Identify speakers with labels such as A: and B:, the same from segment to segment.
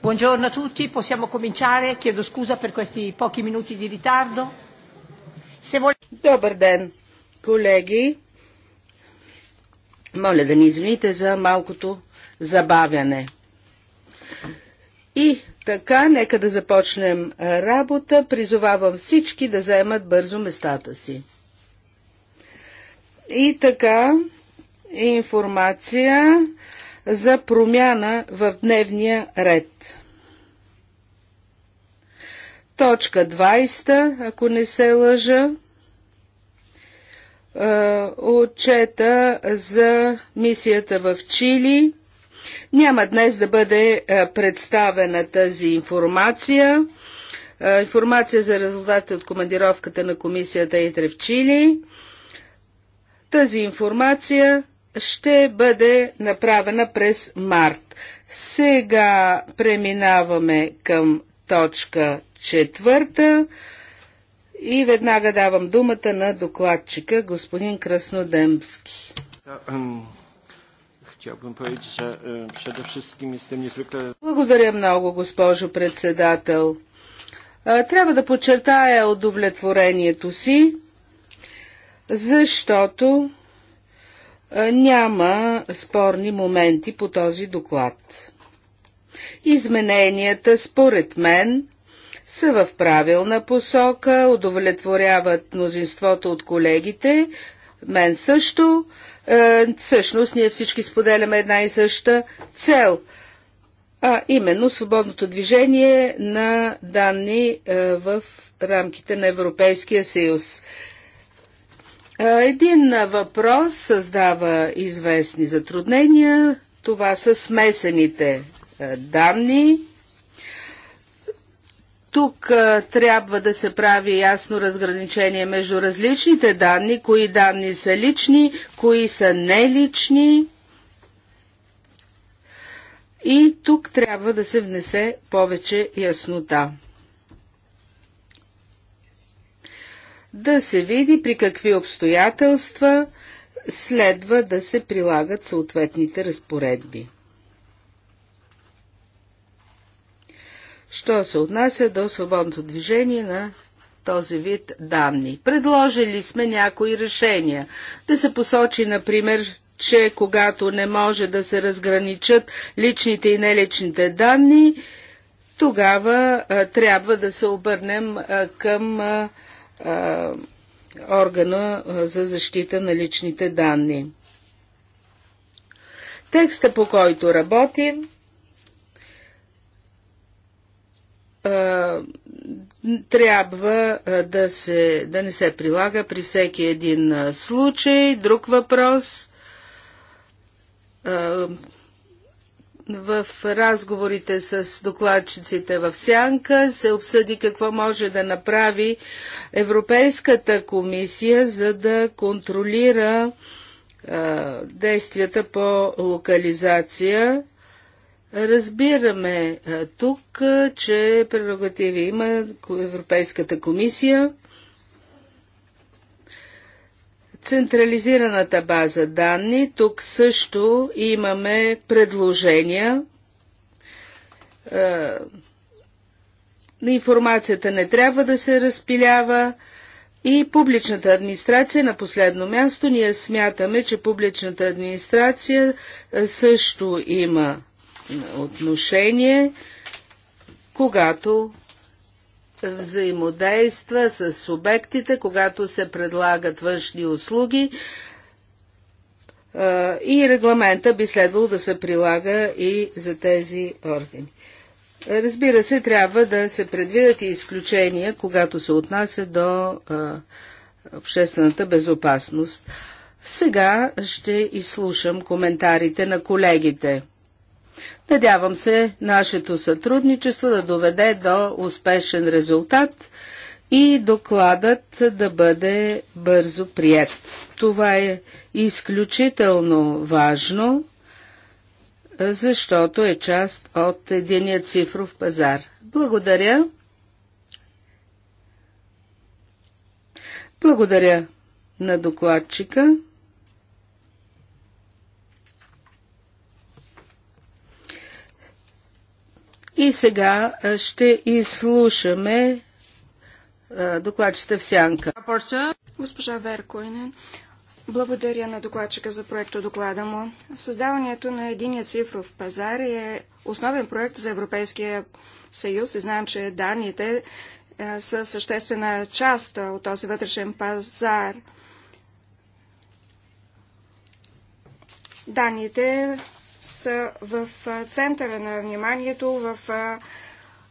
A: Buongiorno a tutti, possiamo cominciare? Chiedo scusa per questi pochi minuti di ritardo.
B: Se vol... Добър ден, колеги. Моля да ни извините за малкото забавяне. И така, нека да започнем работа. Призовавам всички да заемат бързо местата си. И така, информация за промяна в дневния ред. Точка 20, ако не се лъжа, отчета за мисията в Чили. Няма днес да бъде представена тази информация. Информация за резултатите от командировката на комисията ИТРЕ в Чили. Тази информация ще бъде направена през март. Сега преминаваме към точка четвърта и веднага давам думата на докладчика господин Краснодемски. Е, Благодаря много, госпожо председател. Трябва да подчертая удовлетворението си, защото е, няма спорни моменти по този доклад. Измененията, според мен, са в правилна посока, удовлетворяват мнозинството от колегите, мен също. Е, всъщност ние всички споделяме една и съща цел, а именно свободното движение на данни е, в рамките на Европейския съюз. Е, един въпрос създава известни затруднения. Това са смесените е, данни. Тук е, трябва да се прави ясно разграничение между различните данни, кои данни са лични, кои са нелични. И тук трябва да се внесе повече яснота. да се види при какви обстоятелства следва да се прилагат съответните разпоредби. Що се отнася до свободното движение на този вид данни. Предложили сме някои решения. Да се посочи, например, че когато не може да се разграничат личните и неличните данни, тогава а, трябва да се обърнем а, към а, а, органа за защита на личните данни. Текста, по който работим, трябва да, се, да не се прилага при всеки един случай. Друг въпрос, в разговорите с докладчиците в Сянка се обсъди какво може да направи Европейската комисия, за да контролира а, действията по локализация. Разбираме а, тук, че прерогативи има Европейската комисия Централизираната база данни, тук също имаме предложения. Е, информацията не трябва да се разпилява и публичната администрация на последно място. Ние смятаме, че публичната администрация е, също има отношение, когато взаимодейства с субектите, когато се предлагат външни услуги и регламента би следвало да се прилага и за тези органи. Разбира се, трябва да се предвидят и изключения, когато се отнася до обществената безопасност. Сега ще изслушам коментарите на колегите. Надявам се нашето сътрудничество да доведе до успешен резултат и докладът да бъде бързо прият. Това е изключително важно, защото е част от единия цифров пазар. Благодаря. Благодаря на докладчика. И сега ще изслушаме докладчета в сянка.
C: Госпожа Веркоинен, благодаря на докладчика за проекто доклада му. Създаването на единия цифров пазар е основен проект за Европейския съюз и знаем, че данните е, са съществена част от този вътрешен пазар. Данните са в центъра на вниманието в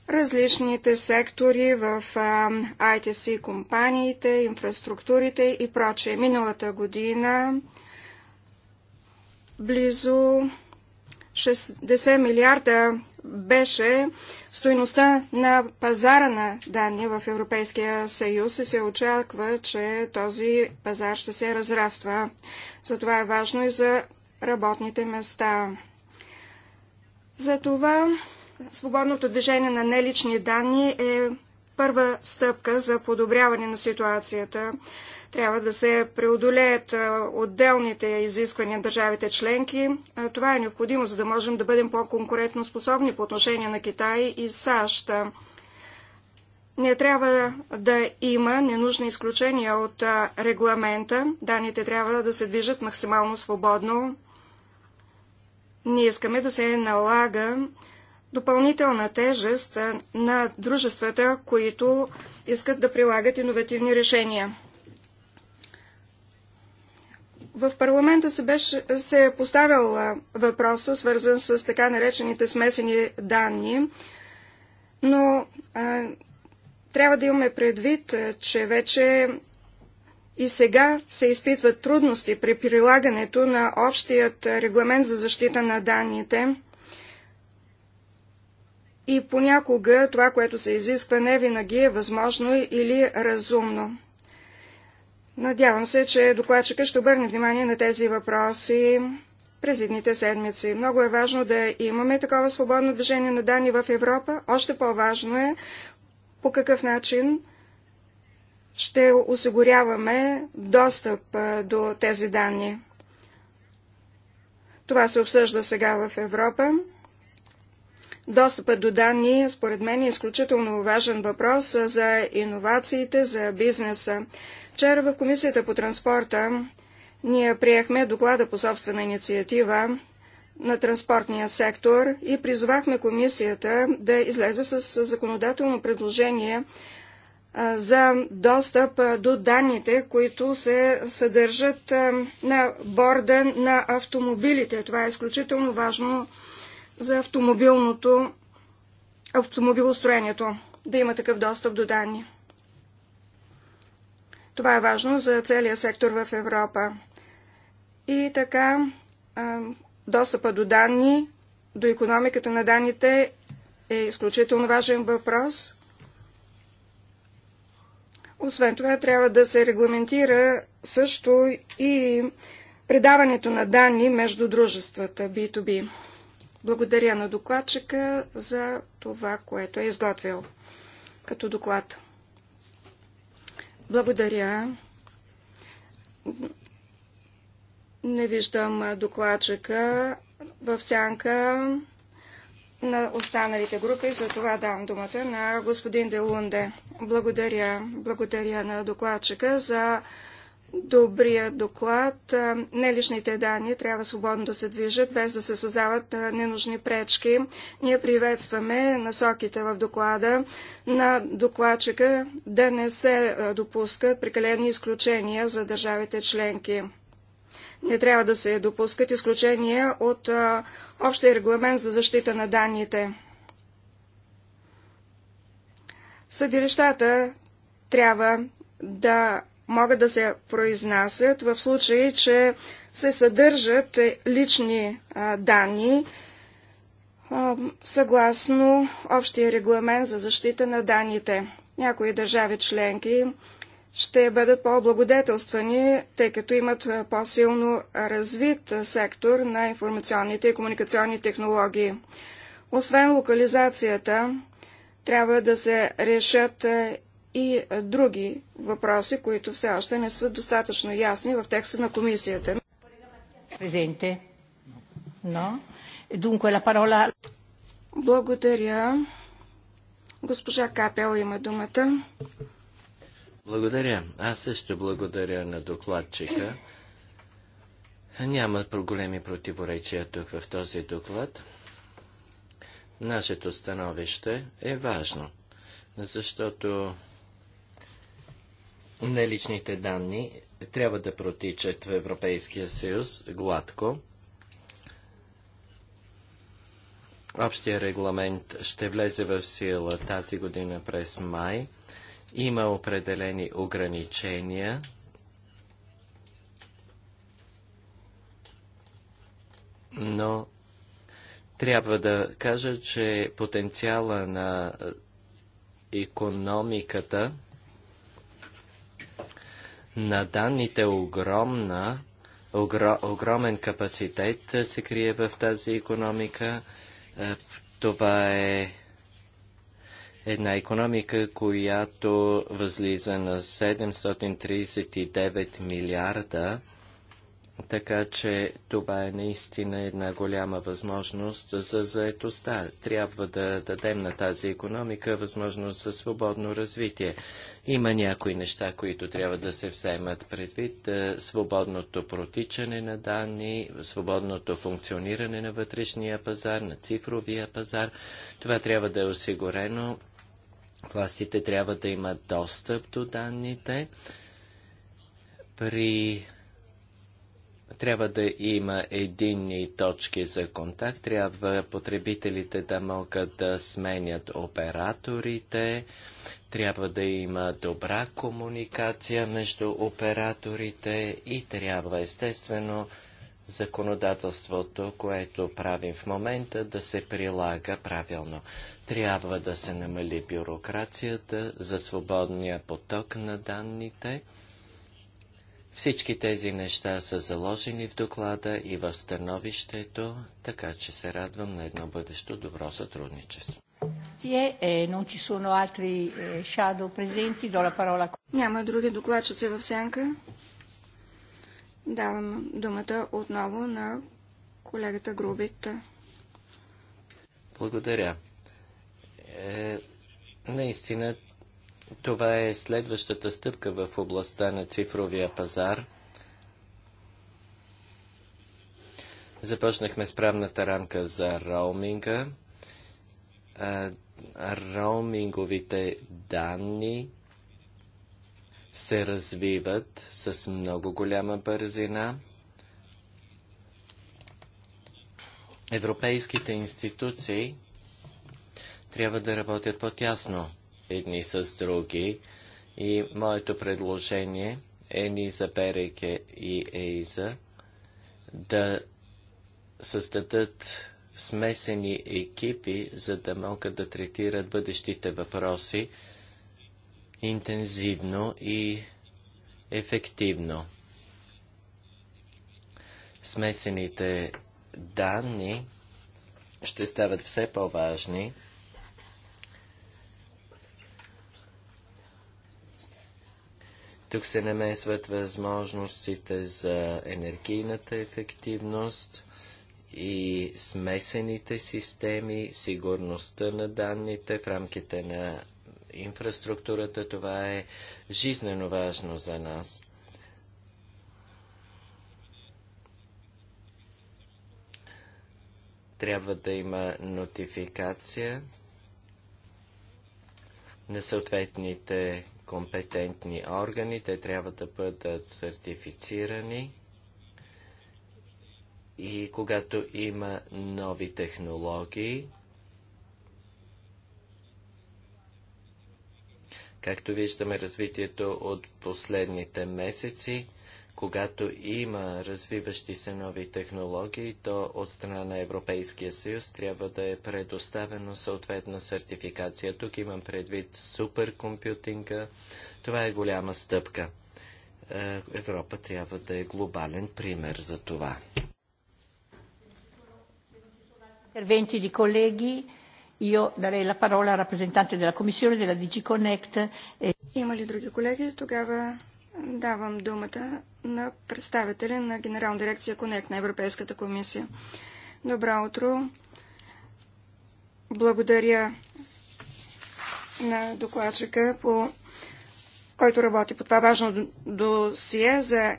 C: различните сектори, в ITC компаниите, инфраструктурите и прочее. Миналата година близо 60 милиарда беше стоеността на пазара на данни в Европейския съюз и се очаква, че този пазар ще се разраства. Затова е важно и за работните места. Затова свободното движение на нелични данни е първа стъпка за подобряване на ситуацията. Трябва да се преодолеят отделните изисквания на държавите членки. Това е необходимо, за да можем да бъдем по-конкурентно способни по отношение на Китай и САЩ. Не трябва да има ненужни изключения от регламента. Даните трябва да се движат максимално свободно. Ние искаме да се налага допълнителна тежест на дружествата, които искат да прилагат иновативни решения. В парламента се, беше, се е поставял въпроса, свързан с така наречените смесени данни, но а, трябва да имаме предвид, че вече и сега се изпитват трудности при прилагането на общият регламент за защита на данните. И понякога това, което се изисква, не винаги е възможно или разумно. Надявам се, че докладчика ще обърне внимание на тези въпроси през едните седмици. Много е важно да имаме такова свободно движение на данни в Европа. Още по-важно е по какъв начин ще осигуряваме достъп до тези данни. Това се обсъжда сега в Европа. Достъпът до данни, според мен, е изключително важен въпрос за иновациите, за бизнеса. Вчера в Комисията по транспорта ние приехме доклада по собствена инициатива на транспортния сектор и призовахме комисията да излезе с законодателно предложение за достъп до данните, които се съдържат на борда на автомобилите. Това е изключително важно за автомобилното, автомобилостроението, да има такъв достъп до данни. Това е важно за целия сектор в Европа. И така, достъпа до данни, до економиката на данните е изключително важен въпрос – освен това, трябва да се регламентира също и предаването на данни между дружествата B2B. Благодаря на докладчика за това, което е изготвил като доклад. Благодаря. Не виждам докладчика в сянка на останалите групи. За това давам думата на господин Делунде. Благодаря, благодаря на докладчика за добрия доклад. Неличните данни трябва свободно да се движат, без да се създават ненужни пречки. Ние приветстваме насоките в доклада на докладчика да не се допускат прекалени изключения за държавите членки. Не трябва да се допускат изключения от общия регламент за защита на данните. Съдилищата трябва да могат да се произнасят в случай, че се съдържат лични данни съгласно общия регламент за защита на данните. Някои държави членки ще бъдат по-облагодетелствани, тъй като имат по-силно развит сектор на информационните и комуникационни технологии. Освен локализацията, трябва да се решат и други въпроси, които все още не са достатъчно ясни в текста на комисията. Е Благодаря. Госпожа Капел има думата.
D: Благодаря. Аз също благодаря на докладчика. Няма големи противоречия тук в този доклад. Нашето становище е важно, защото наличните данни трябва да протичат в Европейския съюз гладко. Общия регламент ще влезе в сила тази година през май. Има определени ограничения. Но трябва да кажа, че потенциала на економиката на данните огромна, огромен капацитет се крие в тази економика. Е, това е една економика, която възлиза на 739 милиарда така че това е наистина една голяма възможност за заетостта. Трябва да дадем на тази економика възможност за свободно развитие. Има някои неща, които трябва да се вземат предвид. Е, свободното протичане на данни, свободното функциониране на вътрешния пазар, на цифровия пазар. Това трябва да е осигурено. Властите трябва да имат достъп до данните. При трябва да има единни точки за контакт, трябва потребителите да могат да сменят операторите, трябва да има добра комуникация между операторите и трябва естествено законодателството, което правим в момента, да се прилага правилно. Трябва да се намали бюрокрацията за свободния поток на данните – всички тези неща са заложени в доклада и в становището, така че се радвам на едно бъдещо добро сътрудничество.
A: Е, е, е, Няма други докладчици в
C: сянка. Давам думата отново на колегата Грубит.
D: Благодаря. Е, наистина това е следващата стъпка в областта на цифровия пазар. Започнахме с правната рамка за роуминга, роуминговите данни се развиват с много голяма бързина. Европейските институции трябва да работят по-тясно едни с други. И моето предложение е за Береке и Ейза да създадат смесени екипи, за да могат да третират бъдещите въпроси интензивно и ефективно. Смесените данни ще стават все по-важни. Тук се намесват възможностите за енергийната ефективност и смесените системи, сигурността на данните в рамките на инфраструктурата. Това е жизнено важно за нас. Трябва да има нотификация на съответните компетентни органи. Те трябва да бъдат сертифицирани. И когато има нови технологии, както виждаме развитието от последните месеци, когато има развиващи се нови технологии, то от страна на Европейския съюз трябва да е предоставено съответна сертификация. Тук имам предвид суперкомпютинга. Това е голяма стъпка. Е, Европа трябва да е глобален пример за това.
A: io darei la parola al rappresentante della Commissione della e- Има ли други колеги? Тогава
C: Давам думата на представителя на Генерална дирекция Конект на Европейската комисия. Добро утро! Благодаря на докладчика, по, който работи по това важно досие за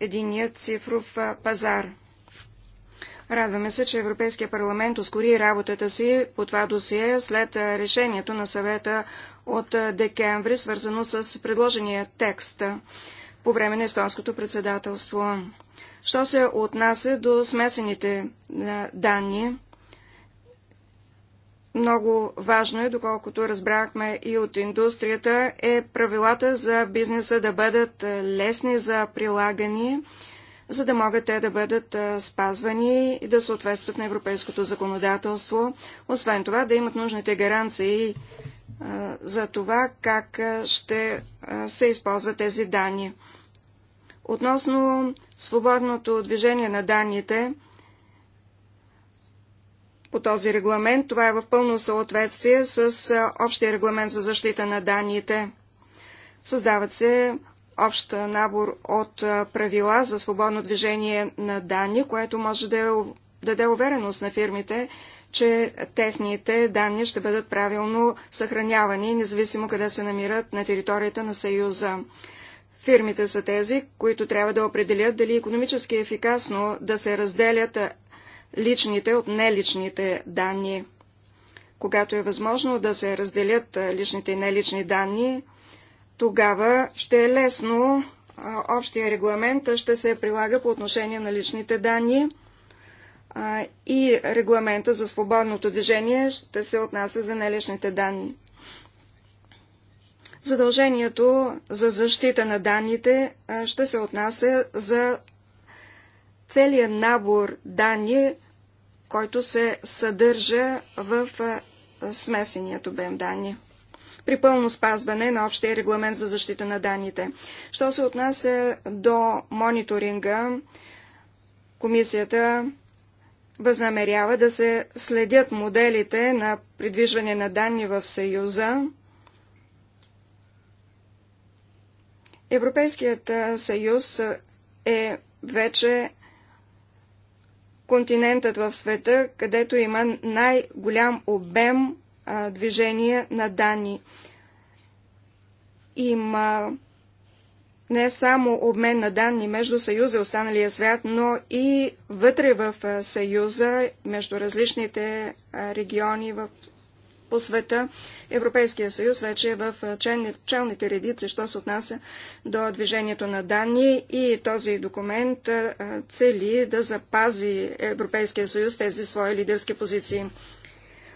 C: единия цифров пазар. Радваме се, че Европейския парламент ускори работата си по това досие след решението на съвета от декември, свързано с предложения текст по време на естонското председателство. Що се отнася до смесените данни, много важно е, доколкото разбрахме и от индустрията, е правилата за бизнеса да бъдат лесни за прилагане, за да могат те да бъдат спазвани и да съответстват на европейското законодателство. Освен това, да имат нужните гаранции за това как ще се използват тези данни. Относно свободното движение на данните, по този регламент. Това е в пълно съответствие с общия регламент за защита на данните. Създават се общ набор от правила за свободно движение на данни, което може да е даде увереност на фирмите, че техните данни ще бъдат правилно съхранявани, независимо къде се намират на територията на Съюза. Фирмите са тези, които трябва да определят дали економически е ефикасно да се разделят личните от неличните данни. Когато е възможно да се разделят личните и нелични данни, тогава ще е лесно. Общия регламент ще се прилага по отношение на личните данни и регламента за свободното движение ще се отнася за неличните данни. Задължението за защита на данните ще се отнася за целия набор данни, който се съдържа в смесеният обем данни при пълно спазване на общия регламент за защита на данните. Що се отнася до мониторинга, комисията възнамерява да се следят моделите на придвижване на данни в Съюза. Европейският съюз е вече континентът в света, където има най-голям обем движение на данни. Има не само обмен на данни между Съюза и останалия свят, но и вътре в Съюза, между различните региони в, по света. Европейския съюз вече е в челните редици, що се отнася до движението на данни и този документ цели да запази Европейския съюз тези свои лидерски позиции.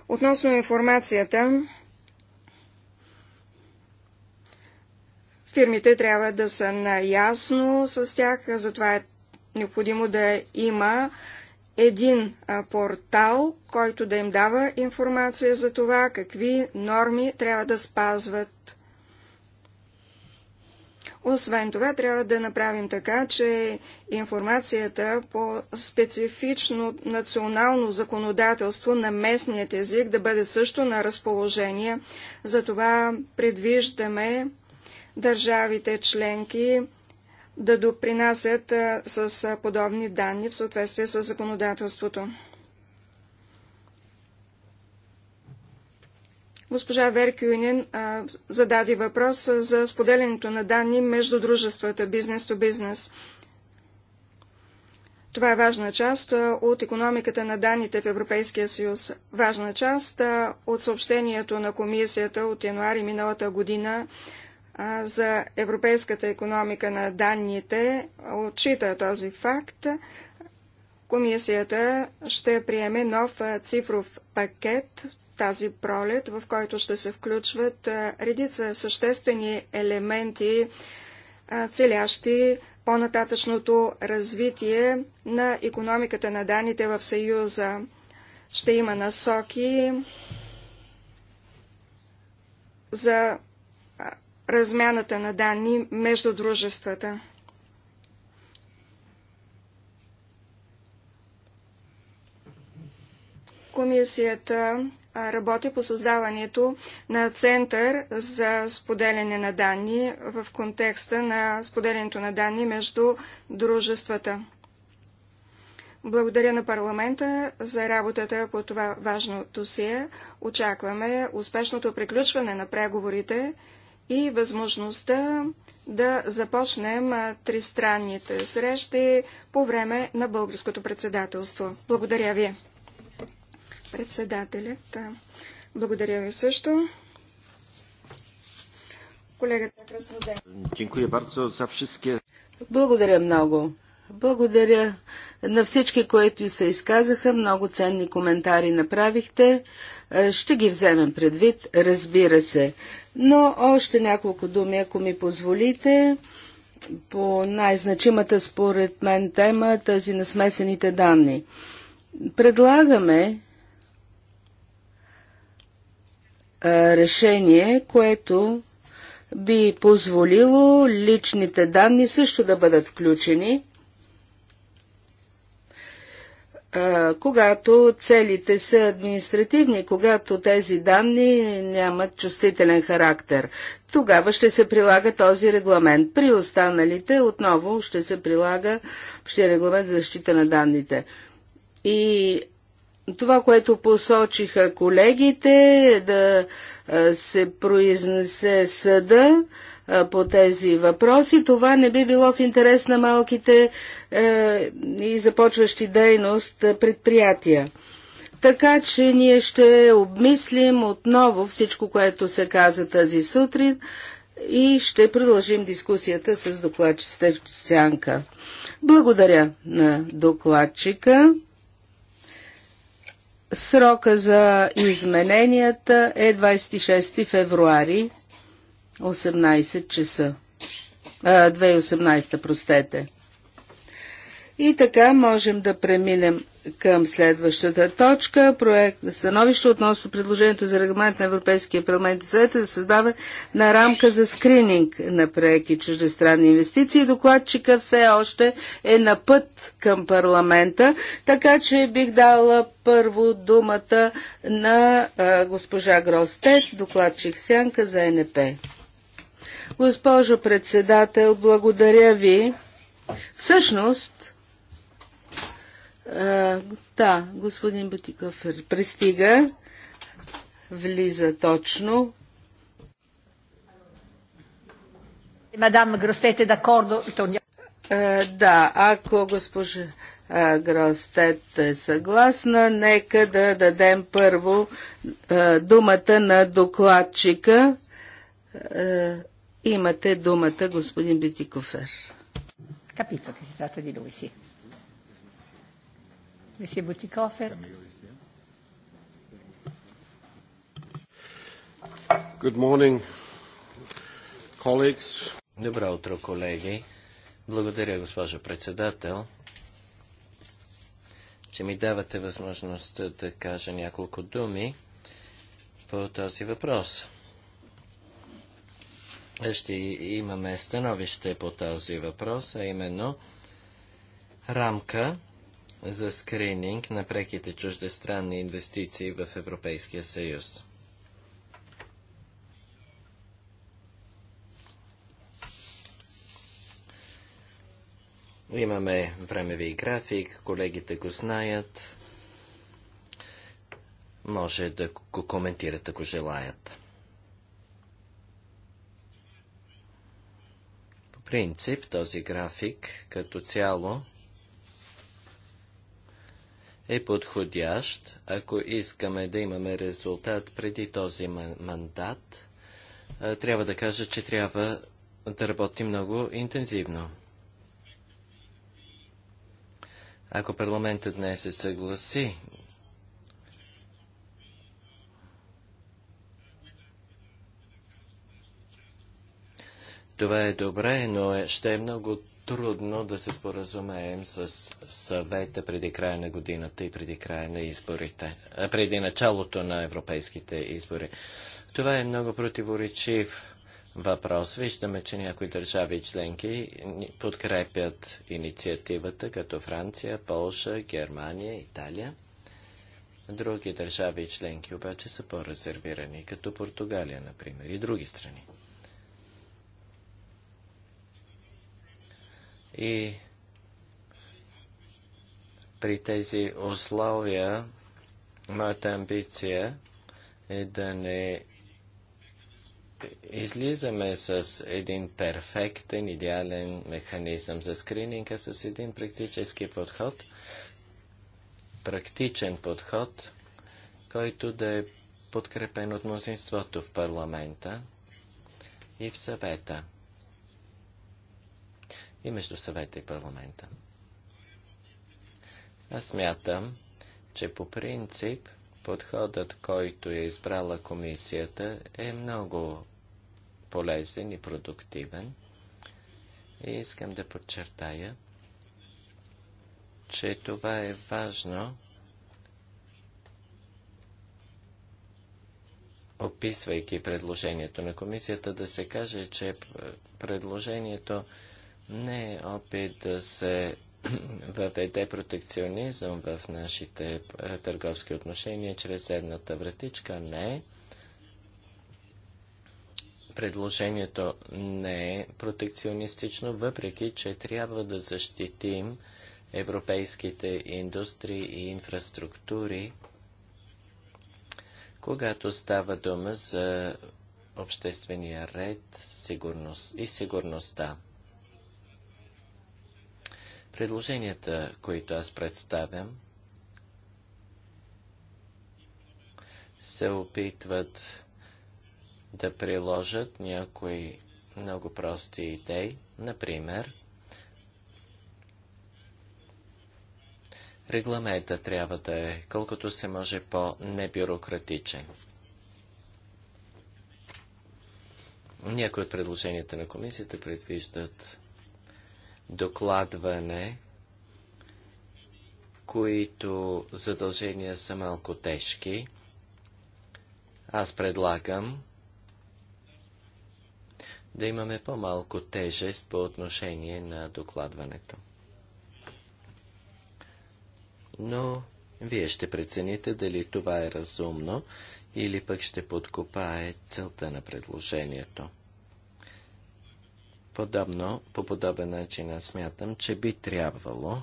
C: Относно информацията, фирмите трябва да са наясно с тях, затова е необходимо да има един портал, който да им дава информация за това, какви норми трябва да спазват. Освен това, трябва да направим така, че информацията по специфично национално законодателство на местният език да бъде също на разположение. Затова предвиждаме държавите членки да допринасят с подобни данни в съответствие с законодателството. Госпожа Веркюнин зададе въпрос за споделянето на данни между дружествата бизнес-то-бизнес. Бизнес. Това е важна част от економиката на данните в Европейския съюз. Важна част от съобщението на комисията от януари миналата година за европейската економика на данните отчита този факт. Комисията ще приеме нов цифров пакет тази пролет, в който ще се включват редица съществени елементи, целящи по-нататъчното развитие на економиката на данните в Съюза. Ще има насоки за размяната на данни между дружествата. Комисията работи по създаването на център за споделяне на данни в контекста на споделянето на данни между дружествата. Благодаря на парламента за работата по това важно досие. Очакваме успешното приключване на преговорите и възможността да започнем тристранните срещи по време на българското председателство. Благодаря ви! Председателят. Благодаря ви също. Колегата Красноден.
B: Благодаря много. Благодаря на всички, които се изказаха. Много ценни коментари направихте. Е, ще ги вземем предвид, разбира се. Но още няколко думи, ако ми позволите, по най-значимата според мен тема, тази на смесените данни. Предлагаме решение, което би позволило личните данни също да бъдат включени, когато целите са административни, когато тези данни нямат чувствителен характер. Тогава ще се прилага този регламент. При останалите отново ще се прилага общия е регламент за защита на данните. И това, което посочиха колегите, да се произнесе съда по тези въпроси, това не би било в интерес на малките и започващи дейност предприятия. Така че ние ще обмислим отново всичко, което се каза тази сутрин и ще продължим дискусията с докладчицата в Сянка. Благодаря на докладчика. Срока за измененията е 26 февруари, 18 часа. 2018, простете. И така можем да преминем към следващата точка. Проект на становище относно предложението за регламент на Европейския парламент и съвета за създава на рамка за скрининг на преки чуждестранни инвестиции. Докладчика все още е на път към парламента, така че бих дала първо думата на а, госпожа Гростет, докладчик Сянка за НП. Госпожо председател, благодаря ви. Всъщност, е, да, господин Бутиков пристига, влиза точно. Мадам Гростете, д'аккордо? Е, да, ако госпожа е, Гростет е съгласна, нека да дадем първо думата на докладчика. имате думата, господин Битикофер. Capito che си трябва да lui, Monsieur Boutikofer.
D: Good morning, colleagues. Добро утро, колеги. Благодаря, госпожо председател, че ми давате възможност да кажа няколко думи по този въпрос. Ще имаме становище по този въпрос, а именно рамка за скрининг на преките чуждестранни инвестиции в Европейския съюз. Имаме времеви график, колегите го знаят. Може да го коментират, ако желаят. По принцип, този график като цяло е подходящ, ако искаме да имаме резултат преди този мандат. Трябва да кажа, че трябва да работи много интензивно. Ако парламентът днес се съгласи Това е добре, но е- ще е много трудно да се споразумеем с съвета преди края на годината и преди края на изборите, преди началото на европейските избори. Това е много противоречив въпрос. Виждаме, че някои държави членки подкрепят инициативата, като Франция, Полша, Германия, Италия. Други държави членки обаче са по-резервирани, като Португалия, например, и други страни. И при тези условия моята амбиция е да не излизаме с един перфектен, идеален механизъм за скрининга, с един практически подход, практичен подход, който да е подкрепен от мнозинството в парламента и в съвета и между съвета и парламента. Аз смятам, че по принцип подходът, който е избрала комисията, е много полезен и продуктивен. И искам да подчертая, че това е важно, описвайки предложението на комисията, да се каже, че предложението не е опит да се въведе протекционизъм в нашите е, търговски отношения чрез едната вратичка. Не. Предложението не е протекционистично, въпреки че трябва да защитим европейските индустрии и инфраструктури, когато става дума за обществения ред сигурност и сигурността. Предложенията, които аз представям, се опитват да приложат някои много прости идеи, например, регламента трябва да е колкото се може по-небюрократичен. Някои от предложенията на комисията предвиждат докладване, които задължения са малко тежки. Аз предлагам да имаме по-малко тежест по отношение на докладването. Но вие ще прецените дали това е разумно или пък ще подкопае целта на предложението. Подобно, по подобен начин аз смятам, че би трябвало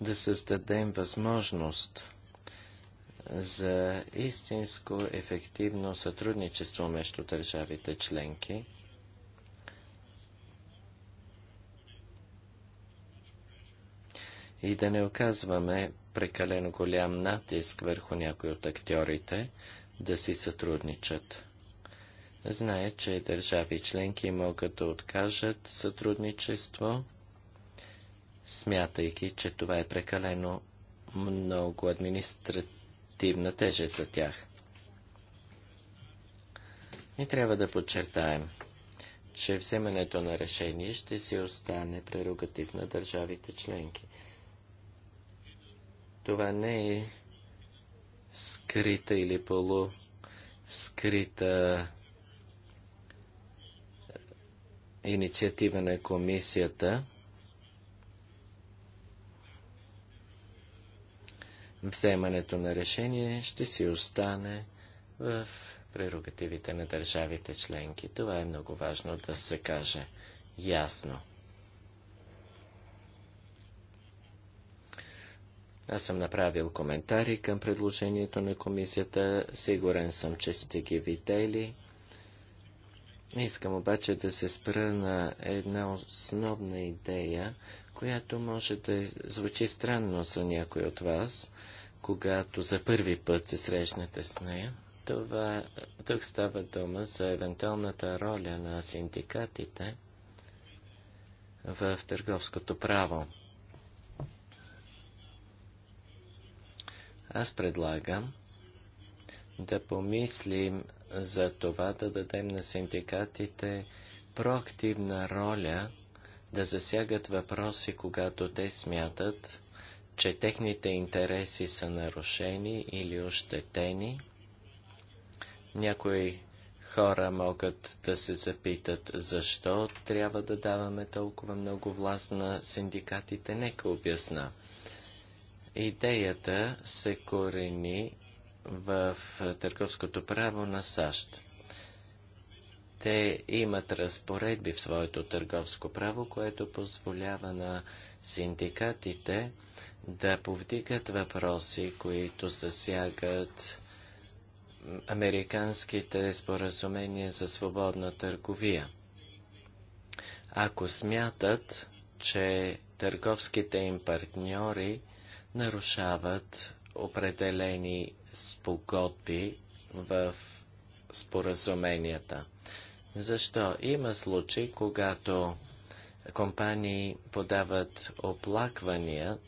D: да създадем възможност за истинско ефективно сътрудничество между държавите членки, и да не оказваме прекалено голям натиск върху някои от актьорите да си сътрудничат. Знае, че държави членки могат да откажат сътрудничество, смятайки, че това е прекалено много административна тежест за тях. И трябва да подчертаем, че вземането на решение ще си остане прерогатив на държавите членки. Това не е скрита или полускрита инициатива на комисията вземането на решение ще си остане в прерогативите на държавите членки. Това е много важно да се каже ясно. Аз съм направил коментари към предложението на комисията. Сигурен съм, че сте ги видели. Искам обаче да се спра на една основна идея, която може да звучи странно за някой от вас, когато за първи път се срещнете с нея. Това, тук става дума за евентуалната роля на синдикатите в търговското право. Аз предлагам да помислим за това да дадем на синдикатите проактивна роля да засягат въпроси, когато те смятат, че техните интереси са нарушени или ощетени. Някои хора могат да се запитат, защо трябва да даваме толкова много власт на синдикатите. Нека обясна. Идеята се корени в търговското право на САЩ. Те имат разпоредби в своето търговско право, което позволява на синдикатите да повдигат въпроси, които засягат американските споразумения за свободна търговия. Ако смятат, че търговските им партньори нарушават определени спогодби в споразуменията. Защо? Има случаи, когато компании подават оплаквания,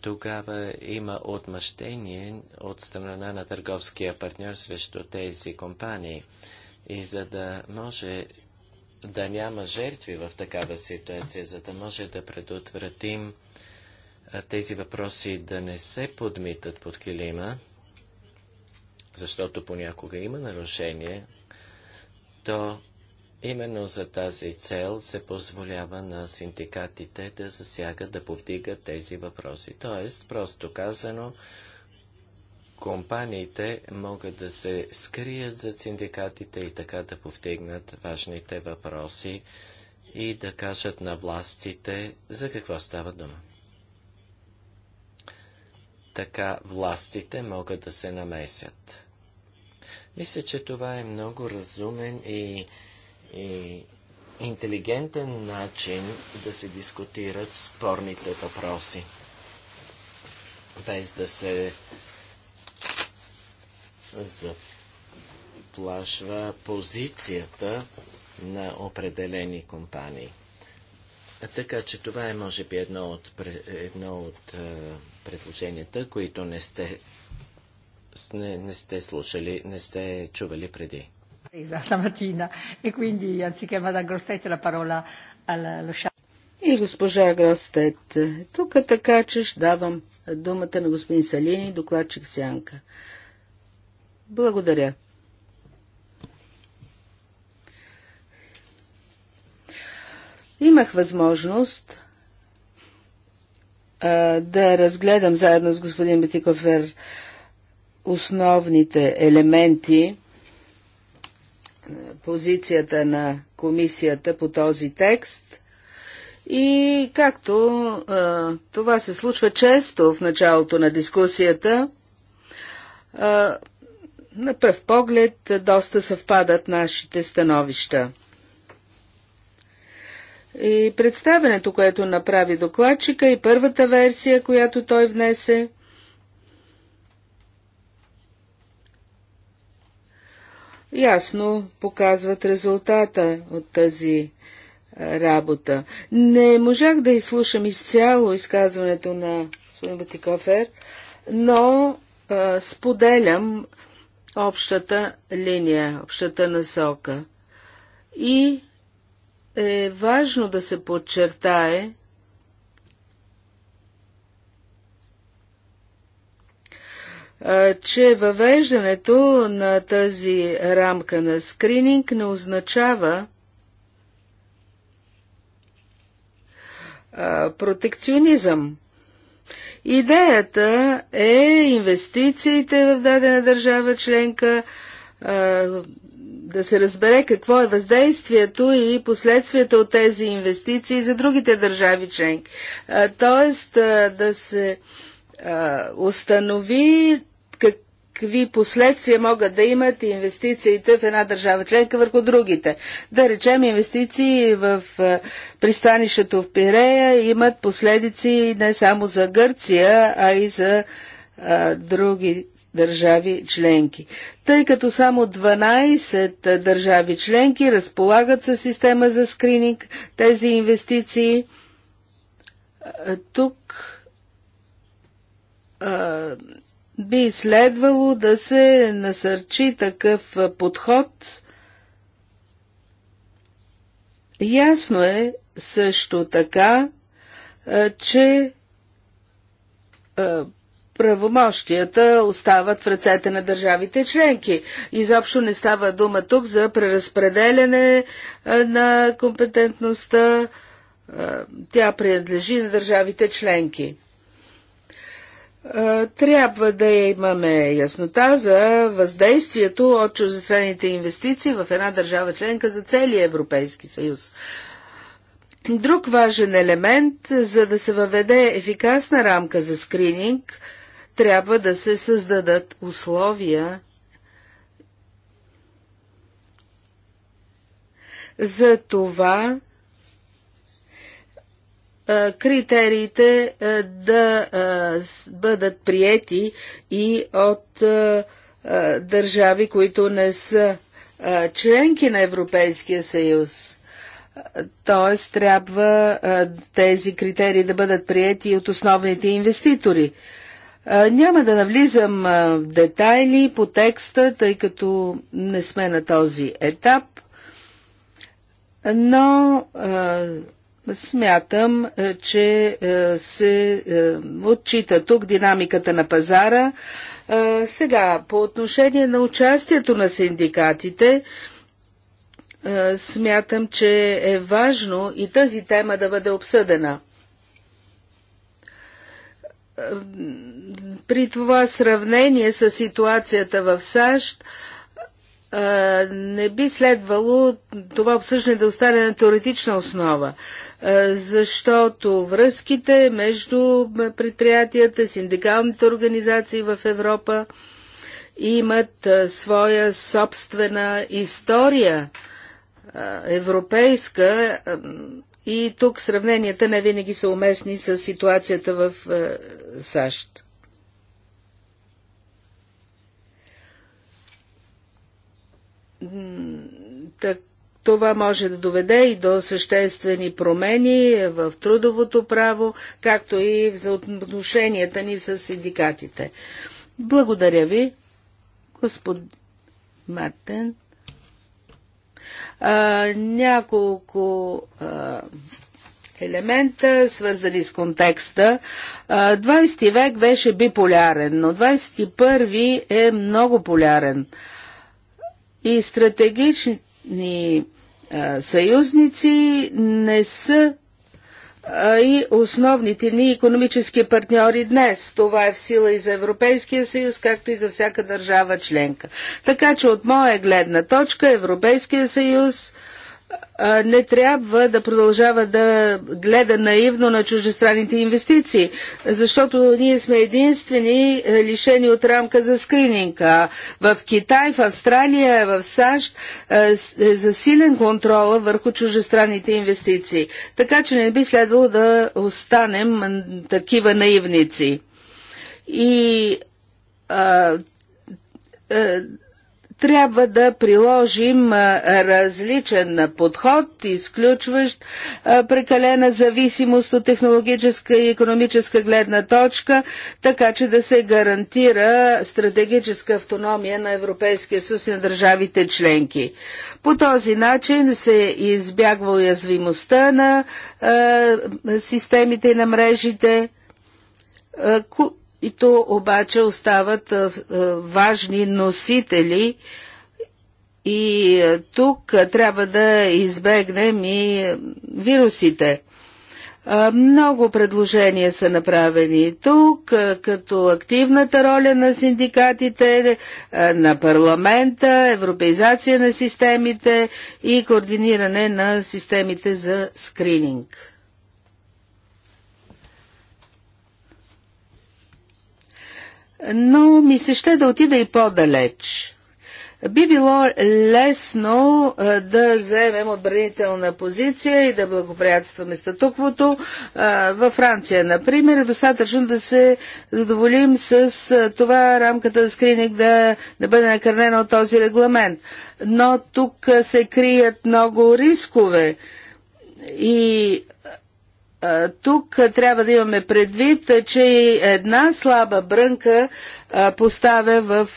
D: тогава има отмъщение от страна на търговския партньор срещу тези компании. И за да може да няма жертви в такава ситуация, за да може да предотвратим тези въпроси да не се подмитат под килима, защото понякога има нарушение, то именно за тази цел се позволява на синдикатите да засягат, да повдигат тези въпроси. Тоест, просто казано, компаниите могат да се скрият за синдикатите и така да повдигнат важните въпроси и да кажат на властите за какво става дума така властите могат да се намесят. Мисля, че това е много разумен и, и интелигентен начин да се дискутират спорните въпроси, без да се заплашва позицията на определени компании. Така че това е, може би, едно от, едно от е, предложенията, които не сте, не, не сте слушали,
B: не сте чували преди. E И госпожа Гростет, тук така, че давам думата на господин Салини, докладчик Сянка. Благодаря. Имах възможност да разгледам заедно с господин Бетикофер основните елементи, позицията на комисията по този текст. И както това се случва често в началото на дискусията, на пръв поглед доста съвпадат нашите становища. И представенето, което направи докладчика и първата версия, която той внесе, ясно показват резултата от тази е, работа. Не можах да изслушам изцяло изказването на господин Батикофер, но а, е, споделям общата линия, общата насока. И е важно да се подчертае, че въвеждането на тази рамка на скрининг не означава протекционизъм. Идеята е инвестициите в дадена държава членка да се разбере какво е въздействието и последствията от тези инвестиции за другите държави членки. Тоест да се установи какви последствия могат да имат инвестициите в една държава членка върху другите. Да речем, инвестиции в пристанището в Пирея имат последици не само за Гърция, а и за други държави членки. Тъй като само 12 държави членки разполагат със система за скрининг тези инвестиции, тук а, би следвало да се насърчи такъв подход. Ясно е също така, а, че а, правомощията остават в ръцете на държавите членки. Изобщо не става дума тук за преразпределяне на компетентността. Тя принадлежи на държавите членки. Трябва да имаме яснота за въздействието от чуждестранните инвестиции в една държава членка за целия Европейски съюз. Друг важен елемент, за да се въведе ефикасна рамка за скрининг – трябва да се създадат условия за това критериите да бъдат приети и от държави, които не са членки на Европейския съюз. Т.е. трябва тези критерии да бъдат приети от основните инвеститори. Няма да навлизам в детайли по текста, тъй като не сме на този етап, но смятам, че се отчита тук динамиката на пазара. Сега, по отношение на участието на синдикатите, смятам, че е важно и тази тема да бъде обсъдена – при това сравнение с ситуацията в САЩ, е, не би следвало това обсъждане да остане на теоретична основа, е, защото връзките между предприятията, синдикалните организации в Европа имат е, своя собствена история европейска и тук сравненията не винаги са уместни с ситуацията в е, САЩ. Так, това може да доведе и до съществени промени в трудовото право, както и в отношенията ни с синдикатите. Благодаря ви, господин Мартен а, няколко а, елемента, свързани с контекста. 20 век беше биполярен, но 21 е много полярен. И стратегични съюзници не са и основните ни економически партньори днес. Това е в сила и за Европейския съюз, както и за всяка държава членка. Така че от моя гледна точка Европейския съюз не трябва да продължава да гледа наивно на чужестранните инвестиции, защото ние сме единствени е, лишени от рамка за скрининга. В Китай, в Австралия, в САЩ е, е засилен контрола върху чужестранните инвестиции. Така че не би следвало да останем такива наивници. И а, е, трябва да приложим различен подход, изключващ прекалена зависимост от технологическа и економическа гледна точка, така че да се гарантира стратегическа автономия на Европейския съюз и на държавите членки. По този начин се избягва уязвимостта на системите и на мрежите, и то обаче остават важни носители и тук трябва да избегнем и вирусите. Много предложения са направени тук, като активната роля на синдикатите, на парламента, европеизация на системите и координиране на системите за скрининг. но ми се ще да отида и по-далеч. Би било лесно а, да заемем отбранителна позиция и да благоприятстваме статуквото. А, във Франция, например, е достатъчно да се задоволим с а, това рамката за скрининг да, да бъде накърнена от този регламент. Но тук се крият много рискове и тук трябва да имаме предвид, че и една слаба брънка поставя в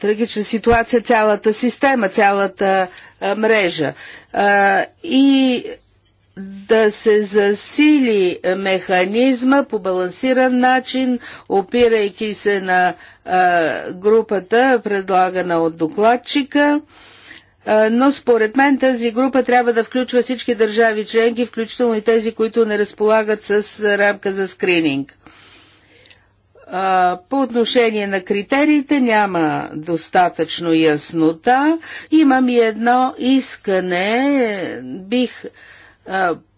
B: трагична ситуация цялата система, цялата мрежа. И да се засили механизма по балансиран начин, опирайки се на групата, предлагана от докладчика. Е, но според мен тази група трябва да включва всички държави членки, включително и тези, които не разполагат с рамка за скрининг. Е, по отношение на критериите няма достатъчно яснота. Имам и едно искане. Бих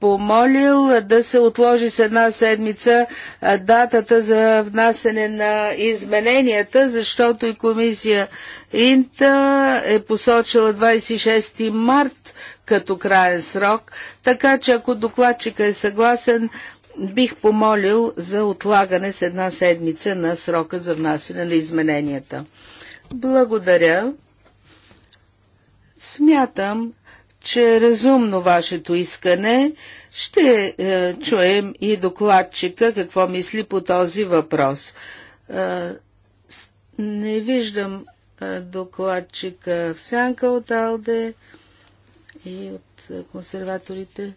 B: помолил да се отложи с една седмица датата за внасене на измененията, защото и комисия Инта е посочила 26 март като краен срок, така че ако докладчика е съгласен, бих помолил за отлагане с една седмица на срока за внасене на измененията. Благодаря. Смятам, че е разумно вашето искане. Ще е, чуем и докладчика какво мисли по този въпрос. Е, не виждам е, докладчика в сянка от Алде и от е, консерваторите.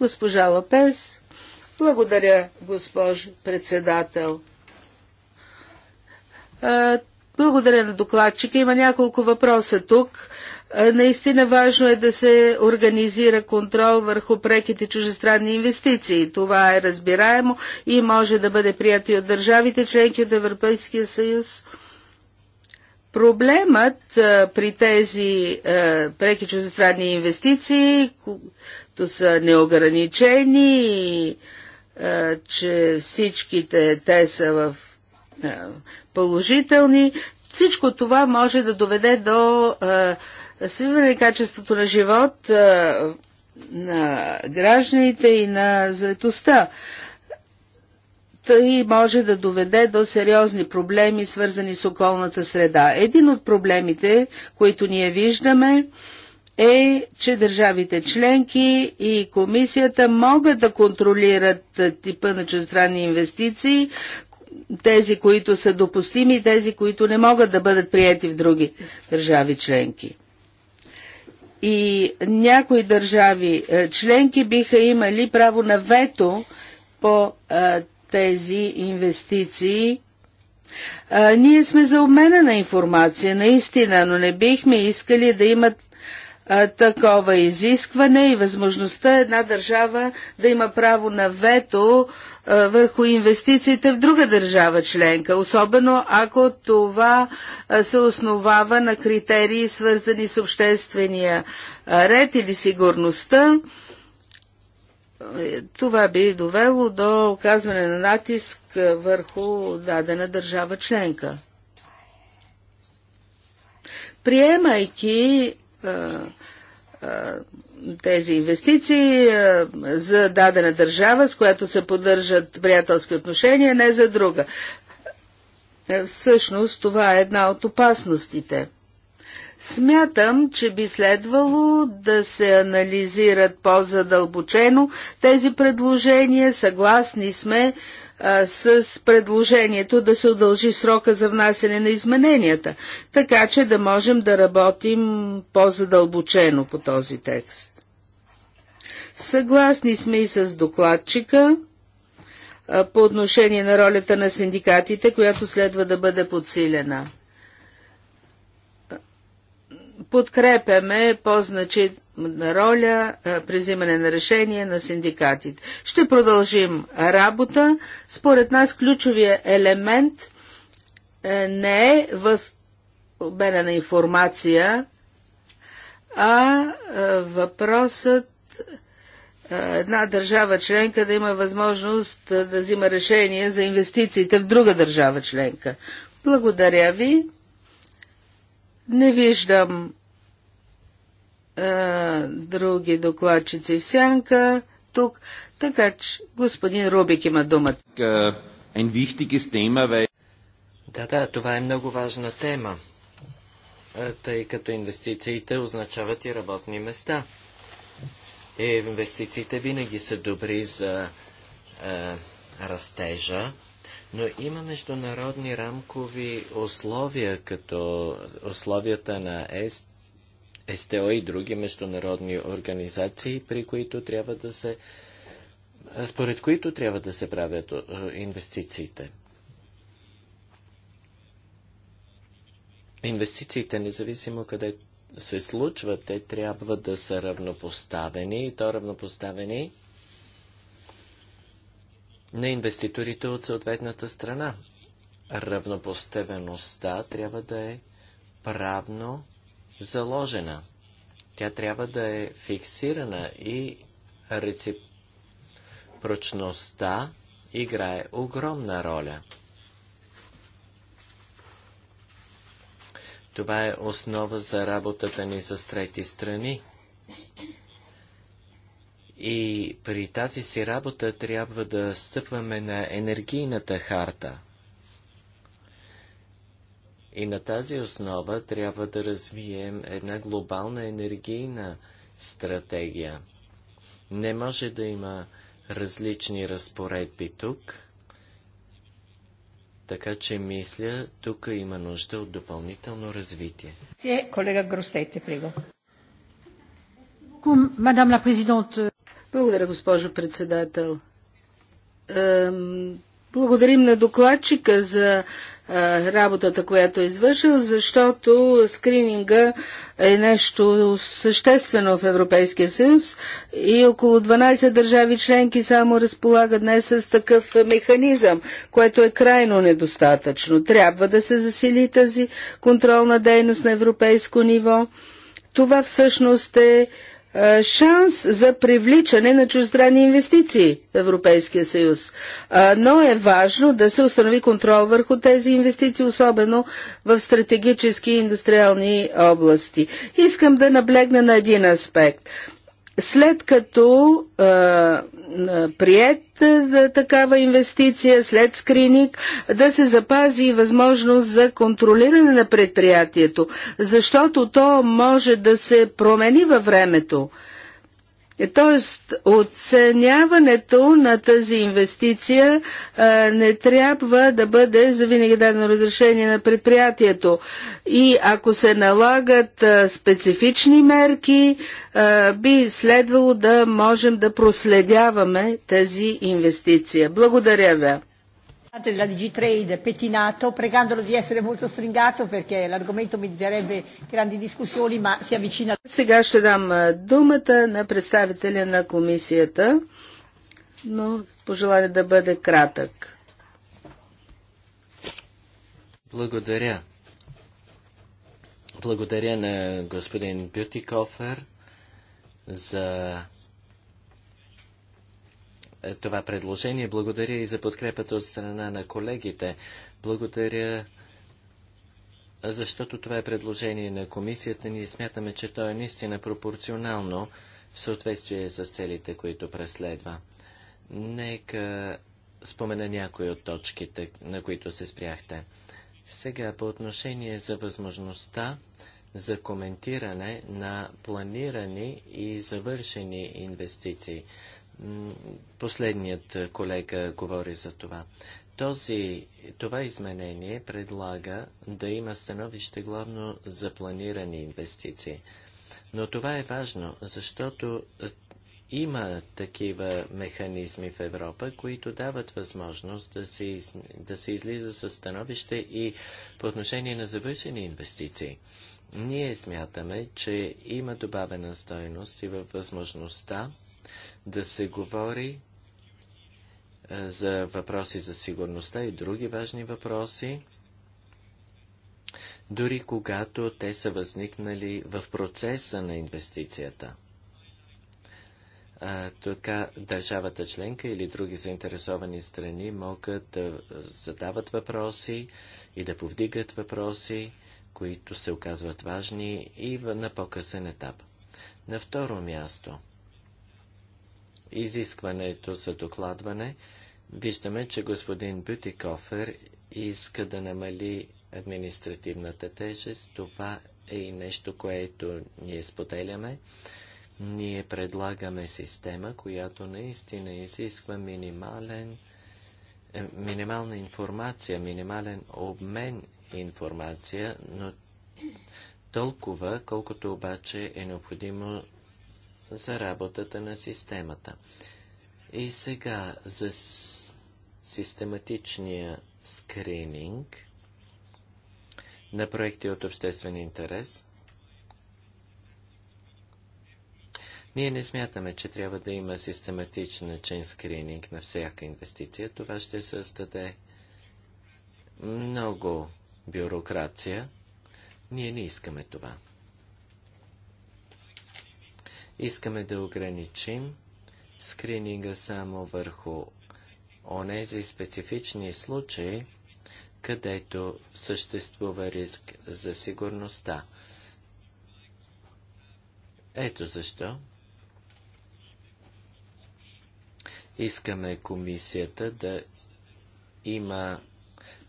B: Госпожа Лопес, благодаря, госпожо председател. Е, благодаря на докладчика. Има няколко въпроса тук. Е, наистина важно е да се организира контрол върху преките чужестранни инвестиции. Това е разбираемо и може да бъде прието и от държавите, членки от Европейския съюз. Проблемът е, при тези е, преки чужестранни инвестиции, които са неограничени че всичките те са в е, положителни. Всичко това може да доведе до е, свиване качеството на живот е, на гражданите и на заедостта. И може да доведе до сериозни проблеми, свързани с околната среда. Един от проблемите, които ние виждаме, е, че държавите членки и комисията могат да контролират типа на чуждестранни инвестиции, тези, които са допустими и тези, които не могат да бъдат прияти в други държави членки. И някои държави е, членки биха имали право на вето по а, е, тези инвестиции. А, е, ние сме за обмена на информация, наистина, но не бихме искали да имат а, такова изискване и възможността една държава да има право на вето върху инвестициите в друга държава членка, особено ако това се основава на критерии, свързани с обществения ред или сигурността. Е, това би довело до оказване на натиск върху дадена държава членка. Приемайки тези инвестиции е, за дадена държава, с която се поддържат приятелски отношения, не за друга. Е, всъщност това е една от опасностите. Смятам, че би следвало да се анализират по-задълбочено тези предложения. Съгласни сме а, с предложението да се удължи срока за внасене на измененията, така че да можем да работим по-задълбочено по този текст. Съгласни сме и с докладчика а, по отношение на ролята на синдикатите, която следва да бъде подсилена подкрепяме по-значителна роля при взимане на решение на синдикатите. Ще продължим работа. Според нас ключовия елемент е, не е в обмена на информация, а е, въпросът е, една държава членка да има възможност да взима решение за инвестициите в друга държава членка. Благодаря ви. Не виждам е, други докладчици в сянка тук, така че господин Рубик има думата.
E: Е,
D: да, да, това е много важна тема, е, тъй като инвестициите означават и работни места. И инвестициите винаги са добри за е, растежа, но има международни рамкови условия, като условията на ЕСТ СТО и други международни организации, при които трябва да се, според които трябва да се правят инвестициите. Инвестициите, независимо къде се случват, те трябва да са равнопоставени и то равнопоставени на инвеститорите от съответната страна. Равнопоставеността трябва да е правно заложена. Тя трябва да е фиксирана и реципрочността играе огромна роля. Това е основа за работата ни с трети страни. И при тази си работа трябва да стъпваме на енергийната харта – и на тази основа трябва да развием една глобална енергийна стратегия. Не може да има различни разпоредби тук, така че мисля, тук има нужда от допълнително
A: развитие. Е, колега Гростете, приго.
B: Благодаря, госпожо председател. Благодарим на докладчика за работата, която е извършил, защото скрининга е нещо съществено в Европейския съюз и около 12 държави членки само разполагат днес с такъв механизъм, което е крайно недостатъчно. Трябва да се засили тази контролна дейност на европейско ниво. Това всъщност е е, шанс за привличане на чуждестранни инвестиции в Европейския съюз. Е, но е важно да се установи контрол върху тези инвестиции, особено в стратегически и индустриални области. Искам да наблегна на един аспект. След като е, прият е, такава инвестиция след скрининг, да се запази възможност за контролиране на предприятието, защото то може да се промени във времето. Тоест, оценяването на тази инвестиция а, не трябва да бъде за винаги дадено разрешение на предприятието. И ако се налагат а, специфични мерки, а, би следвало да можем да проследяваме тази инвестиция. Благодаря ви
A: della Digitrade Pettinato pregandolo di essere molto stringato perché l'argomento mi meriterebbe grandi discussioni ma si avvicina.
B: Сега ще дам думата на представителя на комисията, но пожелая да бъде кратък.
D: Благодаря. Благодаря на господин Бютикофер за е, това предложение. Благодаря и за подкрепата от страна на колегите. Благодаря, защото това е предложение на комисията. Ние смятаме, че то е наистина пропорционално в съответствие с целите, които преследва. Нека спомена някои от точките, на които се спряхте. Сега по отношение за възможността за коментиране на планирани и завършени инвестиции. Последният е, колега говори за това. Този, това изменение предлага да има становище главно за планирани инвестиции. Но това е важно, защото е, има такива механизми в Европа, които дават възможност да се, из... да се излиза със становище и по отношение на завършени инвестиции. Ние смятаме, че има добавена стойност и във възможността да се говори за въпроси за сигурността и други важни въпроси, дори когато те са възникнали в процеса на инвестицията. така държавата членка или други заинтересовани страни могат да задават въпроси и да повдигат въпроси, които се оказват важни и на по-късен етап. На второ място – изискването за докладване, виждаме, че господин Бютикофер иска да намали административната тежест. Това е и нещо, което ние споделяме. Ние предлагаме система, която наистина изисква минимален, е, минимална информация, минимален обмен информация, но толкова, колкото обаче е необходимо за работата на системата. И сега за систематичния скрининг на проекти от обществен интерес. Ние не смятаме, че трябва да има систематичен чен скрининг на всяка инвестиция. Това ще създаде много бюрокрация. Ние не искаме това. Искаме да ограничим скрининга само върху онези специфични случаи, където съществува риск за сигурността. Ето защо искаме комисията да има...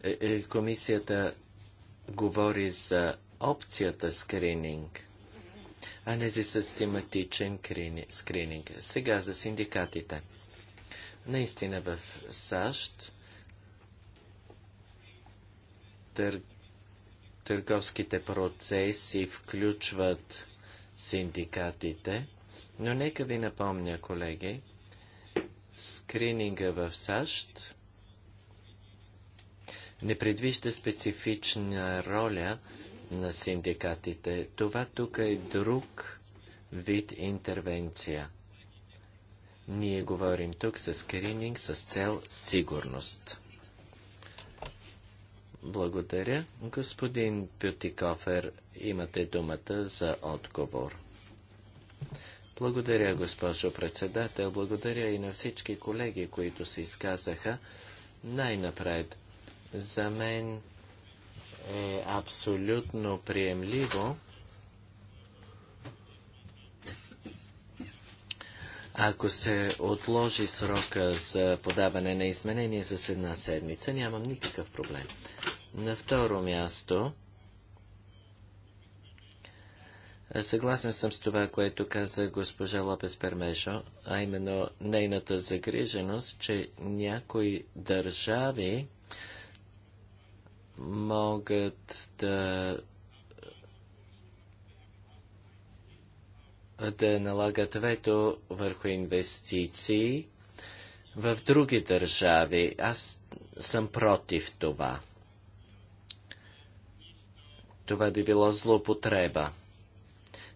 D: Е, е, комисията говори за опцията скрининг а не за систематичен скрининг. Сега за синдикатите. Наистина в САЩ тър... търговските процеси включват синдикатите, но нека ви напомня, колеги, скрининга в САЩ не предвижда специфична роля на синдикатите. Това тук е друг вид интервенция. Ние говорим тук за скрининг с цел сигурност. Благодаря. Господин Пютикофер, имате думата за отговор. Благодаря, госпожо председател. Благодаря и на всички колеги, които се изказаха. Най-напред, за мен е абсолютно приемливо, Ако се отложи срока за подаване на изменение за една седмица, нямам никакъв проблем. На второ място, съгласен съм с това, което каза госпожа Лопес Пермежо, а именно нейната загриженост, че някои държави могат да да налагат вето върху инвестиции в други държави. Аз съм против това. Това би било злоупотреба.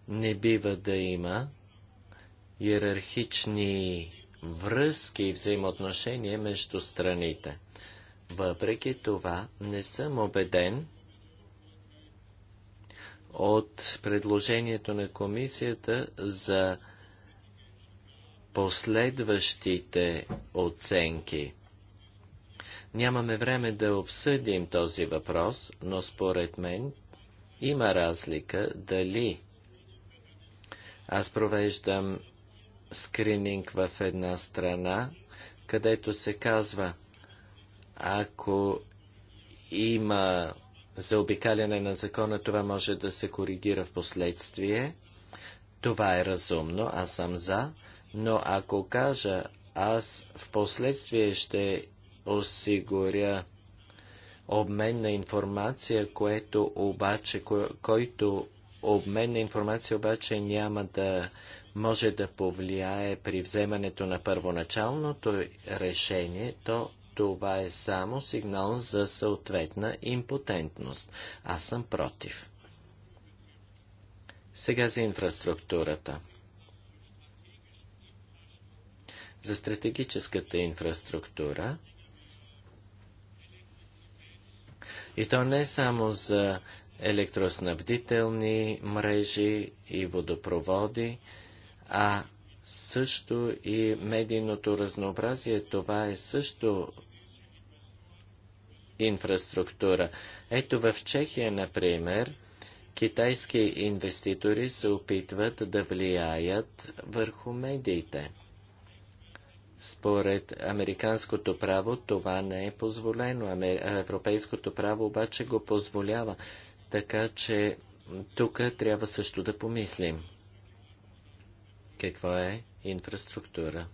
D: Не бива да има иерархични връзки и взаимоотношения между страните. Въпреки това, не съм убеден от предложението на комисията за последващите оценки. Нямаме време да обсъдим този въпрос, но според мен има разлика дали аз провеждам скрининг в една страна, където се казва – ако има заобикаляне на закона, това може да се коригира в последствие. Това е разумно, аз съм за, но ако кажа, аз в последствие ще осигуря обмен на информация, което обаче, кой, който обмен на информация обаче няма да може да повлияе при вземането на първоначалното решение, то това е само сигнал за съответна импотентност. Аз съм против. Сега за инфраструктурата. За стратегическата инфраструктура и то не само за електроснабдителни мрежи и водопроводи, а също и медийното разнообразие. Това е също инфраструктура. Ето в Чехия, например, китайски инвеститори се опитват да влияят върху медиите. Според американското право това не е позволено. Европейското право обаче го позволява. Така че тук трябва също да помислим какво е инфраструктура.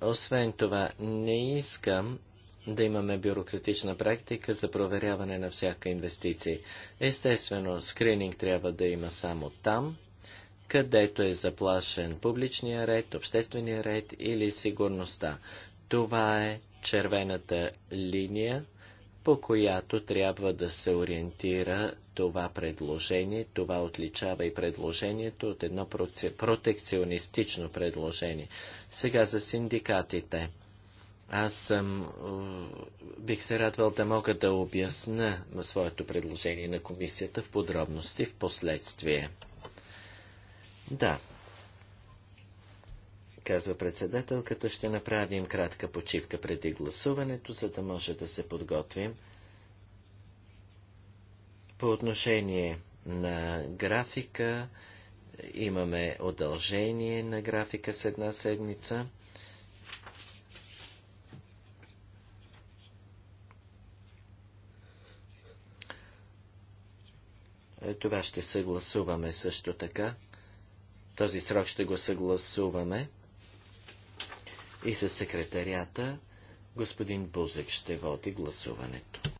D: Освен това, не искам да имаме бюрократична практика за проверяване на всяка инвестиция. Естествено, скрининг трябва да има само там, където е заплашен публичния ред, обществения ред или сигурността. Това е червената линия, по която трябва да се ориентира това предложение. Това отличава и предложението от едно протекционистично предложение. Сега за синдикатите. Аз съм, бих се радвал да мога да обясна своето предложение на комисията в подробности в последствие. Да, казва председателката, ще направим кратка почивка преди гласуването, за да може да се подготвим. По отношение на графика, имаме удължение на графика с една седмица. Това ще съгласуваме също така. Този срок ще го съгласуваме и с секретарията господин Бузек ще води гласуването.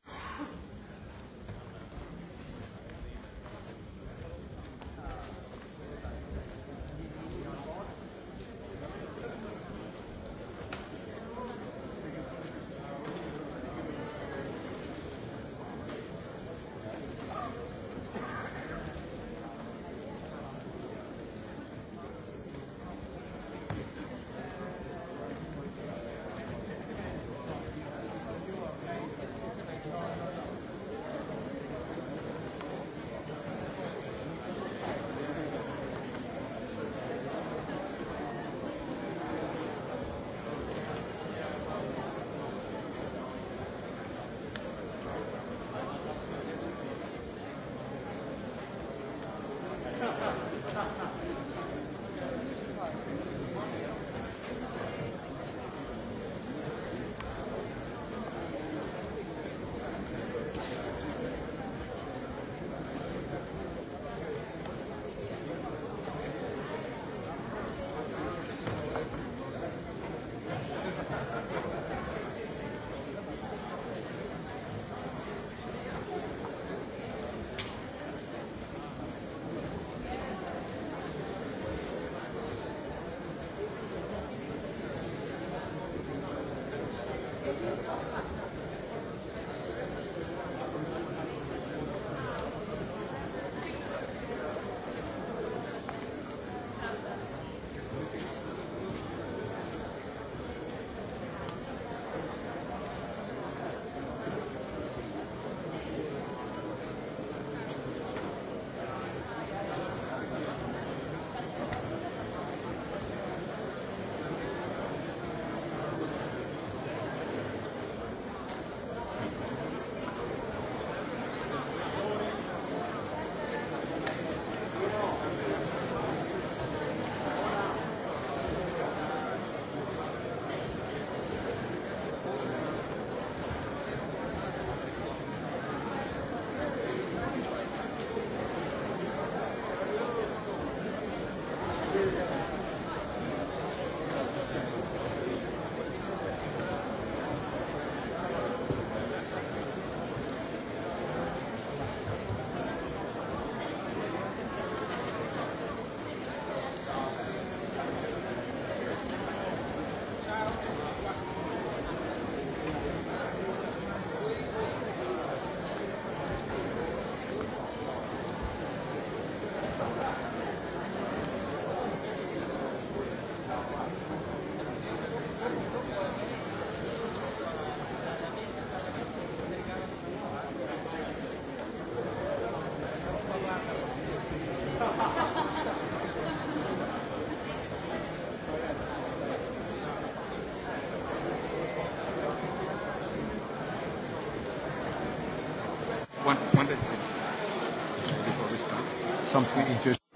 E: some something interesting.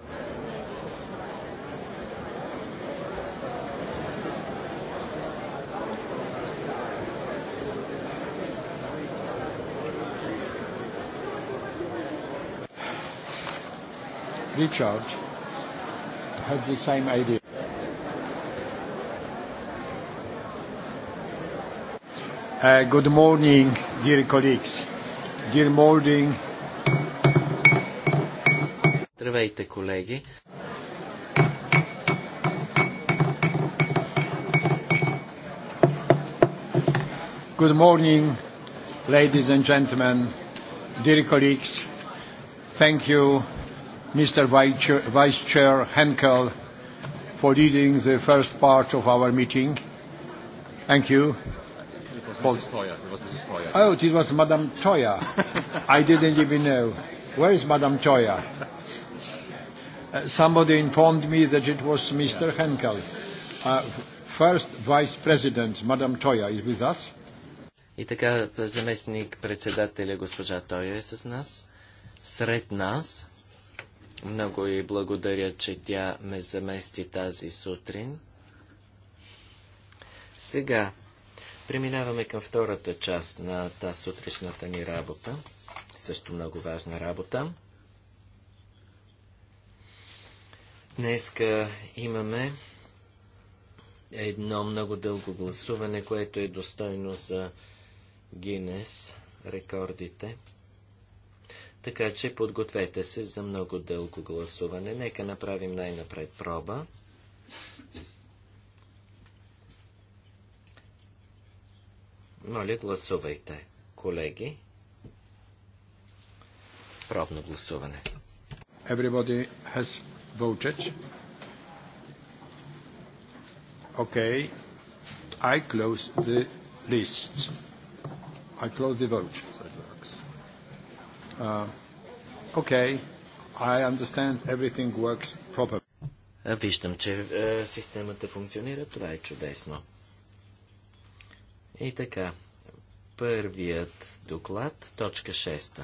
E: Richard had the same idea. Uh, good morning, dear colleagues. Dear morning, Здравейте, колеги! Good morning, ladies and gentlemen, dear colleagues. Thank you, Mr. Vice Chair Henkel, for leading the first part of our meeting. Thank you. It was Mrs. Toya. It was Mrs. Toya. Oh, it was Madame Toya. I didn't even know. Where is Madame Toya? Uh, somebody informed me that it was Mr. Henkel. Uh, first Vice President, Madam Toya, is with us.
D: И така, заместник председателя госпожа Тойо е с нас, сред нас. Много и благодаря, че тя ме замести тази сутрин. Сега преминаваме към втората част на тази сутрешната ни работа. Също много важна работа. Днеска имаме едно много дълго гласуване, което е достойно за Гинес рекордите. Така че подгответе се за много дълго гласуване. Нека направим най-напред проба. Моля, гласувайте, колеги.
E: Пробно гласуване. Everybody has voted. Okay. I close the list. I close the vote. That Okay. I understand everything works properly.
D: Виждам, че системата функционира. Това е чудесно. И така. Първият доклад, точка 6.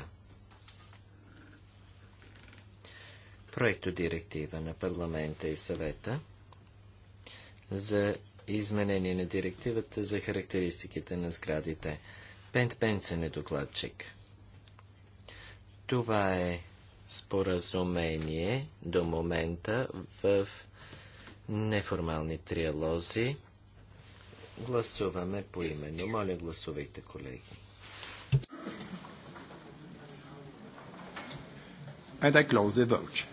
D: проектодиректива на парламента и съвета за изменение на директивата за характеристиките на сградите. Пент Пенсен е докладчик. Това е споразумение до момента в неформални триалози. Гласуваме по именно. Моля, гласувайте, колеги.
E: I close the vote.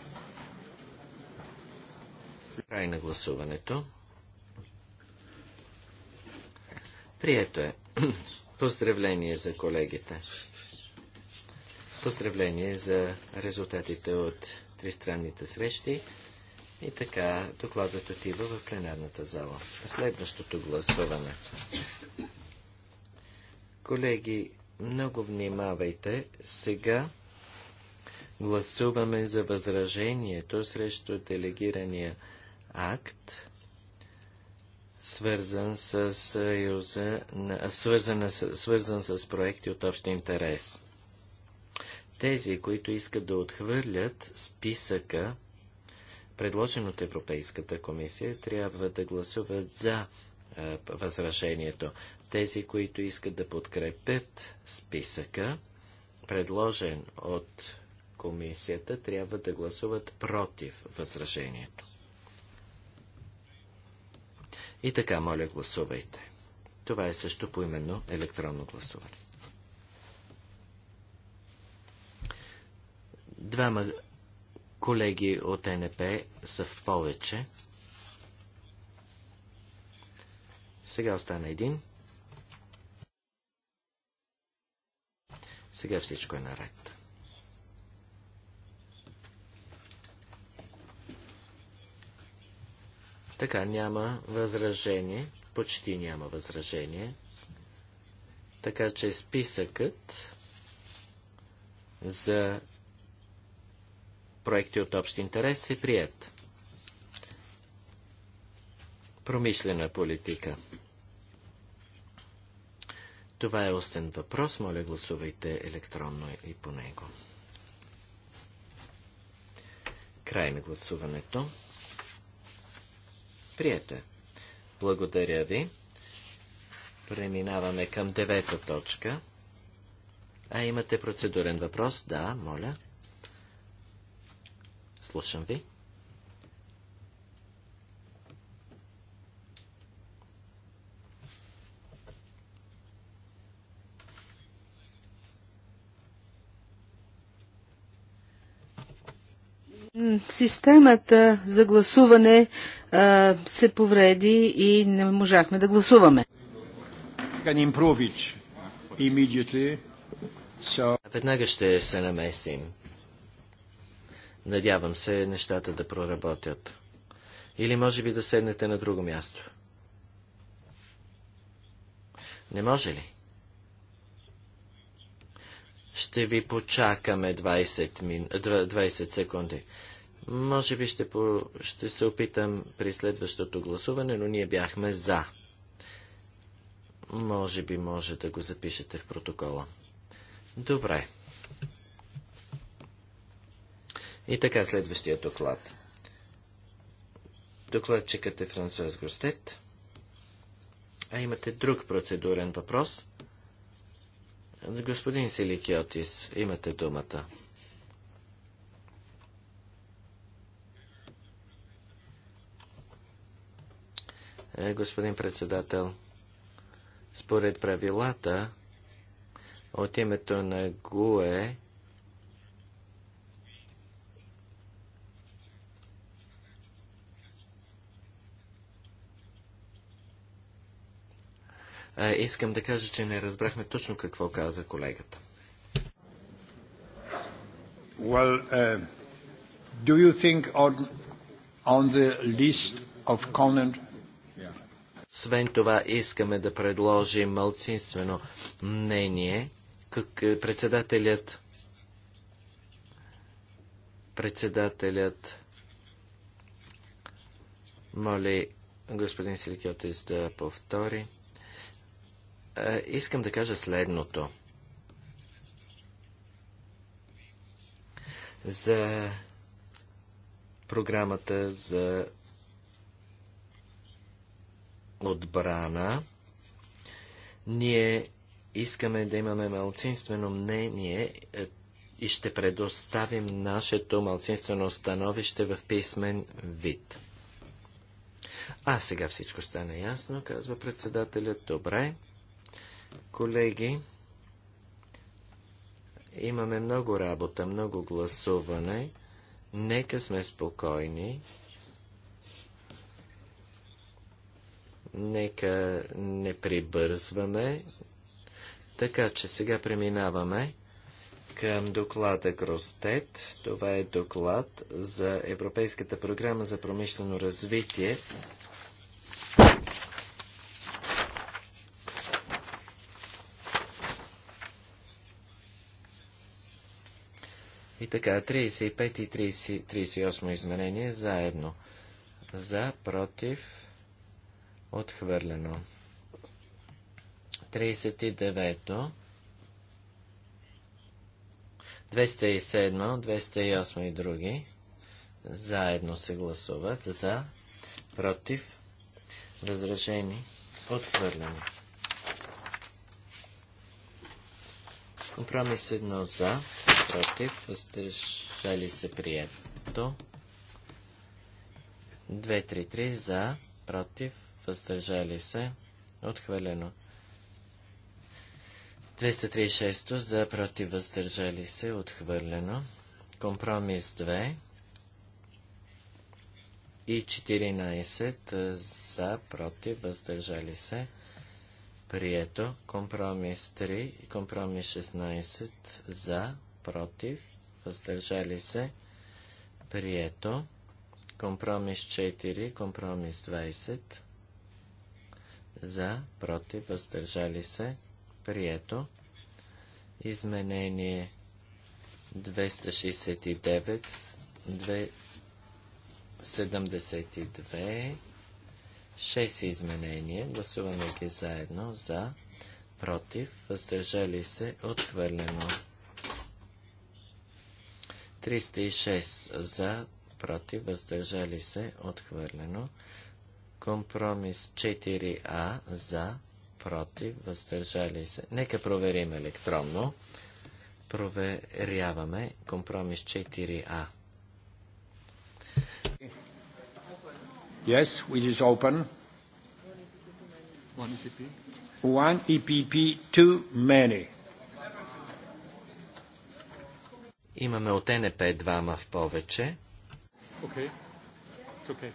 D: Край на гласуването. Прието е. Поздравление за колегите. Поздравление за резултатите от тристранните срещи. И така, докладът отива в пленарната зала. Следващото гласуване. Колеги, много внимавайте. Сега гласуваме за възражението срещу делегирания акт, свързан с, съюза, свързан, свързан с проекти от общ интерес. Тези, които искат да отхвърлят списъка, предложен от Европейската комисия, трябва да гласуват за е, възражението. Тези, които искат да подкрепят списъка, предложен от комисията, трябва да гласуват против възражението. И така, моля, гласувайте. Това е също поименно електронно гласуване. Двама колеги от НП са в повече. Сега остана един. Сега всичко е наред. Така, няма възражение, почти няма възражение. Така че списъкът за проекти от общ интерес е прият. Промишлена политика. Това е остен въпрос. Моля, гласувайте електронно и по него. Край на гласуването. Прието е. Благодаря ви. Преминаваме към девета точка. А имате процедурен въпрос? Да, моля. Слушам ви.
B: Системата за гласуване се повреди и не можахме да гласуваме.
E: Веднага ще се намесим.
D: Надявам се нещата да проработят. Или може би да седнете на друго място. Не може ли? Ще ви почакаме 20, мин... 20 секунди. Може би ще, по, ще се опитам при следващото гласуване, но ние бяхме за. Може би може да го запишете в протокола. Добре. И така следващия доклад. Докладчикът е Франсуаз Гостет. А имате друг процедурен въпрос. Господин Силикиотис, имате думата. е, Господин председател, според правилата, от името на ГУЕ е, искам
E: да кажа, че не разбрахме точно какво каза колегата. Well, uh, do you think on, on the list of comments?
D: Освен това, искаме да предложим мълцинствено мнение. Как е, председателят председателят моли господин Силикиотис да повтори. Е, искам да кажа следното. За програмата за отбрана, ние искаме да имаме малцинствено мнение е, и ще предоставим нашето малцинствено становище в писмен вид. А сега всичко стана ясно, казва председателят. Добре. Колеги, имаме много работа, много гласуване. Нека сме спокойни. Нека не прибързваме. Така че сега преминаваме към доклада Гростет. Това е доклад за Европейската програма за промишлено развитие. И така, 35 и 30, 38 изменение заедно. За, против, Отхвърлено. 39-то. 207, 208 и други. Заедно се гласуват. За, против, възражени, отхвърлени. Компромис едно за, против, въздържали се прието. 233 за, против, въздържали се, отхвърлено. 236 за против въздържали се, отхвърлено. Компромис 2 и 14 за против въздържали се, прието. Компромис 3 и компромис 16 за против въздържали се, прието. Компромис 4, компромис 20 за, против, въздържали се, прието. Изменение 269, 272, 6 изменения. Гласуваме ги заедно за, против, въздържали се, отхвърлено. 306 за, против, въздържали се, отхвърлено. Компромис 4А за, против, въздържали се. Нека проверим електронно. Проверяваме
E: компромис 4А. Yes, which is open. One EPP. EPP e too many. Имаме от НП двама в повече. Okay. It's okay.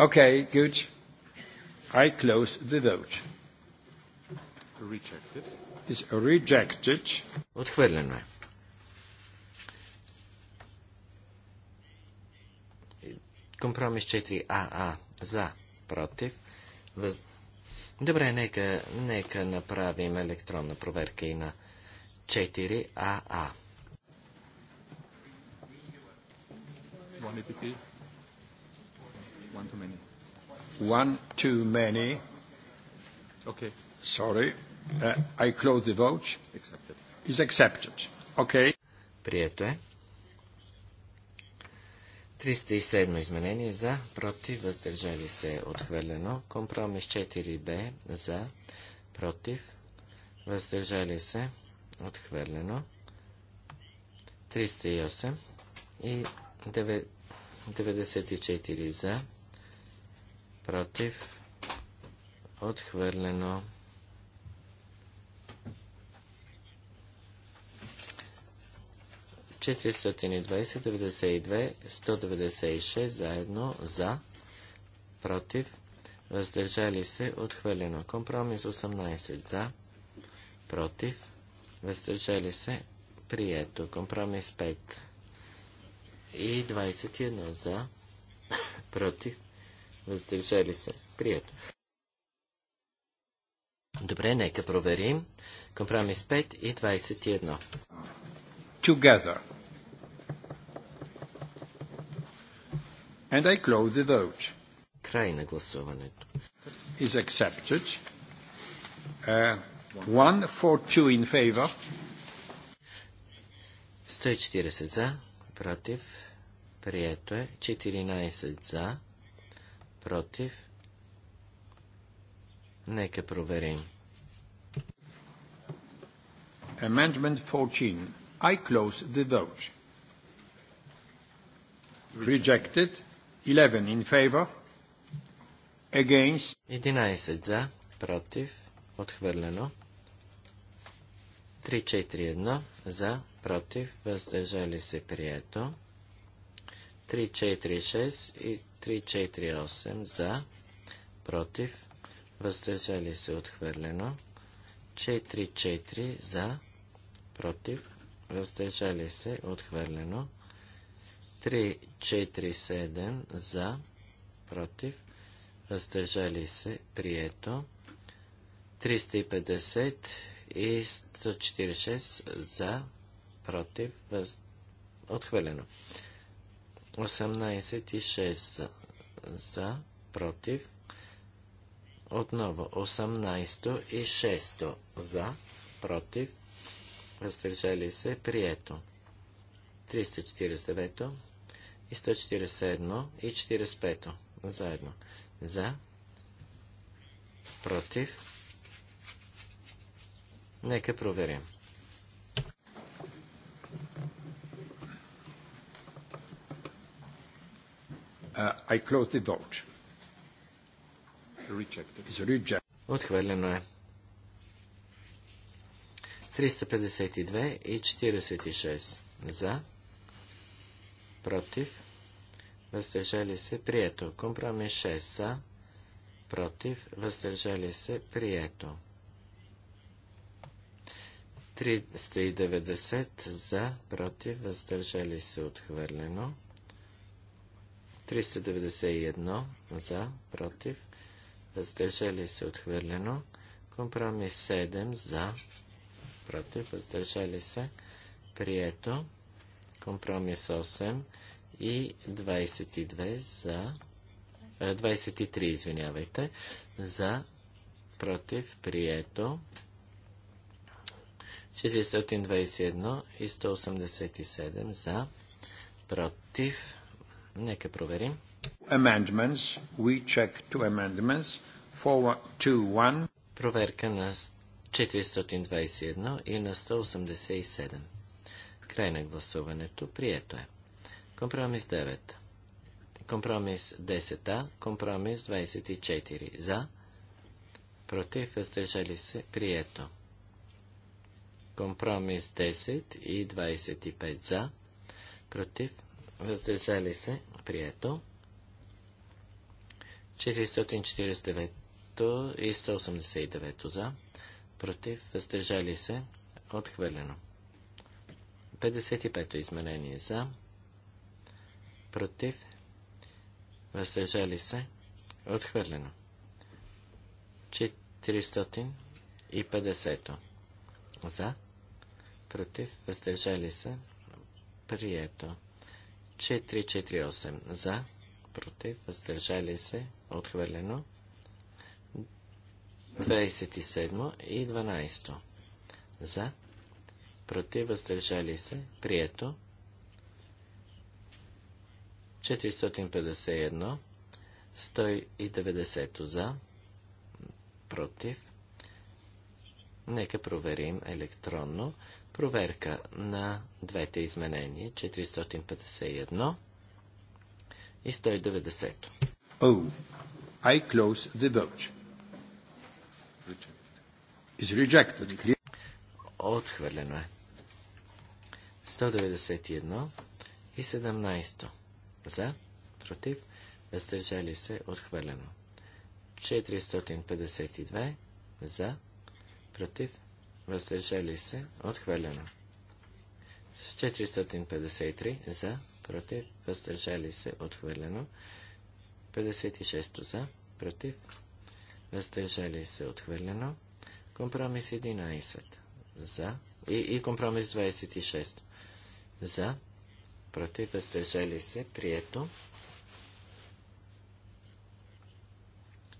E: Okay, good. I close the vote. Rejected. Is rejected. Отхвърлено е. Компромис 4АА.
D: За. Против. Въз... Добре, нека, нека направим електронна проверка и на 4АА.
B: One EPP. One too
E: many. One too many. Okay. Sorry. Uh, I close the vote. Accepted. Is accepted. Okay. Прието е. 307 изменение за, против,
D: въздържали се, отхвърлено. Компромис 4б за, против, въздържали се, отхвърлено. 308 и 9, 94 за, против, отхвърлено. Четиристотин и 196 заедно, за, против, въздържали се, отхвърлено. Компромис 18 за, против, въздържали се, прието. Компромис 5 и 21 за, против, Въздържали се. Прието. Добре, нека проверим. Компромис 5 и 21. Together.
E: And I close the vote. Край на гласуването. Is accepted. Uh, one for two in favor. 140
D: за, против, прието е, 14 за,
E: против. Нека проверим. Amendment 14. I close the vote. Rejected. 11 in favor. Against. 11 за, против, отхвърлено.
D: 3-4-1 за, против, въздържали се прието. 3-4-6 и 348 за, против, въздържали се отхвърлено. 4-4 за, против, въздържали се отхвърлено. 3-4-7 за, против, въздържали се прието. 350 и 146 за, против, въз... отхвърлено. 18 и 6 за, против. Отново 18 и 6 за, против. Въздържали се, прието. 349 и 141 и 45 заедно. За, против.
E: Нека проверим. Uh, I close the vote. Rejected. Отхвърлено е.
D: 352 и 46 за, против, въздържали се, прието. Компромис 6 за, против, въздържали се, прието. 390 за, против, въздържали се, отхвърлено. 391 за, против, въздържали се отхвърлено. Компромис 7 за, против, въздържали се, прието. Компромис 8 и 22 за, 23, извинявайте, за, против, прието. 421 и 187
E: за, против, Нека проверим. Amendments. We check two amendments. Проверка на
D: 421 и на 187. Край на гласуването. Прието е. Компромис 9. Компромис 10а. Компромис 24. За. Против. Въздържали се. Прието. Компромис 10 и 25 за. Против въздържали се, прието. 449 и 189 за, против, въздържали се, отхвърлено. 55 изменение за, против, въздържали се, отхвърлено. 450 за, против, въздържали се, прието. 448 за, против, въздържали се, отхвърлено. 27 и 12 за, против, въздържали се, прието. 451, 190 за, против, Нека проверим електронно. Проверка на двете изменения 451 и 190. Oh,
E: I close the vote. Is rejected. Отхвърлено е. 191
D: и 17. За, против, въздържали се, отхвърлено. 452 за, против, въздържали се, отхвърлено. 453 за, против, въздържали се, отхвърлено. 56 за, против, въздържали се, отхвърлено. Компромис 11 за и, и компромис 26 за, против, въздържали се, прието.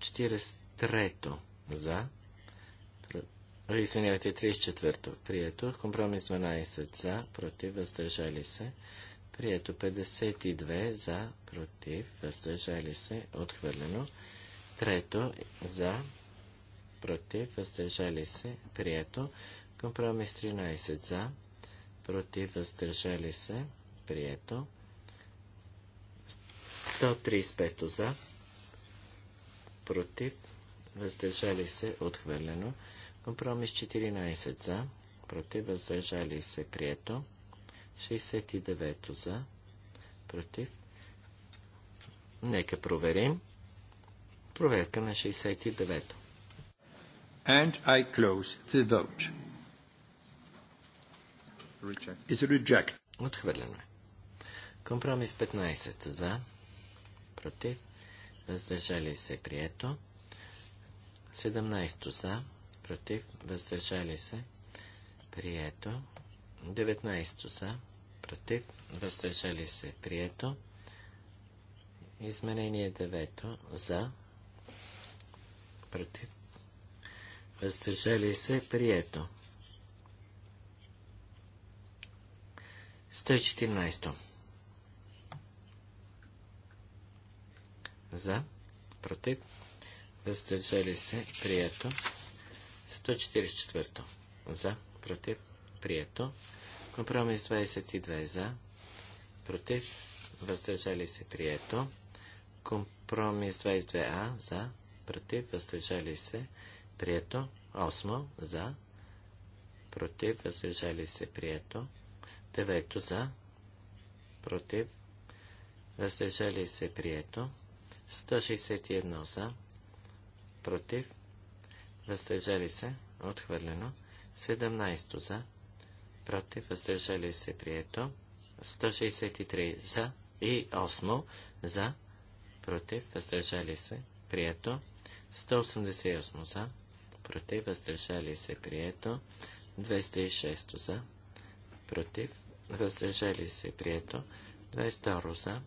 D: 43 за, Извинявайте, 34-то. Прието. Компромис 12 за, против, въздържали се. Прието 52 за, против, въздържали се. Отхвърлено. Трето за, против, въздържали се. Прието. Компромис 13 за, против, въздържали се. Прието. 135 за, против, въздържали се. Отхвърлено. Компромис 14 за, против, въздържали се, прието. 69 за, против. Нека проверим.
E: Проверка на 69-то. And I close the vote. Is reject. Отхвърлено
D: е. Компромис 15 за, против, въздържали се, прието. 17 за, против, въздържали се, прието. 19 за, против, въздържали се, прието. Изменение 9 за, против, въздържали се, прието. 114 за, против, въздържали се, прието. 144. За. Против. Прието. Компромис 22. За. Против. Въздържали се. Прието. Компромис 22А. За. Против. Въздържали се. Прието. 8. За. Против. Въздържали се. Прието. 9. За. Против. Въздържали се. Прието. 161. За. Против въздържали се, отхвърлено. 17 за, против, въздържали се, прието. 163 за и 8 за, против, въздържали се, прието. 188 за, против, въздържали се, прието. 206 за, против, въздържали се, прието. 22 за,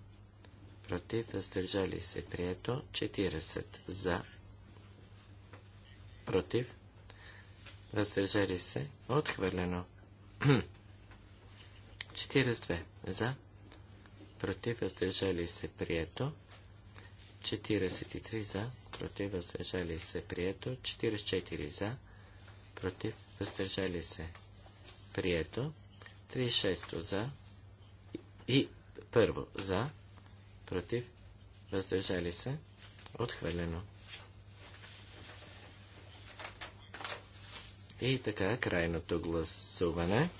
D: против, въздържали се, прието. 40 за, против, въздържали се, отхвърлено. 42 за, против, въздържали се, прието. 43 за, против, въздържали се, прието. 44 за, против, въздържали се, прието. 36 за и първо за, против, въздържали се, отхвърлено. И така, крайното гласуване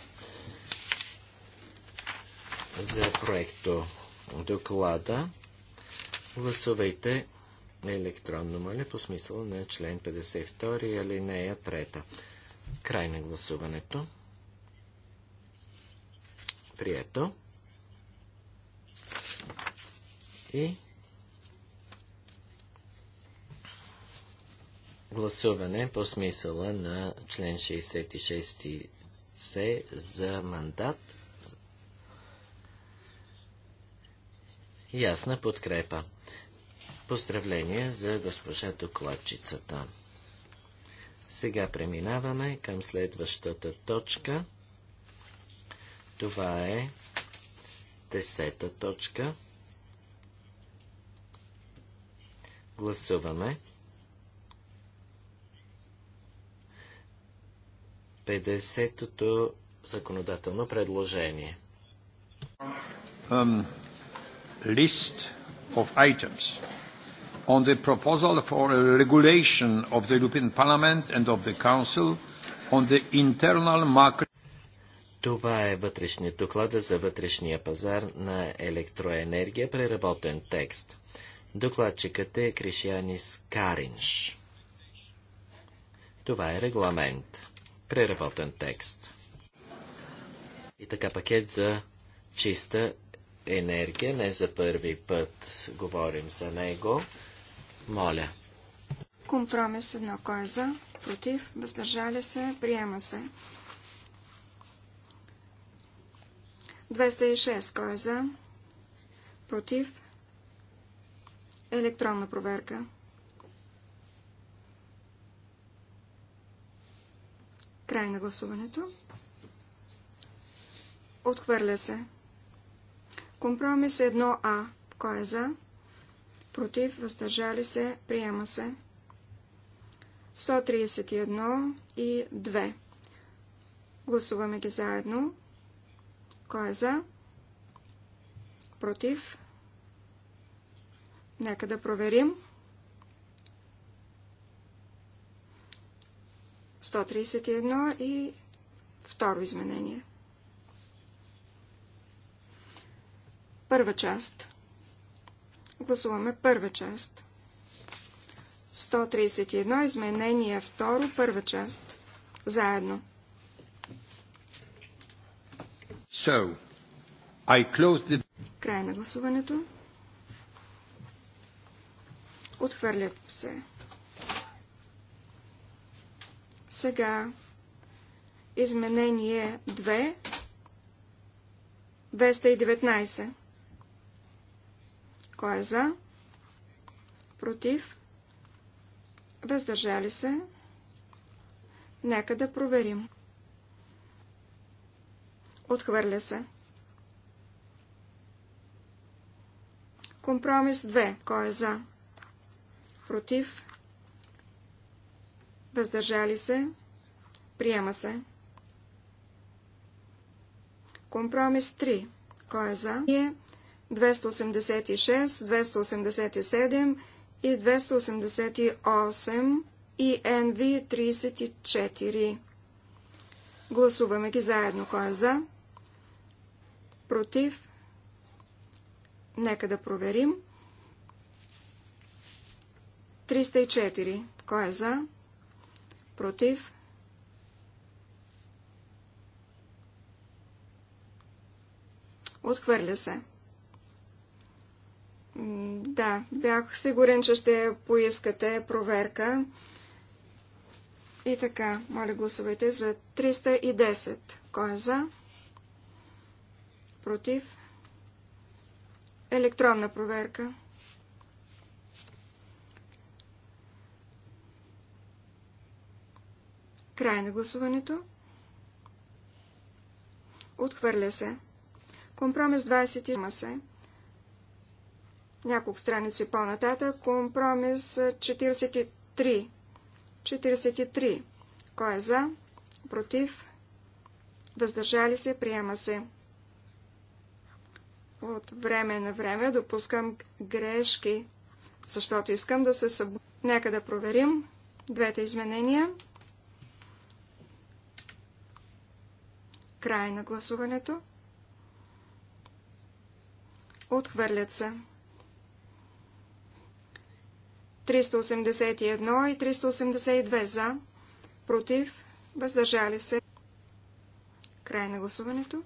D: за проекто доклада. Гласувайте електронно, моля, по смисъл на член 52, алинея 3. Край на гласуването. Прието. И гласуване по смисъла на член 66 се за мандат ясна подкрепа. Поздравление за госпожа докладчицата. Сега преминаваме към следващата точка. Това е десета точка. Гласуваме 50 тото законодателно предложение.
E: Um, list of items on the proposal for a regulation of the European Parliament and of the Council on the internal market. Това е вътрешният доклад за вътрешния
D: пазар на електроенергия, преработен текст. Докладчикът е Кришианис Каринш. Това е регламент преработен текст. И така пакет за чиста енергия. Не за първи път говорим за него. Моля.
C: Компромис едно. Кой е за? Против? Въздържали се? Приема се. 206. Кой е за? Против? Електронна проверка. Край на гласуването. Отхвърля се. Компромис 1А. Кой е за? Против, въздържали се, приема се. 131 и 2. Гласуваме ги заедно. Кой е за? Против. Нека да проверим. 131 и второ изменение. Първа част. Гласуваме първа част. 131 изменение второ, първа част. Заедно.
E: So, I close the...
C: Край на гласуването. Отхвърлят се. Сега изменение 2, 219. Кой е за? Против? Въздържали се? Нека да проверим. Отхвърля се. Компромис 2. Кой е за? Против? въздържали се, приема се. Компромис 3. Кой е за? 286, 287 и 288 и NV 34. Гласуваме ги заедно. Кой е за? Против? Нека да проверим. 304. Кой е за? против, отхвърля се. Да, бях сигурен, че ще поискате проверка. И така, моля гласувайте за 310. Кой е за? Против? Електронна проверка. Край на гласуването. Отхвърля се. Компромис 20 се. Няколко страници по-нататък. Компромис 43. 43. Кой е за? Против? Въздържали се? Приема се. От време на време допускам грешки, защото искам да се събудя. Нека да проверим двете изменения. Край на гласуването. Отхвърлят се. 381 и 382 за, против, въздържали се. Край на гласуването.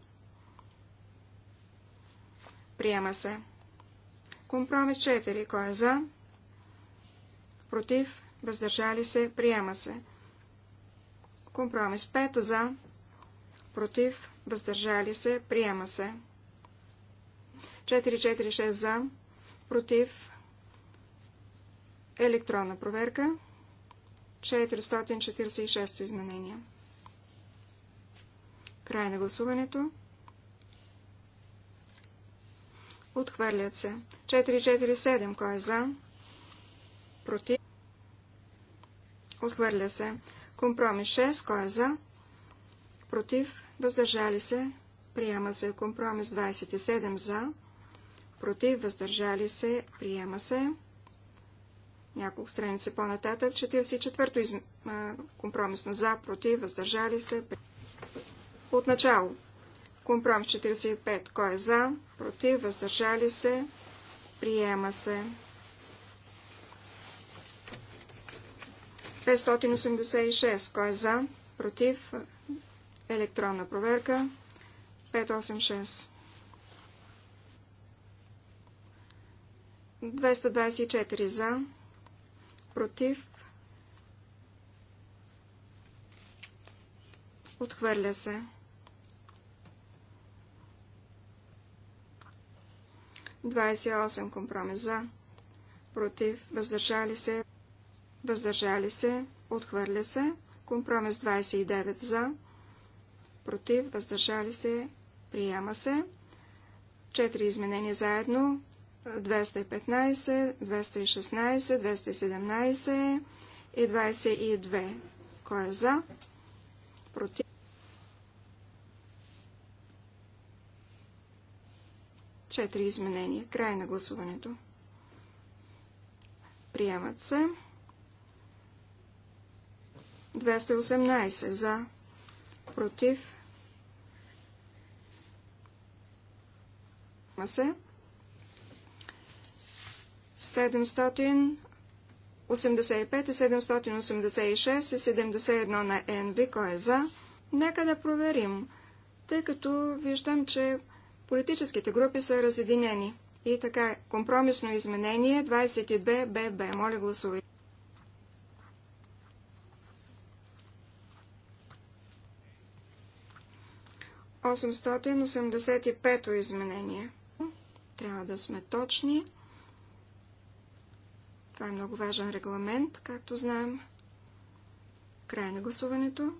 C: Приема се. Компромис 4. Кой е за? Против, въздържали се. Приема се. Компромис 5 за против, въздържали се, приема се. 446 за, против, електронна проверка, 446 изменения. Край на гласуването. Отхвърлят се. 447, кой е за? Против. Отхвърля се. Компромис 6, кой е за? Против въздържали се, приема се. Компромис 27 за, против, въздържали се, приема се. Няколко страници по-нататък. 44-то из... компромисно за, против, въздържали се. От начало. Компромис 45. Кой е за, против, въздържали се, приема се. 586. Кой е за, против, Електронна проверка 586. 224 за, против, отхвърля се. 28 компромис за, против, въздържали се, въздържали се, отхвърля се. Компромис 29 за, против, въздържали се, приема се. Четири изменения заедно, 215, 216, 217 и 22. Кой е за? Против. Четири изменения. Край на гласуването. Приемат се. 218 за. Против. Приема се. 785 и 786 и 71 на НВ. Кой е за? Нека да проверим, тъй като виждам, че политическите групи са разединени. И така, компромисно изменение 22 ББ. Моля гласувай. Осемстотин изменение. Трябва да сме точни. Това е много важен регламент, както знаем. Край на гласуването.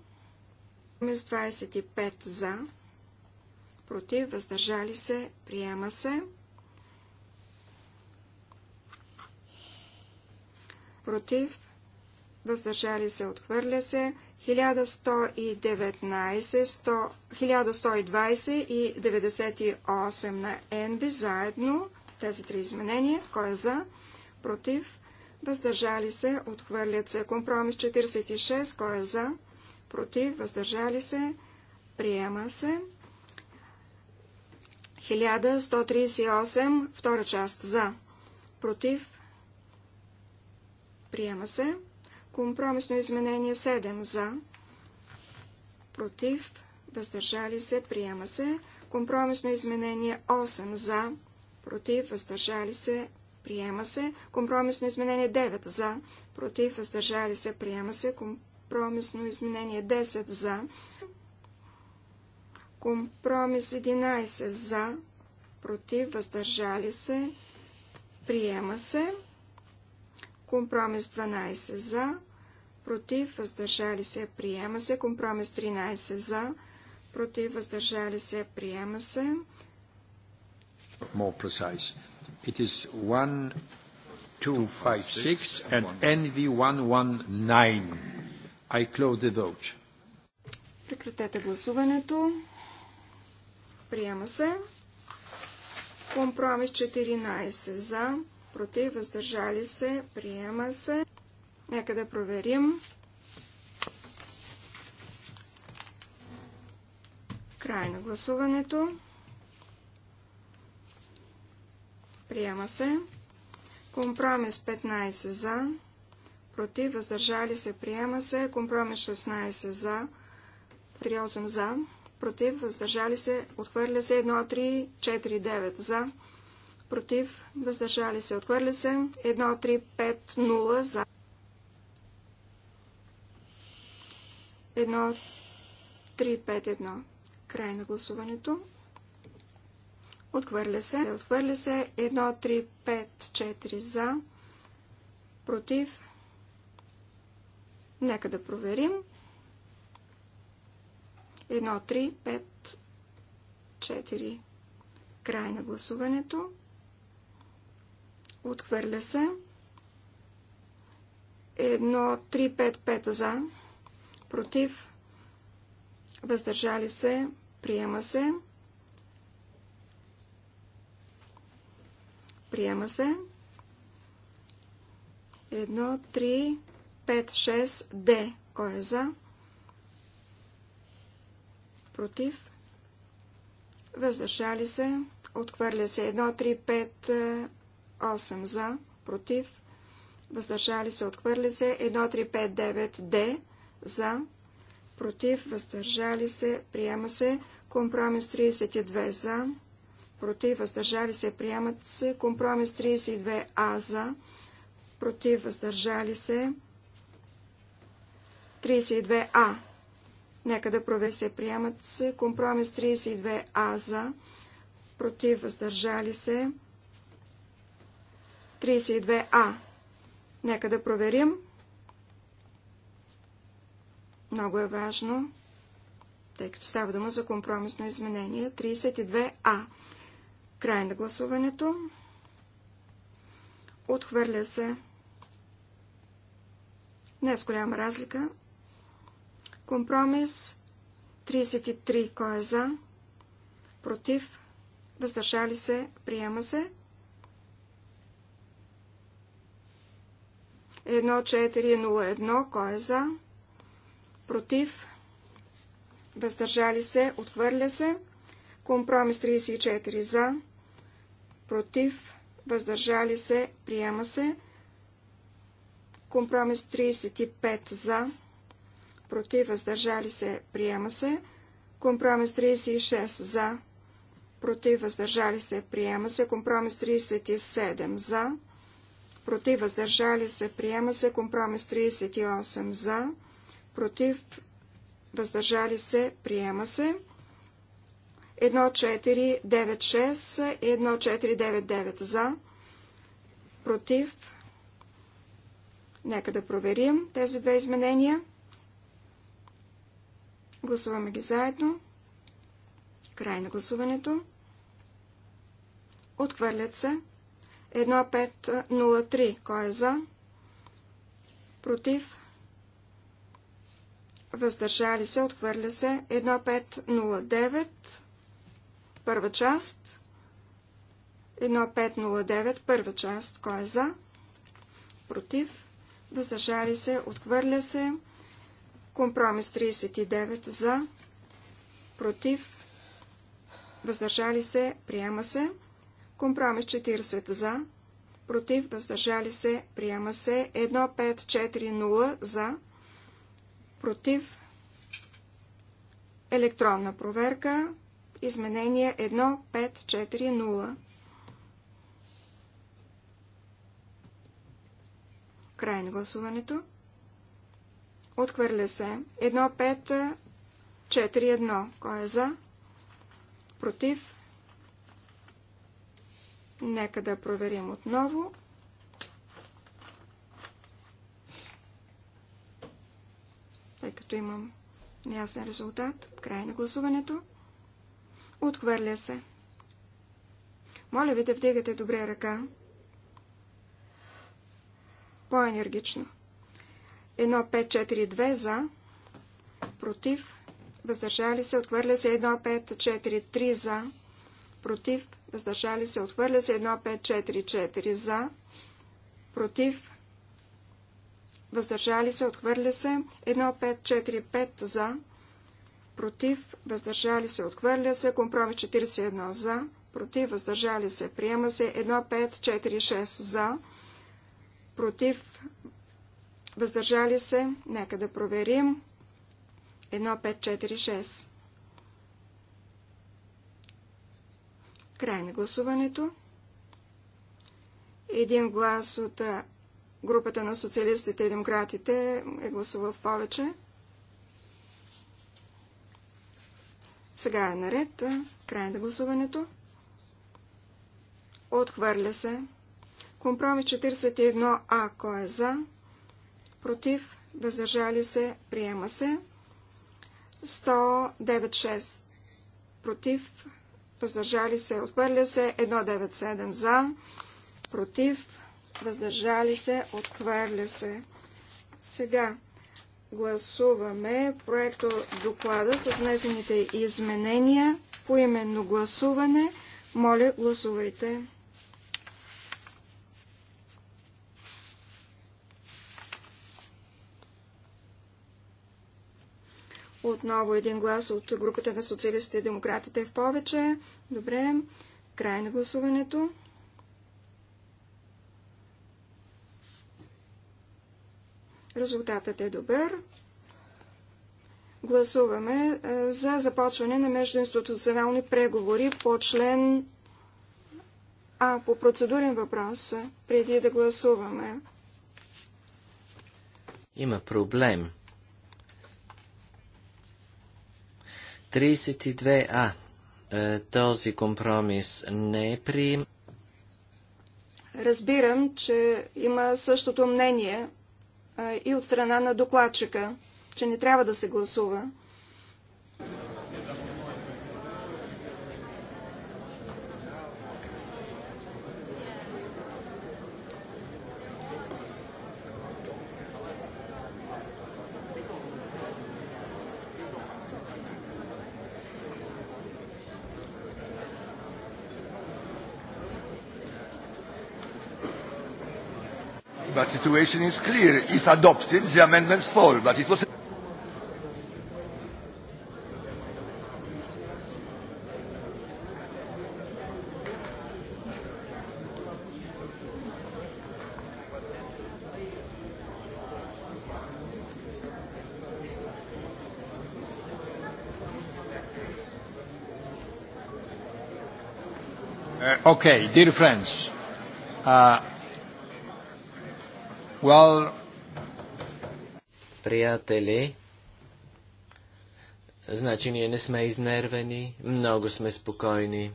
C: Мис 25 за, против, въздържали се, приема се. Против, въздържали се, отхвърля се. 1120 и 98 на Енви заедно, тези три изменения, кой е за, против, въздържали се, отхвърлят се. Компромис 46, кой е за, против, въздържали се, приема се. 1138, втора част за, против, приема се. Компромисно изменение 7 за, против, въздържали се, приема се. Компромисно изменение 8 за, против, въздържали се, приема се. Компромисно изменение 9 за, против, въздържали се, приема се. Компромисно изменение 10 за, компромис 11 за, против, въздържали се, приема се. Компромис 12 за, против, въздържали се, приема се. Компромис 13 за, против, въздържали се, приема се.
E: More precise. It is 1256 and NV119. I close the vote.
C: Прекратете гласуването. Приема се. Компромис 14 за, против, въздържали се, приема се. Нека да проверим. Край на гласуването. Приема се. Компромис 15 за. Против. Въздържали се. Приема се. Компромис 16 за. 38 за. Против. Въздържали се. Отхвърля се. 1, 3, 4, 9 за. Против. Въздържали се. Отхвърля се. 1, 3, 5, 0 за. Едно, 3 5 1 Край на гласуването. Отхвърля се. Отхвърля се. Едно, 3 5 4 за. Против. Нека да проверим. Едно, 3 5 4 Край на гласуването. Отхвърля се. Едно, 3 5 5 за против, въздържали се, приема се, приема се. Едно, 3, 5, 6, Д. Кой е за? Против. Въздържали се. Отхвърля се 1, 3, 5, 8 за. Против. Въздържали се. Отхвърля се едно 3, 5, 9, Д за, против, въздържали се, приема се. Компромис 32 за, против, въздържали се, приемат се. Компромис 32а за, против, въздържали се. 32а. Нека да прове се, приемат се. Компромис 32а за, против, въздържали се. 32а. Нека да проверим много е важно, тъй като става дума за компромисно изменение. 32А. Край на гласуването. Отхвърля се. Не с голяма разлика. Компромис 33. Кой е за? Против? Въздържали се? Приема се. 1401. Кой е за? против, въздържали се, отхвърля се. Компромис 34 за, против, въздържали се, приема се. Компромис 35 за, против, въздържали се, приема се. Компромис 36 за, против, въздържали се, приема се. Компромис 37 за, против, въздържали се, приема се. Компромис 38 за, против, въздържали се, приема се. 1496 и 1499 за, против. Нека да проверим тези две изменения. Гласуваме ги заедно. Край на гласуването. Отхвърлят се. 1503. Кой е за? Против въздържали се, отхвърля се 1509, първа част, 1509, първа част, кой е за, против, въздържали се, отхвърля се, компромис 39 за, против, въздържали се, приема се, компромис 40 за, против, въздържали се, приема се, 1540 за, против, електронна проверка, изменение 1540. Край на гласуването. Отхвърля се 1541. Кой е за? Против? Нека да проверим отново. 1541. тъй като имам неясен резултат. Край на гласуването. Отхвърля се. Моля ви да вдигате добре ръка. по енергично Едно, 1-5-4-2 за. Против. Въздържали се. Отхвърля се. 1-5-4-3 за. Против. Въздържали се. Отхвърля се. 1-5-4-4 за. Против въздържали се, отхвърля се, 1-5-4-5 за, против, въздържали се, отхвърля се, компромис 41 за, против, въздържали се, приема се, 1-5-4-6 за, против, въздържали се, нека да проверим, 1-5-4-6. Край на гласуването. Един глас от групата на социалистите и демократите е гласувал в повече. Сега е наред. Край на гласуването. Отхвърля се. Компромис 41А. Кой е за? Против? Въздържали се? Приема се. 109.6. Против? Въздържали се? Отхвърля се. 197 за. Против? въздържали се, отхвърля се. Сега гласуваме проекто доклада с внесените изменения по именно гласуване. Моля, гласувайте. Отново един глас от групата на социалистите и демократите в повече. Добре. Край на гласуването. Резултатът е добър. Гласуваме е, за започване на междуинституционални преговори по член А по процедурен въпрос, преди да гласуваме.
D: Има проблем. 32А. Е, този компромис не е прием.
C: Разбирам, че има същото мнение и от страна на докладчика, че не трябва да се гласува.
E: situation is clear. If adopted, the amendments fall, but it was... Okay, dear friends, uh, Well... Приятели,
D: значи ние не сме изнервени, много сме спокойни.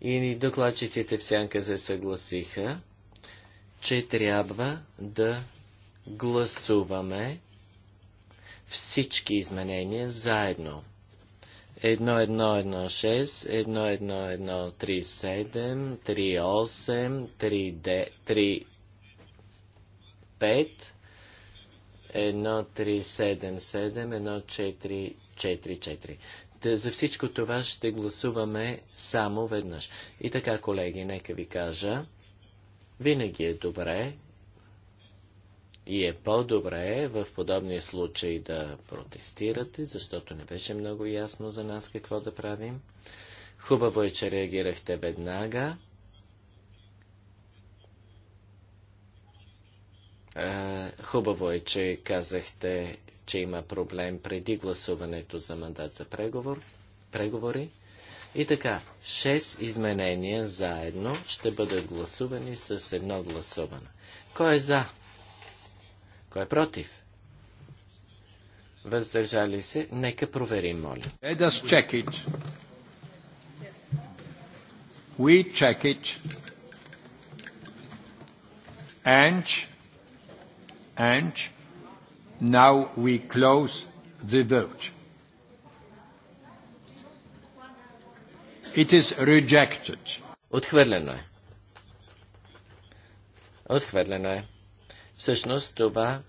D: И докладчиците в сянка се съгласиха, че трябва да гласуваме всички изменения заедно. 1116, 1137, 38, 39, 5, 4, 4, 4. за всичко това ще гласуваме само веднъж. И така, колеги, нека ви кажа, винаги е добре и е по-добре в подобни случаи да протестирате, защото не беше много ясно за нас какво да правим. Хубаво е, че реагирахте веднага. Хубаво е, че казахте, че има проблем преди гласуването за мандат за преговор, преговори. И така, 6 изменения заедно ще бъдат гласувани с едно гласуване. Кой е за? Кой е против? Въздържали се?
E: Нека проверим, моля. Let us check it. We check it. And And now we close the vote. It is rejected. Отхвърлено е. Отхвърлено е.
D: Всъщност това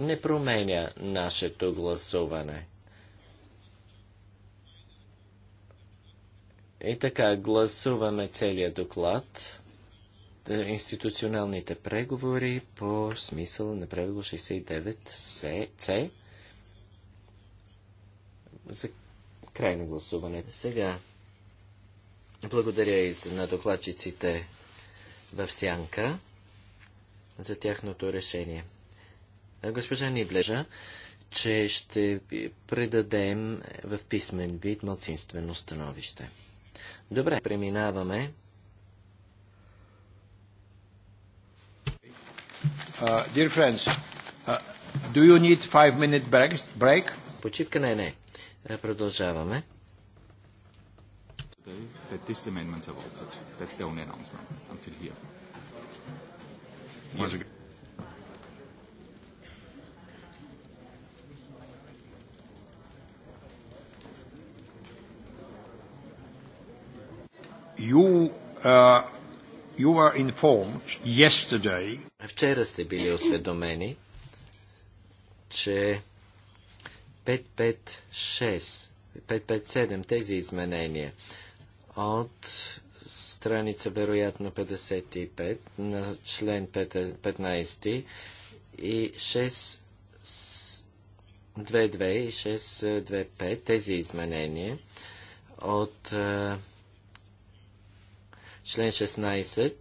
D: не променя нашето гласуване. И така, гласуваме целият доклад. Е, институционалните преговори по смисъл на правило 69 С, за край на гласуването. Сега благодаря и на докладчиците в Сянка за тяхното решение. Госпожа Ниблежа, че ще предадем в писмен вид младсинствено становище. Добре, преминаваме
E: Uh, dear friends, uh, do you need five minute break? break? Почивка не, не. Продължаваме. Today that this amendments
D: are adopted. That's the only announcement until here. Yes.
E: You, uh, you were informed yesterday Вчера сте били осведомени, че
D: 556, 557 тези изменения от страница вероятно 55 на член 15 и 622 и 625 тези изменения от член 16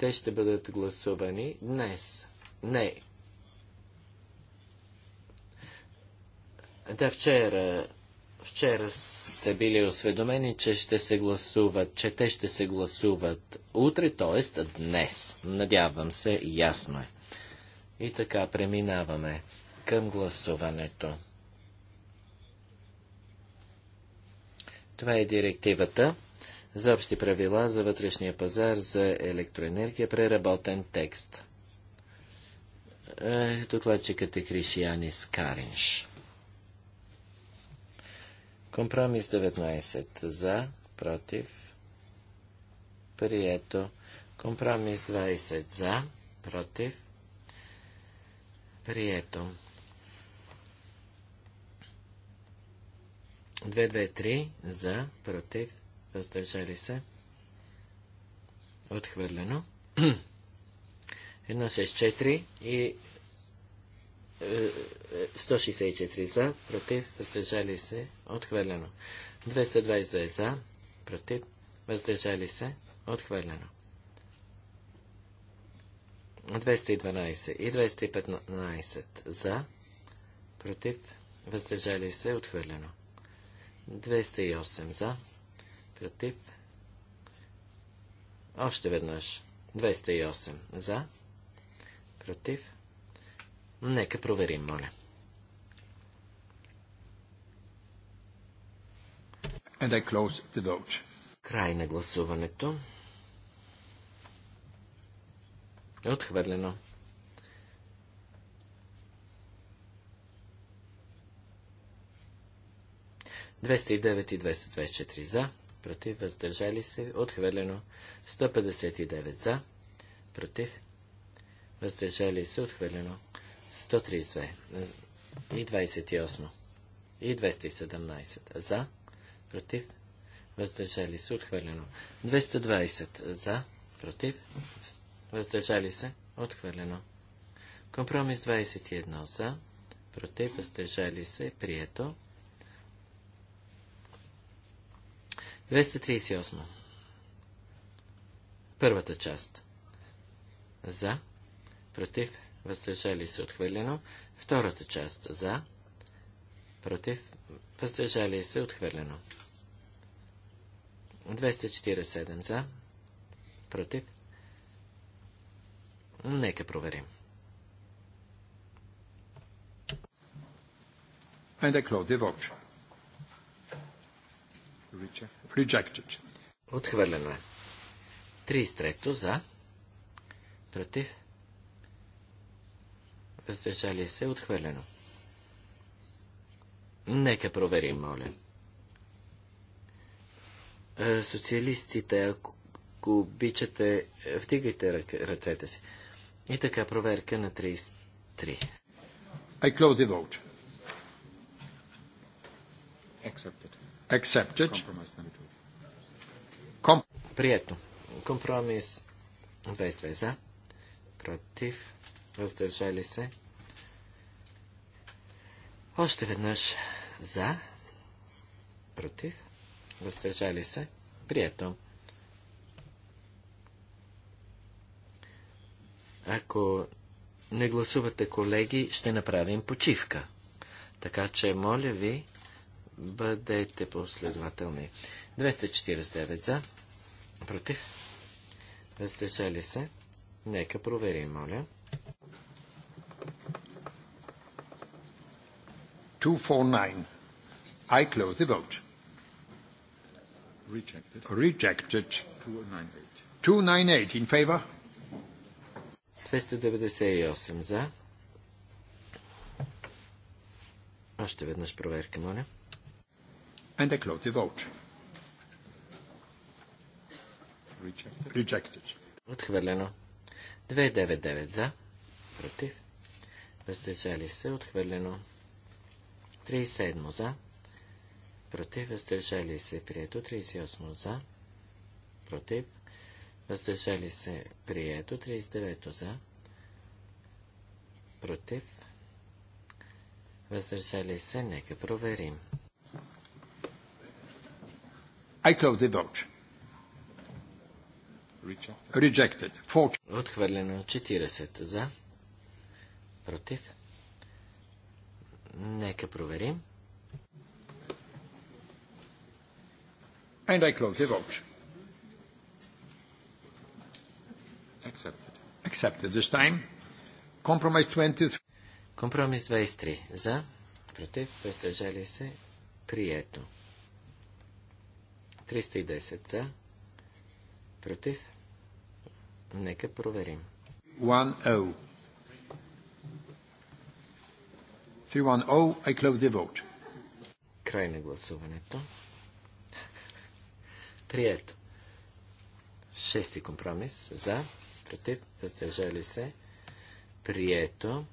D: Те ще бъдат гласувани днес. Не. Да, вчера, вчера сте били осведомени, че ще се гласуват, че те ще се гласуват утре, т.е. днес. Надявам се, ясно е. И така преминаваме към гласуването. Това е директивата за общи правила за вътрешния пазар за електроенергия, преработен текст. Е, докладчикът е Кришианис Каринш. Компромис 19 за, против, прието. Компромис 20 за, против, прието. 2, 2, 3, за, против, въздържали се, отхвърлено. 64 и 164 е, е, за, против, въздържали се, отхвърлено. 222 за, против, въздържали се, отхвърлено. 212 и 215 за, против, въздържали се, отхвърлено. 208 за, Против. Още веднъж. 208. За.
E: Против. Нека проверим, моля. And I close the vote. Край
D: на гласуването. Отхвърлено. Двеста и 224 за против, въздържали се, отхвърлено. 159 за, против, въздържали се, отхвърлено. 132 и 28 и 217 за, против, въздържали се, отхвърлено. 220 за, против, въздържали се, отхвърлено. Компромис 21 за, против, въздържали се, прието. 238. Първата част. За. Против. Въздържали се отхвърлено. Втората част. За. Против. Въздържали се отхвърлено. 247 за. Против. Нека
E: проверим. And I close the Richard. Rejected. Отхвърлено е. 33 за. Против.
D: Въздържали се. Отхвърлено. Нека проверим, моля. Е, социалистите, ако обичате, е, вдигайте ръцете си. И така,
E: проверка на 33. I close the vote. Accepted. Accepted.
D: Нали? Прието. Компромис 22 за. Против. Въздържали се. Още веднъж за. Против. Въздържали се. Прието. Ако не гласувате, колеги, ще направим почивка. Така че, моля ви, бъдете последователни. 249 за, против, въздържали се. Нека проверим, моля.
E: 249. I close the vote. Rejected. Rejected. 298. 298 in favor. 298 за. Още веднъж
D: проверка, моля. 298 and I close the vote. Rejected. Rejected. Отхвърлено. 299 за. Против. Въздържали се. Отхвърлено. 37 за. Против. Въздържали се. Прието. 38 за. Против. Въздържали се. Прието. 39 за. Против. Въздържали се. Нека
E: проверим. I close the vote. Rejected. Отхвърлено 40 за.
D: Против. Нека проверим.
E: And I close the vote. Accepted. Accepted this time. Compromise 23. Компромис 23. За.
D: Против. Въздържали се. Прието. 310 за.
E: Против. Нека проверим. 310, I close the vote. Край на гласуването. Прието.
D: Шести компромис. За. Против. Въздържали се. Прието.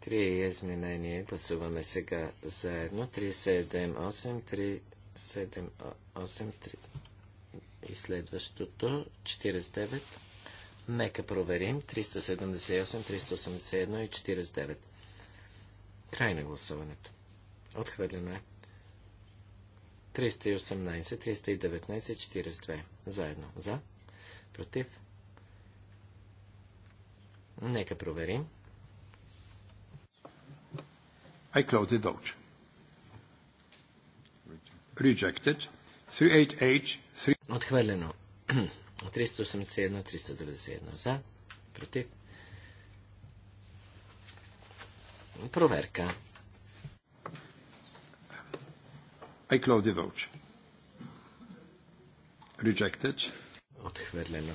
D: Три изменения. Гласуваме сега заедно. 378, 7, 8, и следващото 49. Нека проверим 378, 381 и 49. Край на гласуването. Отхвърлено е. 318, 319, 42. Заедно. За. Против.
E: Нека проверим. I close the Rejected.
D: 388. Отхвърлено. 381-391 за. Против.
E: Проверка. I close the vote. Rejected. Отхвърлено.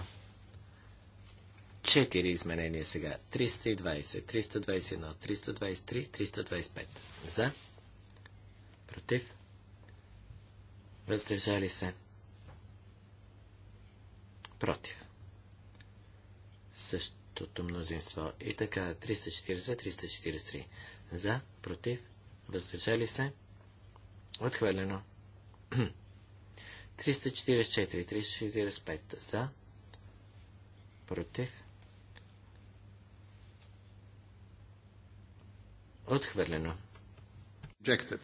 D: Четири изменения сега. 320, 321, 323, 325. За. Против. Въздържали се. Против. Същото мнозинство. И така, 342-343. За, против, въздържали се. Отхвърлено. 344-345. За, против.
E: Отхвърлено. Rejected.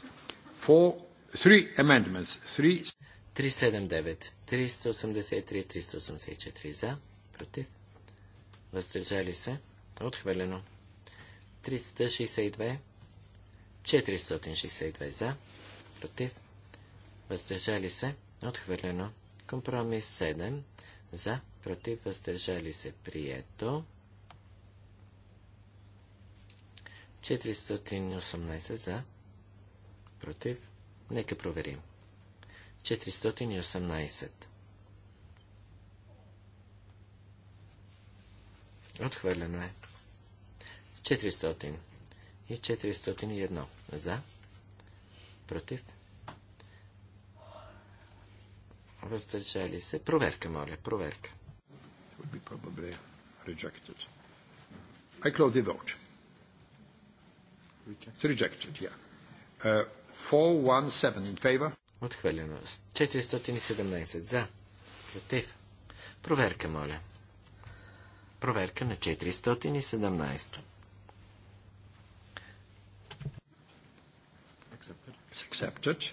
E: 4, Three amendments. Three...
D: 379, 383, 384 за, против, въздържали се, отхвърлено. 362, 462 за, против, въздържали се, отхвърлено. Компромис 7 за, против, въздържали се, прието. 418 за, против, Нека проверим. 418. Отхвърлено е. 400 и 401. За. Против.
E: Въздържали се. Проверка, моля. Проверка. I close the vote. It's rejected, yeah. Uh, 417 in favor. Отхвърлено. 417
D: за. Против. Проверка, моля.
E: Проверка на 417. Accepted.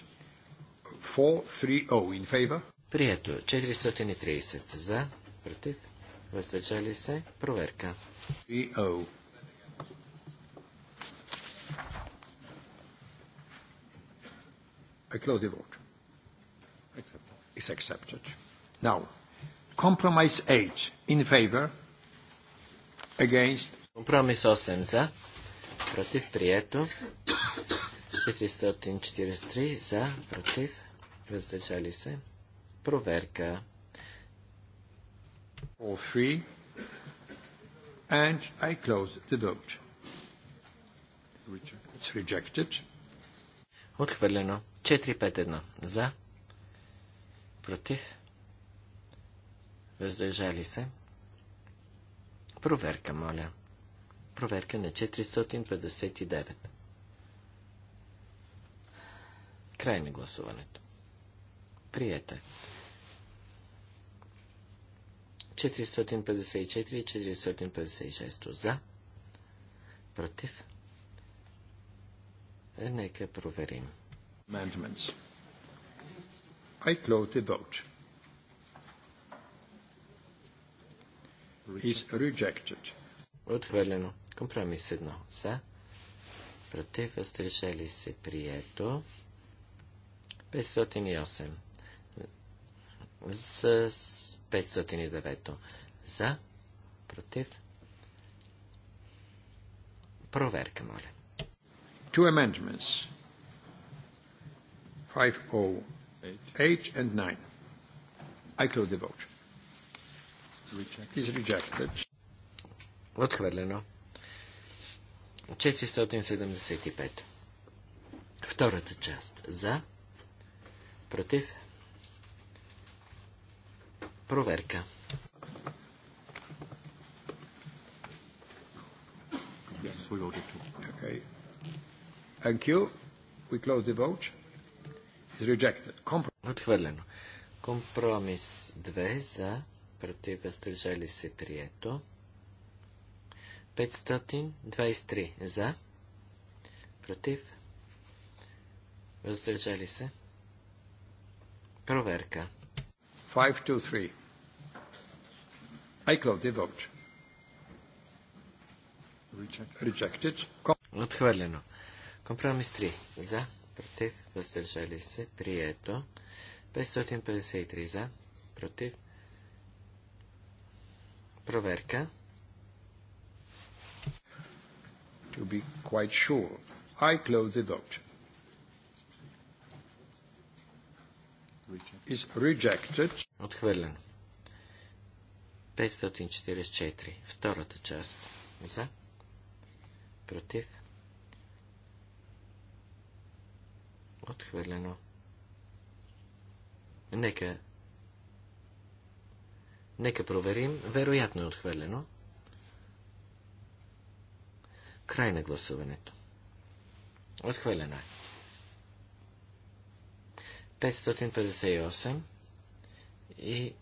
E: 430 in
D: favor. Прието. 430 за. Против. Въздържали се.
E: Проверка. 30. I close the vote. Accepted. It's accepted. Now, compromise 8 in favor, against. Компромис 8 за, против прието.
D: 443 за, против, въздържали се.
E: Проверка. All three. And I close the vote. It's rejected. Отхвърлено. 4-5-1. За.
D: Против. Въздържали се. Проверка, моля. Проверка на 459. Край на гласуването. Прието е. 454 и 456 за. Против.
E: Е, нека проверим. Amendments. I close the vote. Is
D: rejected. Отхвърлено. Компромис едно. За. Против. Въздържали се. Прието. 508. С 509. За. Против.
E: Проверка, моля. Two amendments. 508 and 9. I close the vote. Is rejected.
D: Отхвърлено. 475. Втората част. За. Против. Проверка.
E: Yes, we voted too. Okay. Thank you. We close the vote. Отхвърлено.
D: Компромис 2 за, против, въздържали се прието. 523 за, против,
E: въздържали се. Проверка. 523. I close the vote. Rejected. Отхвърлено.
D: Компромис 3. За, против, въздържали се, прието. 553 за, против. Проверка.
E: To be quite sure, I close the vote. Is rejected. Отхвърлено. 544.
D: Втората част. За. Против. Отхвърлено. Нека. Нека проверим. Вероятно е отхвърлено. Край на гласуването. Отхвърлено е. 558 и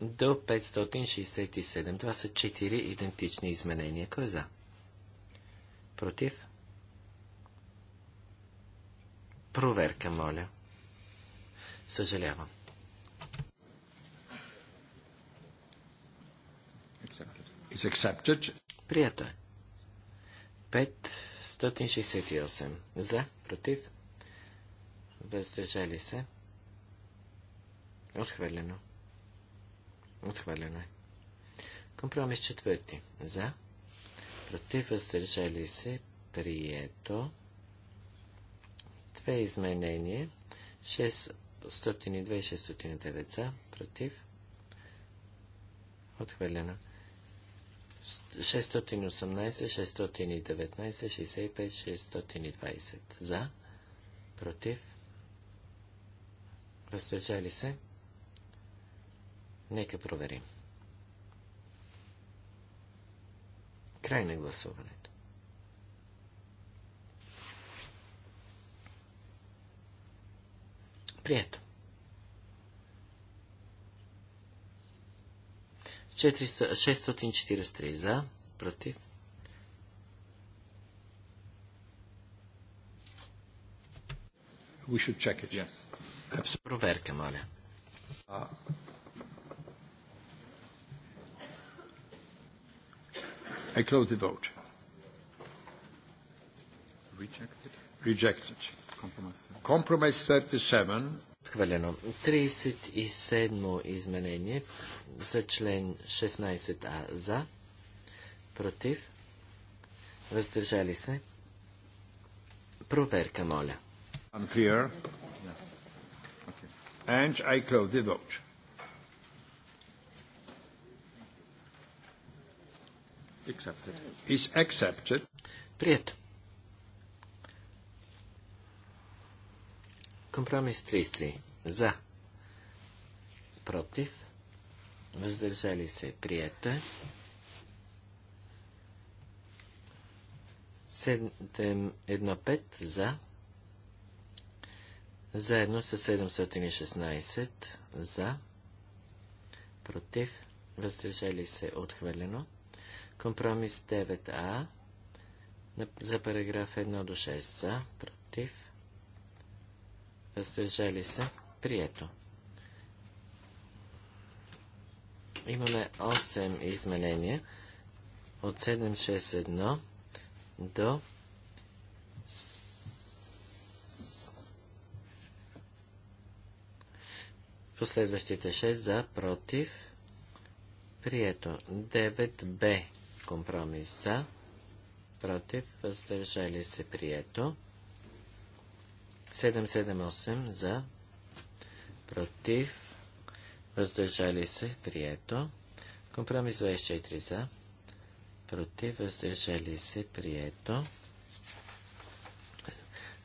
D: до 567. Това са 4 идентични изменения. Кой е за? Против? Проверка, моля. Съжалявам. Прието е. 568. За, против, въздържали се. Отхвърлено. Отхвърлено е. Компромис четвърти. За, против, въздържали се, прието. Две изменения. 602 и 609 за, против. Отхвърлено. 618, 619, 65, 620 за, против. Въздържали се? Нека проверим. Край на гласуване. Прието. 643 за, против.
E: We should check it. Yes. Absolutely. Проверка, моля. Uh, I close the vote. Rejected. Rejected. Компромис 37. Отхвърлено.
D: 37 изменение за член 16а за, против, въздържали се.
E: Проверка, моля. Unclear. And I close the vote. Accepted. Is accepted. Прието. Компромис 33. За.
D: Против. Въздържали се. Прието е. 715 за. Заедно с 716 за. Против. Въздържали се. Отхвърлено. Компромис 9а. За параграф 1 до 6 за. Против въздържали се, прието. Имаме 8 изменения от 761 до 7. последващите 6 за, против, прието. 9Б компромис за, против, въздържали се, прието. 778 за, против, въздържали се, прието. Компромис 24 за, против, въздържали се, прието.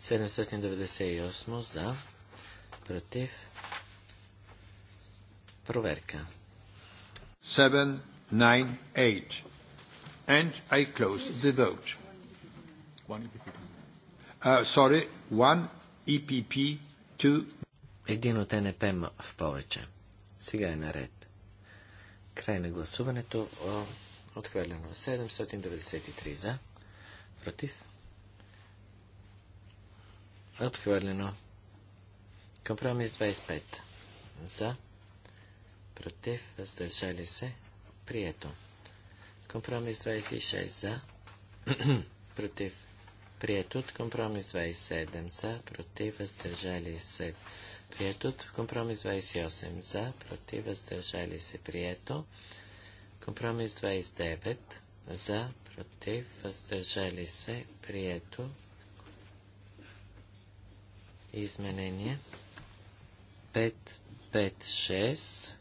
D: 798 за, против,
E: проверка. 798. And I close the vote. Uh, sorry, one EPP 2. Един от
D: НП в повече. Сега е наред. Край на гласуването. Отхвърлено. 793 е. за. Против. Отхвърлено. Компромис 25. За. Против. Въздържали се. Прието. Компромис 26. За. против. Приетот компромис 27 за, против, въздържали се. Приетот компромис 28 за, против, въздържали се. Прието. Компромис 29 за, против, въздържали се. Прието. Изменение 5, 5, 6.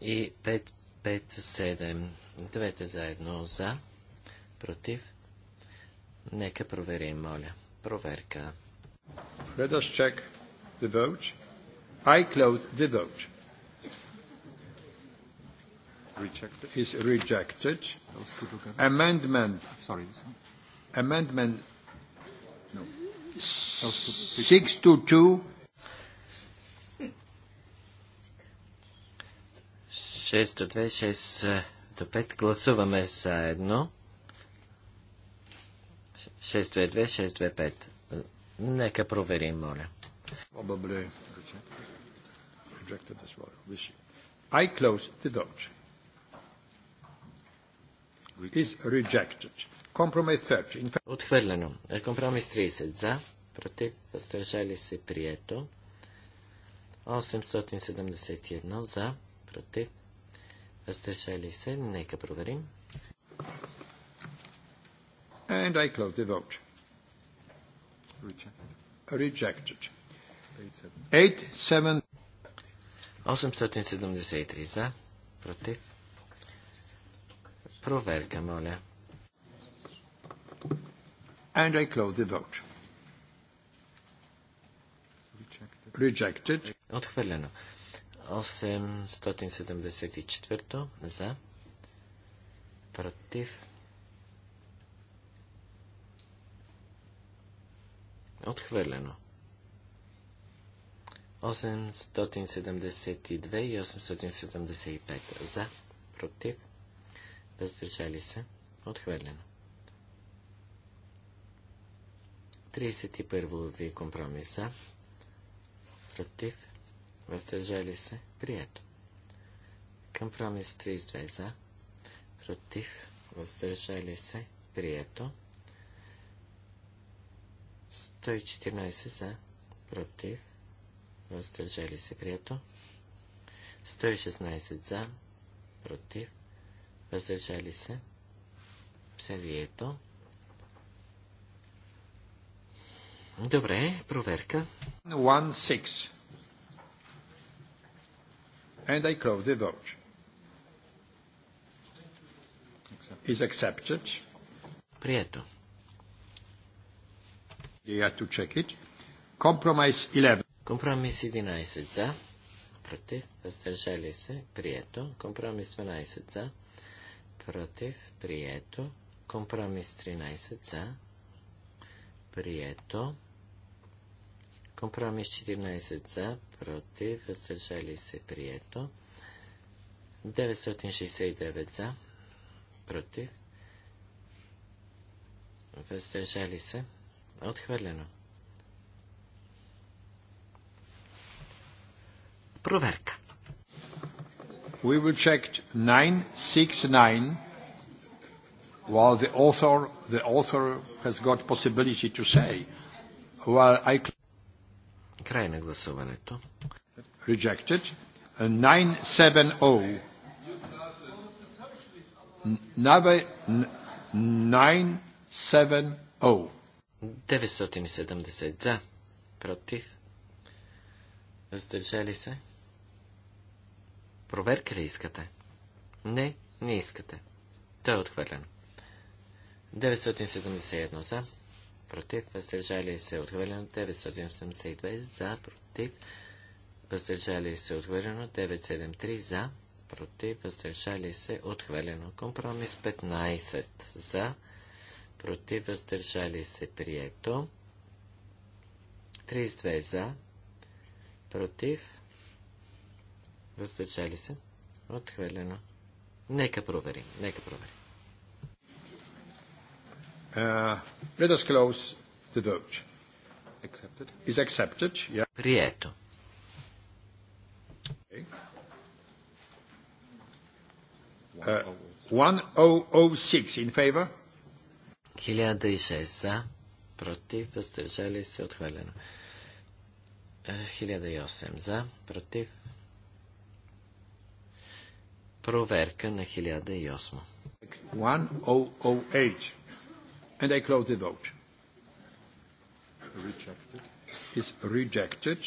D: и 5 5-7. Двете заедно за, против. Нека проверим, моля. Проверка.
E: Let us check the vote. I close the vote. Rejected. Is rejected. Amendment. Sorry. Amendment. No. 6 to 2
D: 6 до 2, 6 до 5. Гласуваме заедно. 6 625.
E: Нека проверим, моля. 5. Нека as моля. I close the vote. Is rejected. Compromise Отхвърлено. Компромис 30 за,
D: против, въздържали се, прието. 871 за, против, Въздържали се? Нека проверим.
E: And I close the vote. Rejected.
D: 873 за, против. Проверка,
E: моля. And I close the vote. Rejected. Отхвърлено.
D: 874 за, против, отхвърлено. 872 и 875 за, против, въздържали се, отхвърлено. 31 ви компромиса, против, въздържали се, прието. Компромис 32 за, против, въздържали се, прието. 114 за, против, въздържали се, прието. 116 за, против, въздържали се, прието.
E: Добре, проверка. 1-6 and I close the vote. Is accepted. Прието. You have to check it. Compromise 11. Компромис 11 за, против,
D: въздържали се, прието. Компромис 12 за, против, прието. Компромис 13 за, прието. Компромис 14 за, против, въздържали се прието. 969 за, против, въздържали се, отхвърлено.
E: Проверка. We will check 969 while the author, the author has got possibility to say, well, I... Край на гласуването. Rejected. 970. 970. 970
D: за. Против. Въздържали се. Проверка ли искате? Не, не искате. Той е отхвърлен. 971 за против, въздържали се, отхвърлено 982 за, против, въздържали се, отхвърлено 973 за, против, въздържали се, отхвърлено компромис 15 за, против, въздържали се, прието 32 за, против, въздържали се, отхвърлено. Нека проверим, нека проверим.
E: Uh, let us close the vote. Accepted. Is accepted, yeah. Прието. Okay. Uh, 1006
D: in favor. 1006 за, против, въздържали се, отхвърлено. 1008 е, за, против. Проверка на 1008.
E: 1008. And I close the vote. Rejected. Is rejected.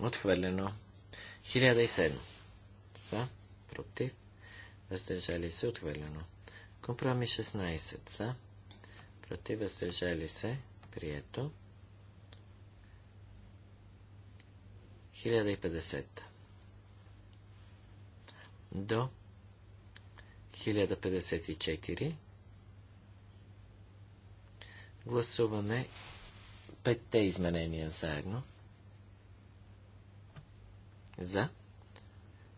E: Отхвърлено.
D: 1007. Са, Против. Въздържали се. Отхвърлено. Компромис 16. са. Против. Въздържали се. Прието. 1050. До 1054. Гласуваме петте изменения заедно. За.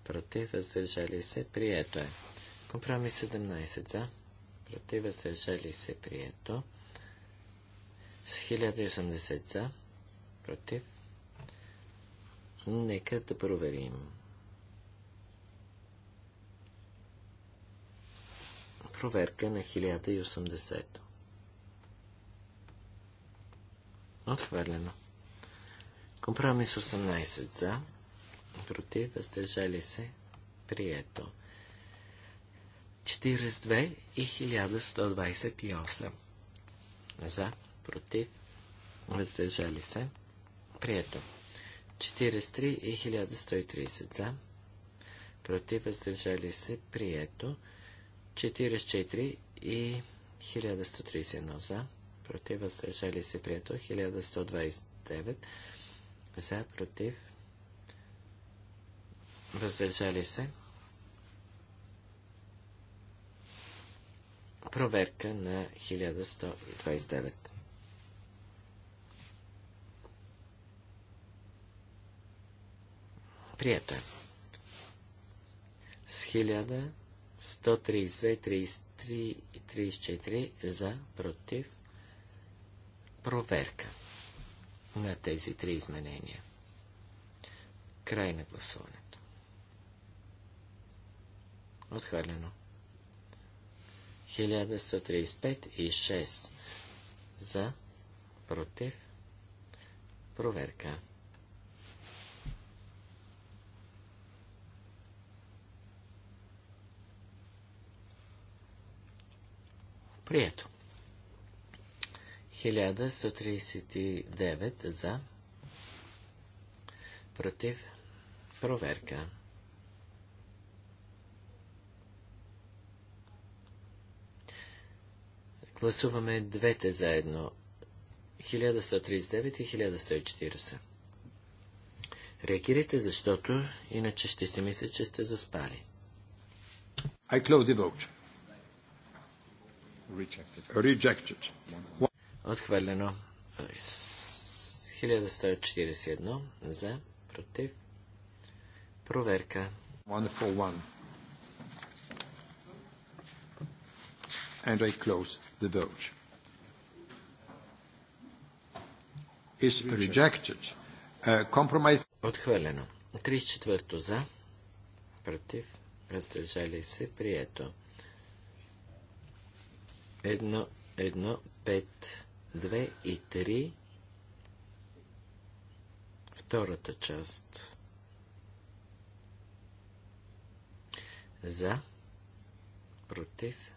D: Против. Въздържали се. Прието е. Компромис 17 за. Против. Въздържали се. Прието. С 1080 за. Против. Нека да проверим. Проверка на 1080. Отхвърлено. Компромис 18 за. Против. Въздържали се. Прието. 42 и 1128. За. Против. Въздържали се. Прието. 43 и 1130 за. Против. Въздържали се. Прието. 44 и 1131 за против, въздържали се, прието. 1129 за, против, въздържали се. Проверка на 1129. Прието е. С 1132 и 34 за, против, проверка на тези три изменения. Край на гласуването. Отхвърлено. 1135 и 6 за, против, проверка. Прието. 1139 за. Против. Проверка. Гласуваме двете заедно. 1139 и 1140. Реагирайте, защото иначе ще си мисля, че сте заспали. I close the vote. Rejected. Rejected. Отхвърлено. 1141 за, против.
E: Проверка. And I close the vote. Is rejected. Uh, compromise. Отхвърлено. 34
D: за, против, Раздържали се, прието. Едно, едно, пет, 2 и 3, втората част. За, против,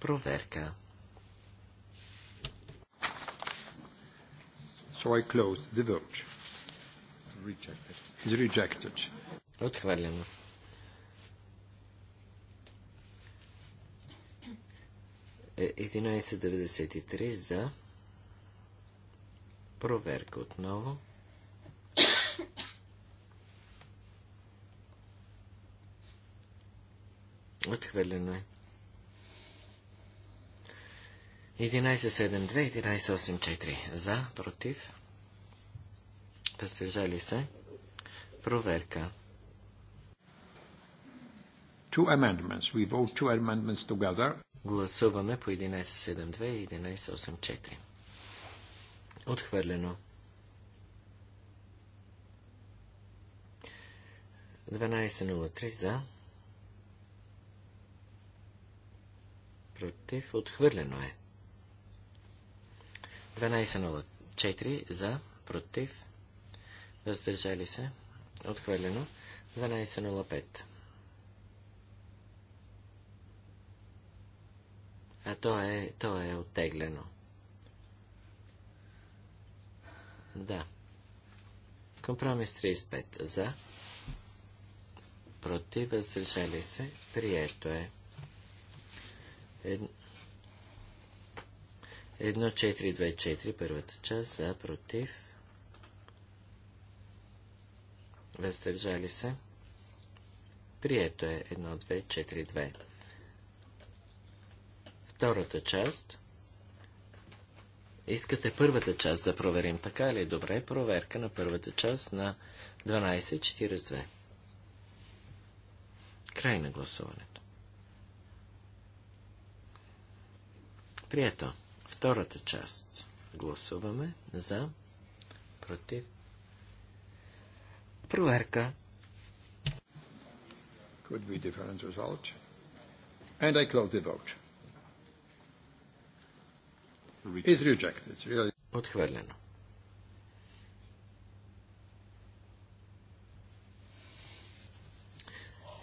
E: проверка. So I close the vote. Rejected. It's rejected. Отхвърлено.
D: 1193 за проверка отново. Отхвърлено е. 11.72-11.84 за, против, въздържали се,
E: проверка. Two amendments. We vote two amendments together. Гласуваме по 11.7.2 и 11.8.4.
D: Отхвърлено. 12.03 за. Против. Отхвърлено е. 12.04 за. Против. Въздържали се. Отхвърлено. 12.05. а то е, то е оттеглено. Да. Компромис 35. За. Против. Въздържали се. Прието е. Едно, 1424, първата част, за, против, въздържали се, прието е 1242. Втората част. Искате първата част да проверим, така ли? Добре, проверка на първата част на 12.42. Край на гласуването. Прието. Втората част.
E: Гласуваме за, против.
D: Проверка.
E: Could be different result. And I close the vote. Отхвърлено.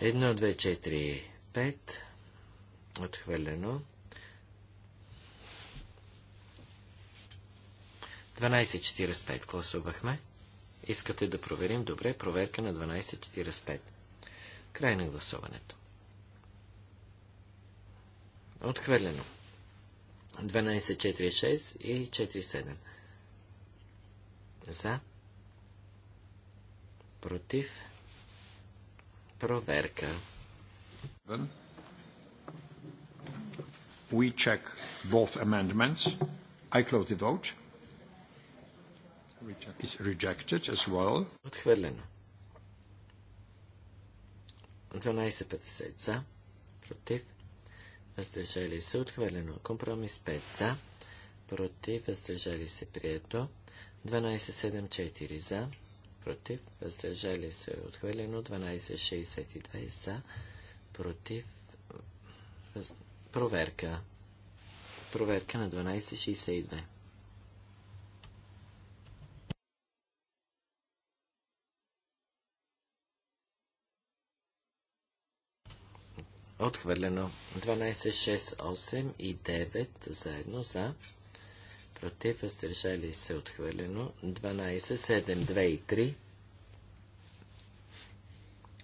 D: Едно, две, четири, пет. Отхвърлено. 12.45 гласувахме. Искате да проверим добре проверка на 12.45. Край на гласуването. Отхвърлено. 12.45. 12.4.6 и 4.7. За.
E: Против. Проверка. We check both amendments. I close the vote. It's rejected as well. Отхвърлено. 12.50 за. Против
D: въздържали се, отхвърлено. Компромис 5 за, против, въздържали се, прието. 1274 за, против, въздържали се, отхвърлено. 1262 за, против, въз... проверка. Проверка на 1262. Отхвърлено. 12, 6, 8 и 9 заедно за. Против, въздържали се. Отхвърлено. 12, 7, 2 и 3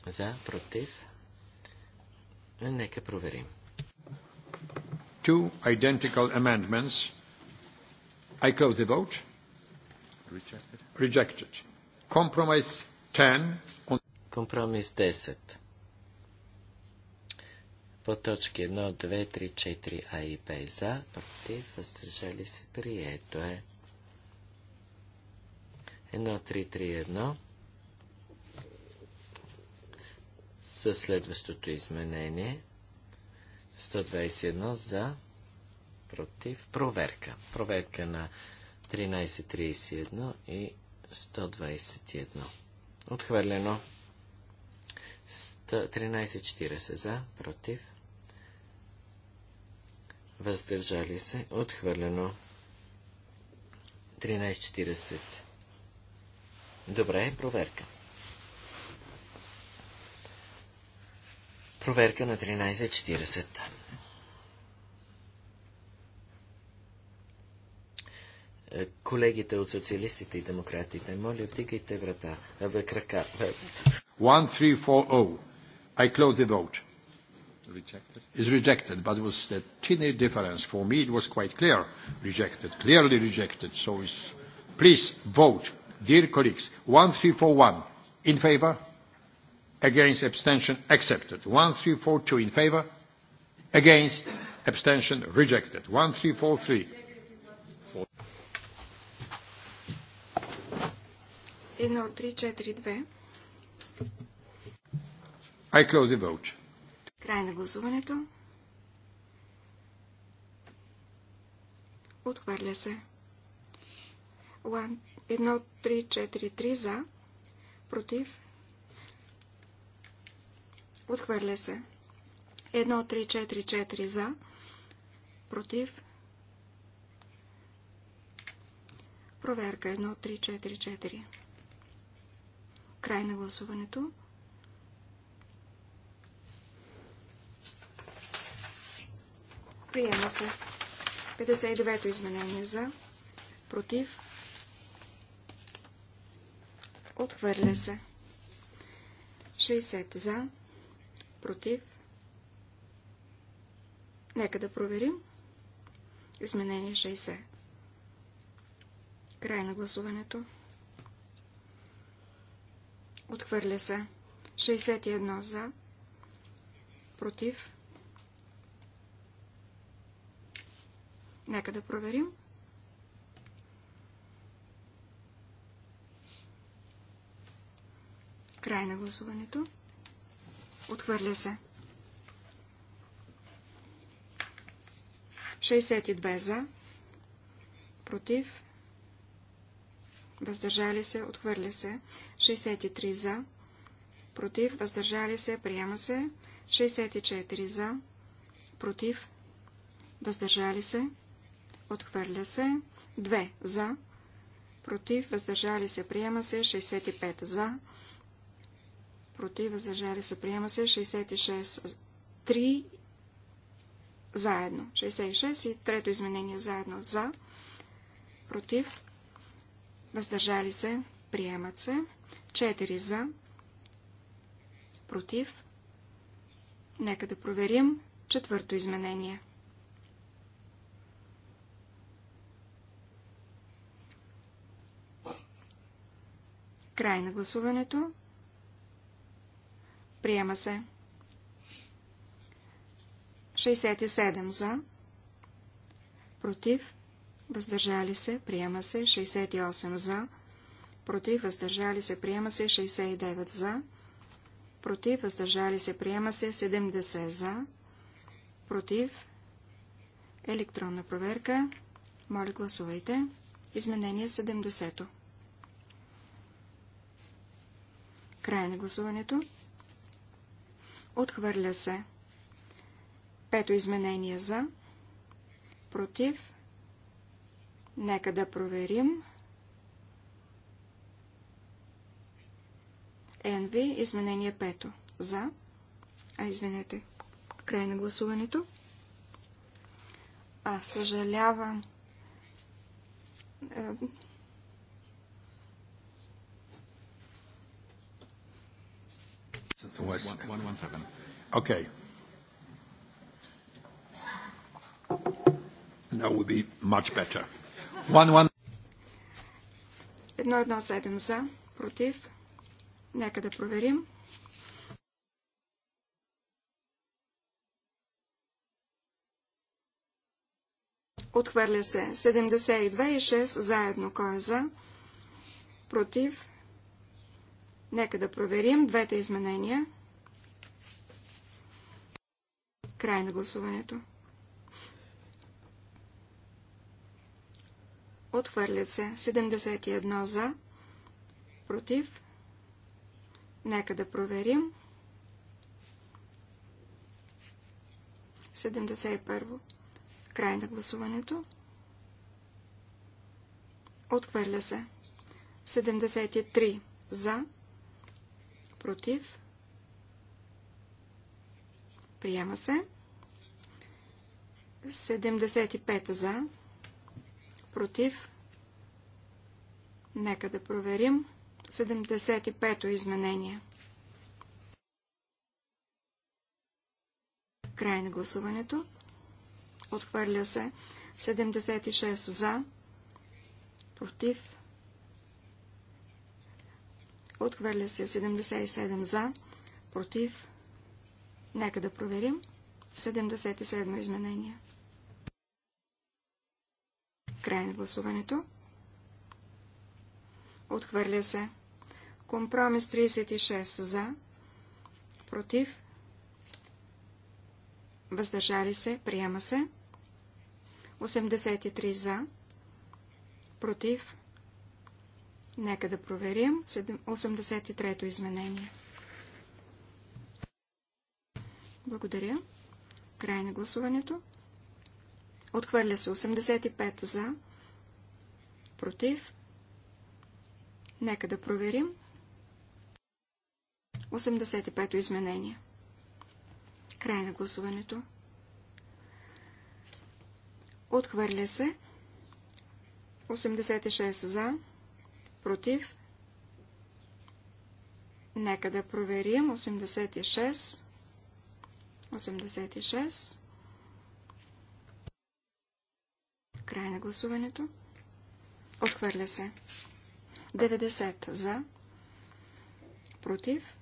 E: за. Против. Нека проверим. Two identical amendments. I close the vote. Rejected. Rejected. Compromise 10. On... Компромис 10 по
D: точки 1, 2, 3, 4, А и Б за, против, въздържали се, прието е. 1, 3, 3, 1 със следващото изменение. 121 за против проверка. Проверка на 1331 и 121. Отхвърлено. 1340 за против въздържали се, отхвърлено. 13.40. Добре, проверка. Проверка на 13.40. Колегите от социалистите и демократите, моля, вдигайте врата, в крака.
E: 1340. I close the vote. Rejected. Is rejected, but it was a tiny difference. For me, it was quite clear. Rejected. Clearly rejected. So it's, please vote. Dear colleagues, 1341 in favor, against abstention accepted. 1342 in favor, against abstention rejected. 1343.
C: Едно, три, четири, две.
E: I close the vote.
C: Край на гласуването. Отхвърля се. 1, 3, 4, 3 за. Против. Отхвърля се. 1, 3, 4, 4 за. Против. Проверка 1, 3, 4, 4. Край на гласуването. Приема се. 59-то изменение за. Против. Отхвърля се. 60 за. Против. Нека да проверим. Изменение 60. Край на гласуването. Отхвърля се. 61 за. Против. Нека да проверим. Край на гласуването. Отхвърля се. 62 за. Против. Въздържали се. Отхвърля се. 63 за. Против. Въздържали се. Приема се. 64 за. Против. Въздържали се. Отхвърля се. 2. За. Против. Въздържали се. Приема се. 65. За. Против. Въздържали се. Приема се. 66. 3. Заедно. 66 и трето изменение заедно. За. Против. Въздържали се. Приемат се. 4. За. Против. Нека да проверим четвърто изменение. Край на гласуването. Приема се. 67 за. Против. Въздържали се. Приема се. 68 за. Против. Въздържали се. Приема се. 69 за. Против. Въздържали се. Приема се. 70 за. Против. Електронна проверка. Моля, гласувайте. Изменение 70-то. Край на гласуването. Отхвърля се. Пето изменение за. Против. Нека да проверим. НВ изменение пето. За. А, извинете. Край на гласуването. А, съжалявам. Е,
E: 117. Okay. That would be much better.
C: 117 за, против. Нека да проверим. Отхвърля се 72 и 6 заедно. Кой е за? Против? Нека да проверим двете изменения. Край на гласуването. Отвърлят се 71 за, против. Нека да проверим. 71. Край на гласуването. Отхвърля се. 73 за, Против. Приема се. 75 за. Против. Нека да проверим. 75-то изменение. Край на гласуването. Отхвърля се 76 за, против, Отхвърля се 77 за, против. Нека да проверим. 77 изменение. Край на гласуването. Отхвърля се. Компромис 36 за, против. Въздържали се, приема се. 83 за, против. Нека да проверим 83-то изменение. Благодаря. Край на гласуването. Отхвърля се 85 за. Против. Нека да проверим. 85-то изменение. Край на гласуването. Отхвърля се. 86 за против. Нека да проверим 86. 86. Край на гласуването. Отхвърля се. 90 за. Против.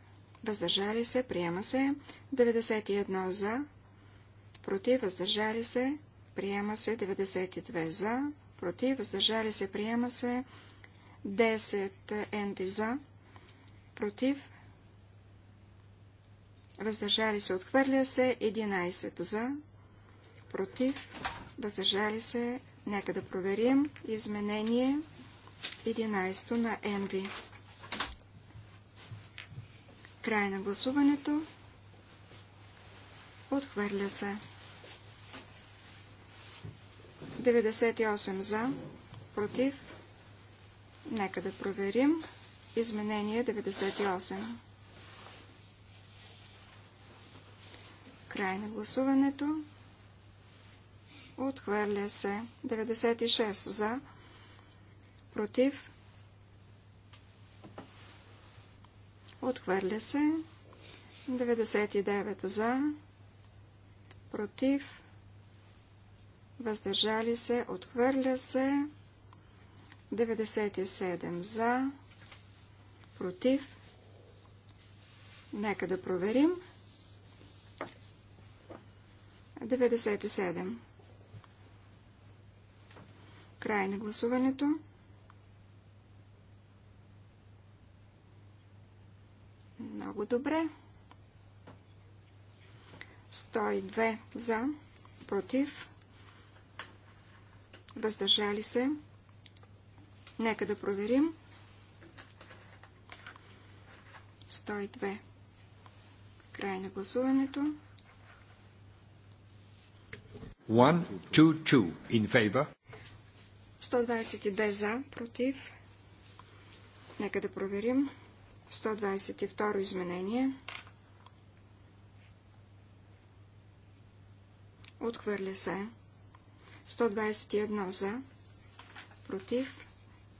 C: Въздържали се. Приема се. 91 за. Против. Въздържали се. Приема се. 92 за. Против. Въздържали се. Приема се. 10 е, НД за, против, въздържали се, отхвърля се, 11 за, против, въздържали се, нека да проверим, изменение 11 на NV. Край на гласуването. Отхвърля се. 98 за, против, Нека да проверим. Изменение 98. Край на гласуването. Отхвърля се. 96 за. Против. Отхвърля се. 99 за. Против. Въздържали се. Отхвърля се. 97 за, против. Нека да проверим. 97. Край на гласуването. Много добре. 102 за, против, въздържали се. Нека да проверим. 102. Край на гласуването.
E: 1, in favor.
C: 122 за, против. Нека да проверим. 122 изменение. Отхвърля се. 121 за, против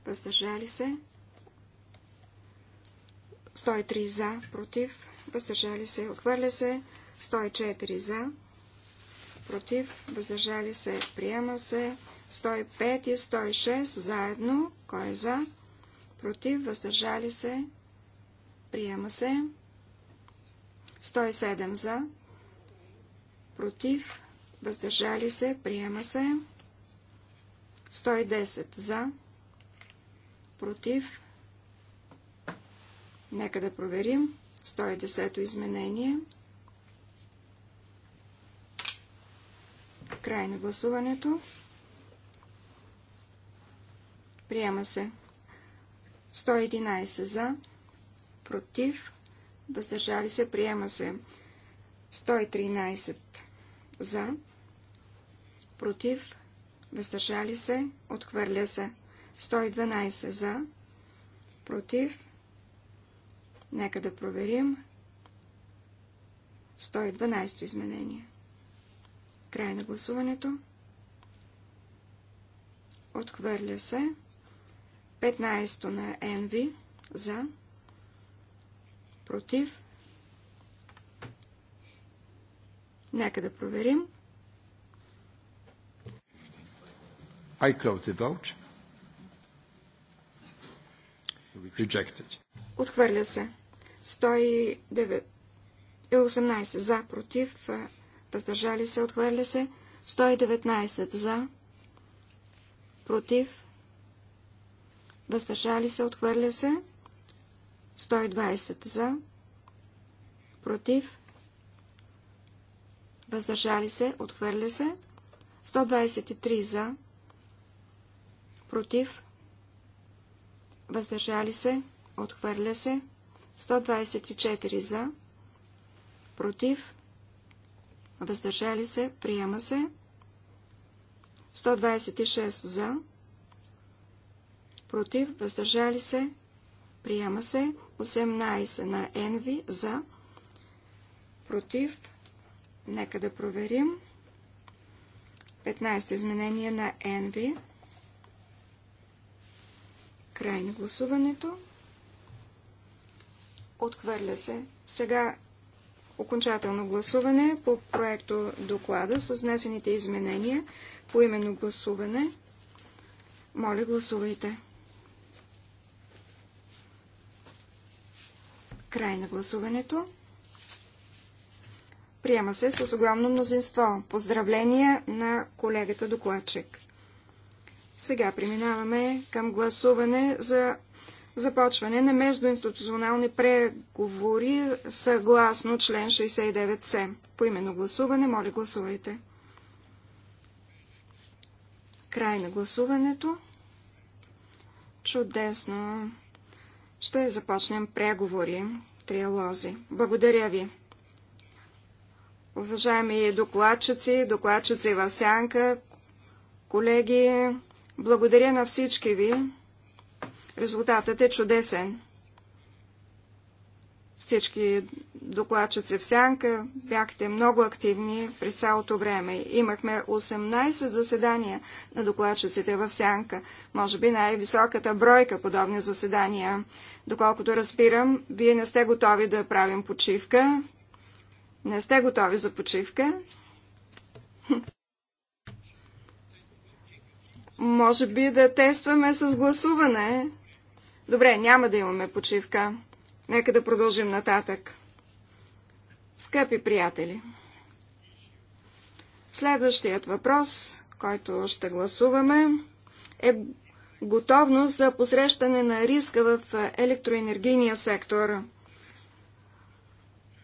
C: въздържали се. 103 за, против, въздържали се, отхвърля се. 104 за, против, въздържали се, приема се. 105 и 106 заедно, кой е за, против, въздържали се, приема се. 107 за, против, въздържали се, приема се. 110 за, против. Нека да проверим. 110-то изменение. Край на гласуването. Приема се. 111 за, против, въздържали се, приема се. 113 за, против, въздържали се, отхвърля се. 112 за, против. Нека да проверим. 112 изменение. Край на гласуването. Отхвърля се. 15 на НВ за, против. Нека да проверим.
E: I close the vote. Rejected.
C: Отхвърля се. 109 и 18 е, за, против, въздържали се, отхвърля се. 119 за, против, въздържали се, отхвърля се. 120 за, против, въздържали се, отхвърля се. 123 за, против, въздържали се, отхвърля се, 124 за, против, въздържали се, приема се, 126 за, против, въздържали се, приема се, 18 на Енви за, против, нека да проверим, 15 изменение на Енви, Край на гласуването. Отхвърля се. Сега окончателно гласуване по проекто доклада с внесените изменения по именно гласуване. Моля, гласувайте. Край на гласуването. Приема се с огромно мнозинство. Поздравления на колегата докладчик. Сега преминаваме към гласуване за започване на междуинституционални преговори съгласно член 69С. По именно гласуване, моля гласувайте. Край на гласуването. Чудесно. Ще започнем преговори, триалози. Благодаря ви. Уважаеми докладчици, докладчици в сянка, колеги, благодаря на всички ви. Резултатът е чудесен. Всички докладчици в сянка бяхте много активни през цялото време. Имахме 18 заседания на докладчиците в сянка. Може би най-високата бройка подобни заседания. Доколкото разбирам, вие не сте готови да правим почивка. Не сте готови за почивка. Може би да тестваме с гласуване. Добре, няма да имаме почивка. Нека да продължим нататък. Скъпи приятели, следващият въпрос, който ще гласуваме, е готовност за посрещане на риска в електроенергийния сектор.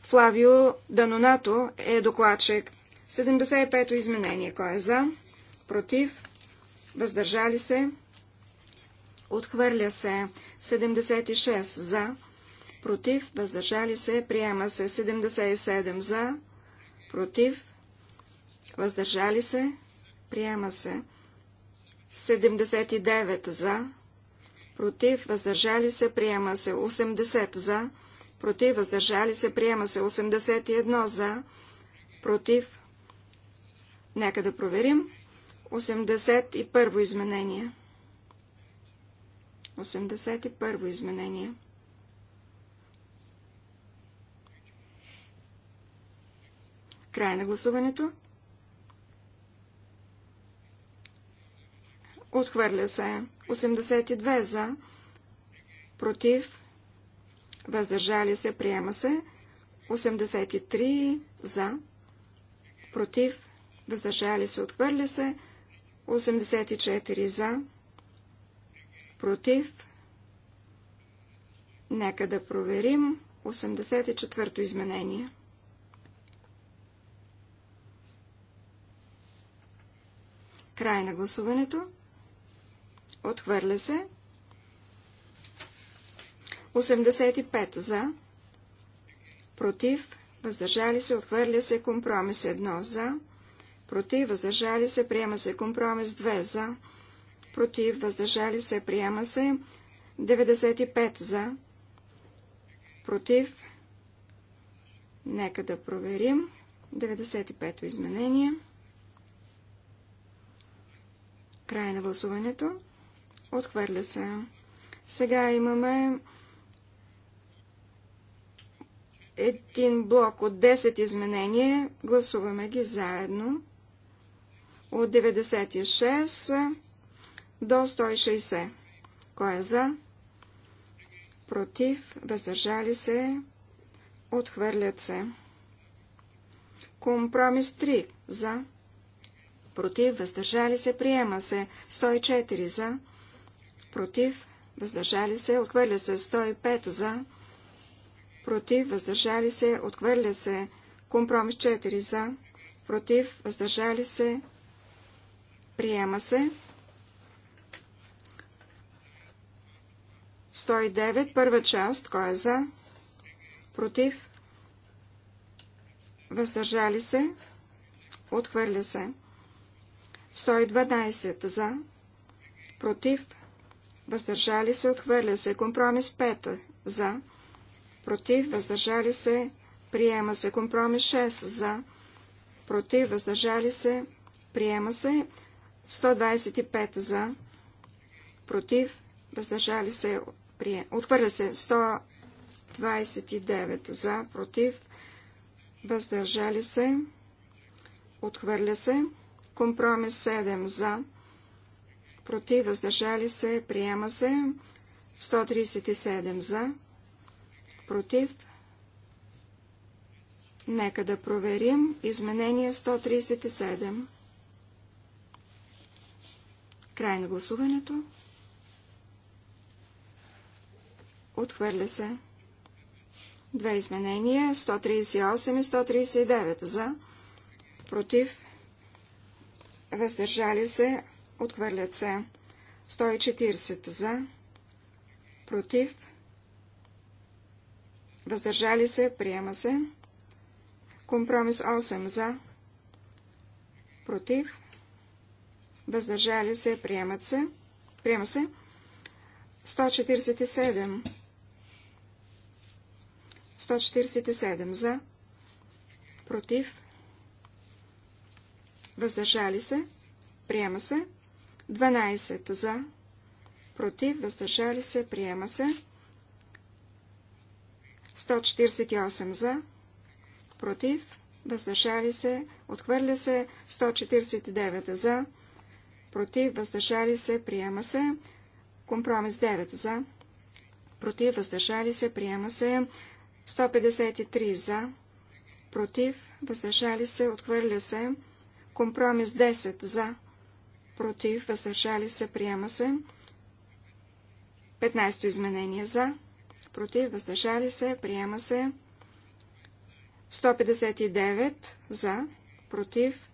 C: Флавио Данонато е докладчик. 75-то изменение. Кой е за? Против? въздържали се, отхвърля се 76 за, против, въздържали се, приема се 77 за, против, въздържали се, приема се 79 за, против, въздържали се, приема се 80 за, против, въздържали се, приема се 81 за, против. Нека да проверим. 81 изменение. 81 изменение. Край на гласуването. Отхвърля се. 82 за. Против. Въздържали се. Приема се. 83 за. Против. Въздържали се. Отхвърля се. 84 за, против. Нека да проверим 84-то изменение. Край на гласуването. Отхвърля се. 85 за. Против. Въздържали се. Отхвърля се. Компромис 1 за против, въздържали се, приема се. Компромис 2 за, против, въздържали се, приема се. 95 за, против. Нека да проверим. 95-то изменение. Край на гласуването. Отхвърля се. Сега имаме един блок от 10 изменения. Гласуваме ги заедно от 96 до 160. Кой е за? Против, въздържали се, отхвърлят се. Компромис 3 за. Против, въздържали се, приема се. 104 за. Против, въздържали се, отхвърля се. 105 за. Против, въздържали се, отхвърля се. Компромис 4 за. Против, въздържали се, Приема се. 109. Първа част. Кой е за? Против. Въздържали се. Отхвърля се. 112. За. Против. Въздържали се. Отхвърля се. Компромис 5. За. Против. Въздържали се. Приема се. Компромис 6. За. Против. Въздържали се. Приема се. 125 за, против, въздържали се, прие. Отхвърля се 129 за, против, въздържали се, отхвърля се. Компромис 7 за, против, въздържали се, приема се. 137 за, против. Нека да проверим. Изменение 137. Край на гласуването. Отхвърля се. Две изменения, 138 и 139 за, против, въздържали се, отхвърлят се. 140 за, против, въздържали се, приема се. Компромис 8 за, против, въздържали се, приемат се, приема се. 147. 147 за, против, въздържали се, приема се. 12 за, против, въздържали се, приема се. 148 за, против, въздържали се, отхвърля се, 149 за, против, въздържали се, приема се. Компромис 9 за, против, въздържали се, приема се. 153 за, против, въздържали се, отхвърля се. Компромис 10 за, против, въздържали се, приема се. 15 изменение за, против, въздържали се, приема се. 159 за, против,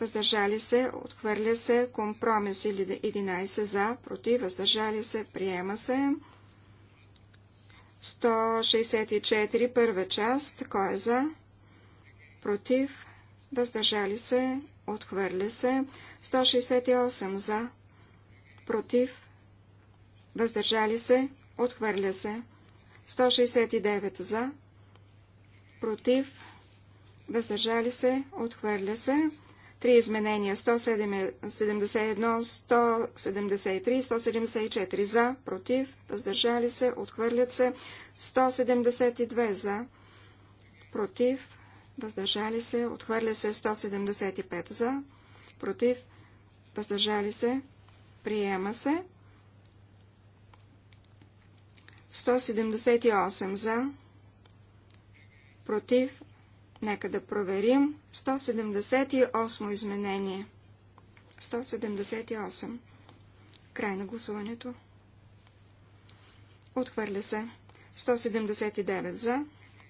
C: въздържали се, отхвърля се, компромис или 11 за, против, въздържали се, приема се. 164, първа част, кой е за, против, въздържали се, отхвърля се. 168 за, против, въздържали се, отхвърля се. 169 за, против, въздържали се, отхвърля се. Три изменения 171, 173, 174 за, против, въздържали се, отхвърлят се 172 за, против, въздържали се, отхвърля се 175 за, против, въздържали се, приема се 178 за, против, Нека да проверим 178 изменение. 178. Край на гласуването. Отхвърля се. 179 за,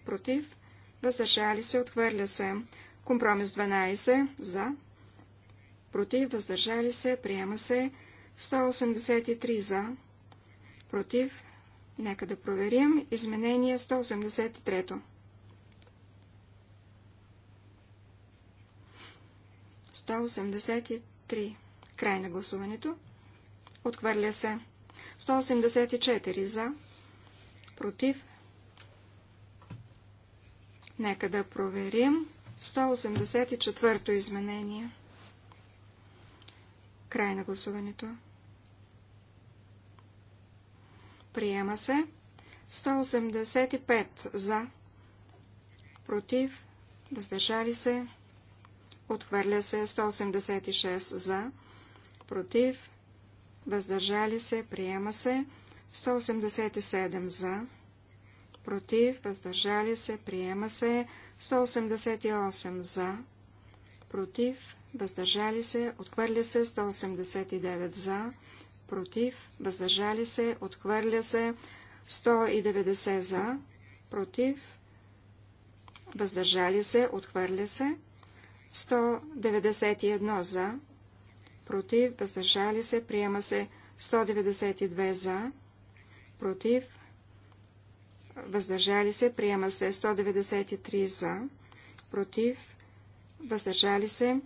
C: против, въздържали се, отхвърля се. Компромис 12 за, против, въздържали се, приема се. 183 за, против. Нека да проверим. Изменение 183. 183. Край на гласуването. Отхвърля се. 184 за. Против. Нека да проверим. 184 изменение. Край на гласуването. Приема се. 185 за. Против. Въздържали се. Отхвърля се 186 за. Против. Въздържали се. Приема се. 187 за. Против. Въздържали се. Приема се. 188 за. Против. Въздържали се. Отхвърля се. 189 за. Против. Въздържали се. Отхвърля се. 190 за. Против. Въздържали се. Отхвърля се. 191 за, против, въздържали се, приема се 192 за, против, въздържали се, приема се 193 за, против, въздържали се,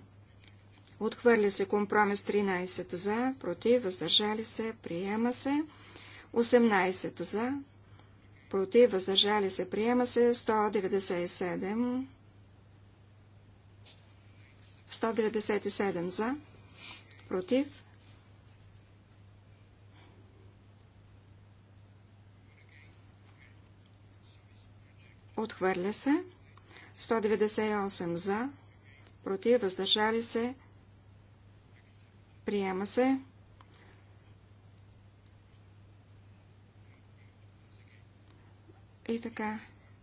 C: отхвърля се компромис 13 за, против, въздържали се, приема се 18 за, против, въздържали се, приема се 197 197 за, против. Отхвърля се. 198 за, против, въздържали се. Приема се. И така.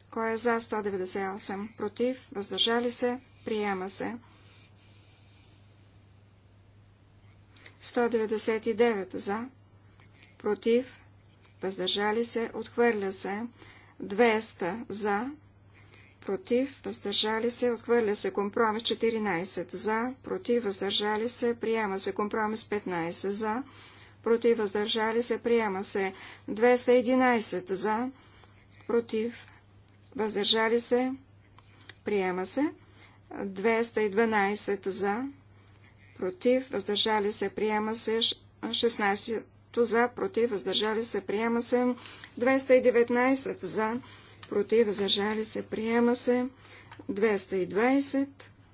C: Кой е за 198? Против? Въздържали се? Приема се. 199 за, против, въздържали се, отхвърля се. 200 за, против, въздържали се, отхвърля се компромис 14 за, против, въздържали се, приема се компромис 15 за, против, въздържали се, приема се 211 за, против, въздържали се, приема се 212 за, против, въздържали се, приема се 16 за, против, въздържали се, приема се 219 за, против, въздържали се, приема се 220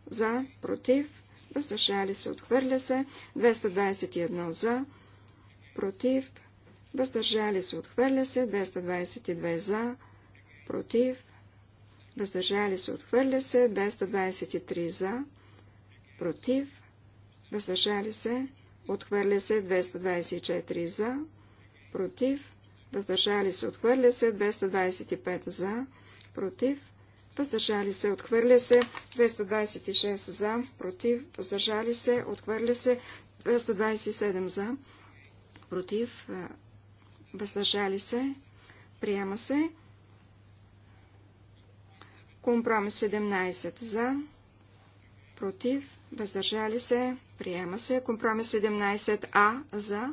C: за, против, въздържали се, отхвърля се 221 за, против, въздържали се, отхвърля се 222 за, против, въздържали се, отхвърля се 223 за, против, въздържали се, отхвърля се 224 за, против, въздържали се, отхвърля се 225 за, против, въздържали се, отхвърля се 226 за, против, въздържали се, отхвърля се 227 за, против, въздържали се, приема се. Компромис 17 за, против, въздържали се, приема се. Компромис 17А за,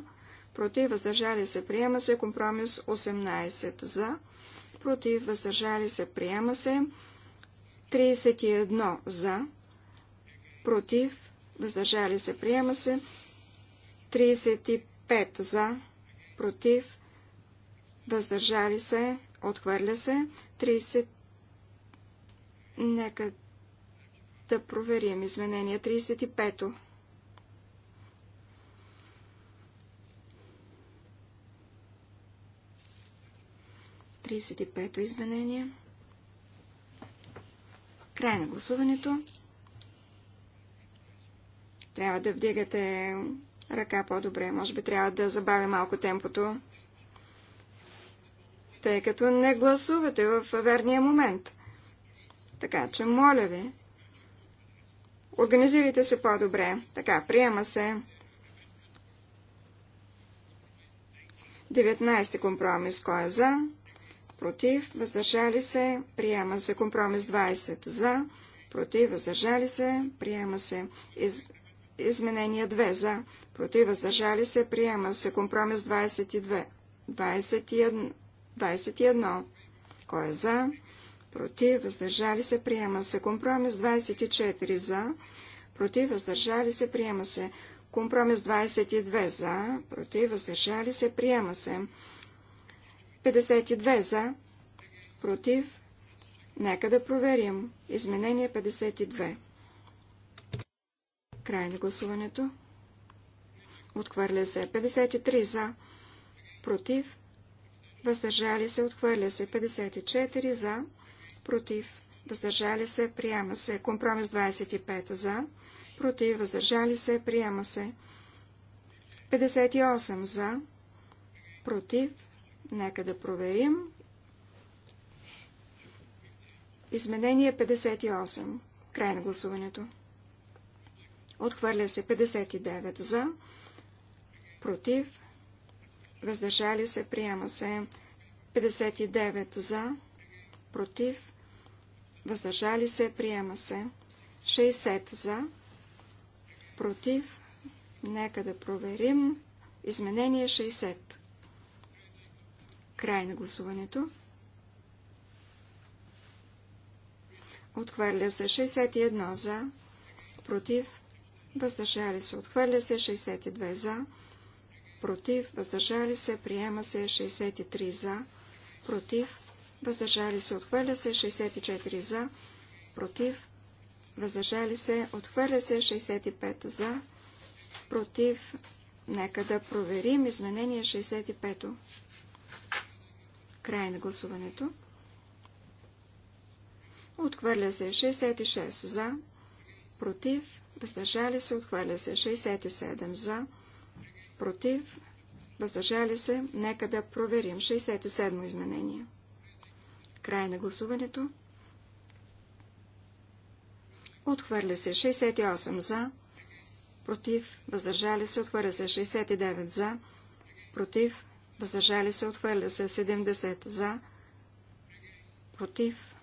C: против, въздържали се, приема се. Компромис 18 за, против, въздържали се, приема се. 31 за, против, въздържали се, приема се. 35 за, против, въздържали се, отхвърля се. 30... Нека да проверим изменение 35-то. Тридесет изменение. Край на гласуването. Трябва да вдигате ръка по-добре. Може би трябва да забавя малко темпото, тъй като не гласувате в верния момент. Така че, моля ви, Организирайте се по-добре. Така, приема се. 19 компромис. Кой е за? Против. Въздържали се. Приема се. Компромис 20 за. Против. Въздържали се. Приема се. Из... Изменение 2 за. Против. Въздържали се. Приема се. Компромис 22. 21. 21. Кой е за? против, въздържали се, приема се. Компромис 24 за, против, въздържали се, приема се. Компромис 22 за, против, въздържали се, приема се. 52 за, против. Нека да проверим. Изменение 52. Край на гласуването. Отхвърля се. 53 за, против. Въздържали се, отхвърля се. 54 за, против против, въздържали се, приема се. Компромис 25 за, против, въздържали се, приема се. 58 за, против, нека да проверим. Изменение 58. Край на гласуването. Отхвърля се 59 за, против, въздържали се, приема се 59 за, против, въздържали се, приема се. 60 за, против, нека да проверим. Изменение 60. Край на гласуването. Отхвърля се 61 за, против, въздържали се. Отхвърля се 62 за, против, въздържали се, приема се 63 за, против, въздържали се, отхвърля се, 64 за, против, въздържали се, отхвърля се, 65 за, против, нека да проверим изменение 65-то. Край на гласуването. Отхвърля се 66 за, против, въздържали се, отхвърля се 67 за, против, въздържали се, нека да проверим 67 изменение. Край на гласуването. Отхвърля се 68 за, против, въздържали се, отхвърля се 69 за, против, въздържали се, отхвърля се 70 за, против.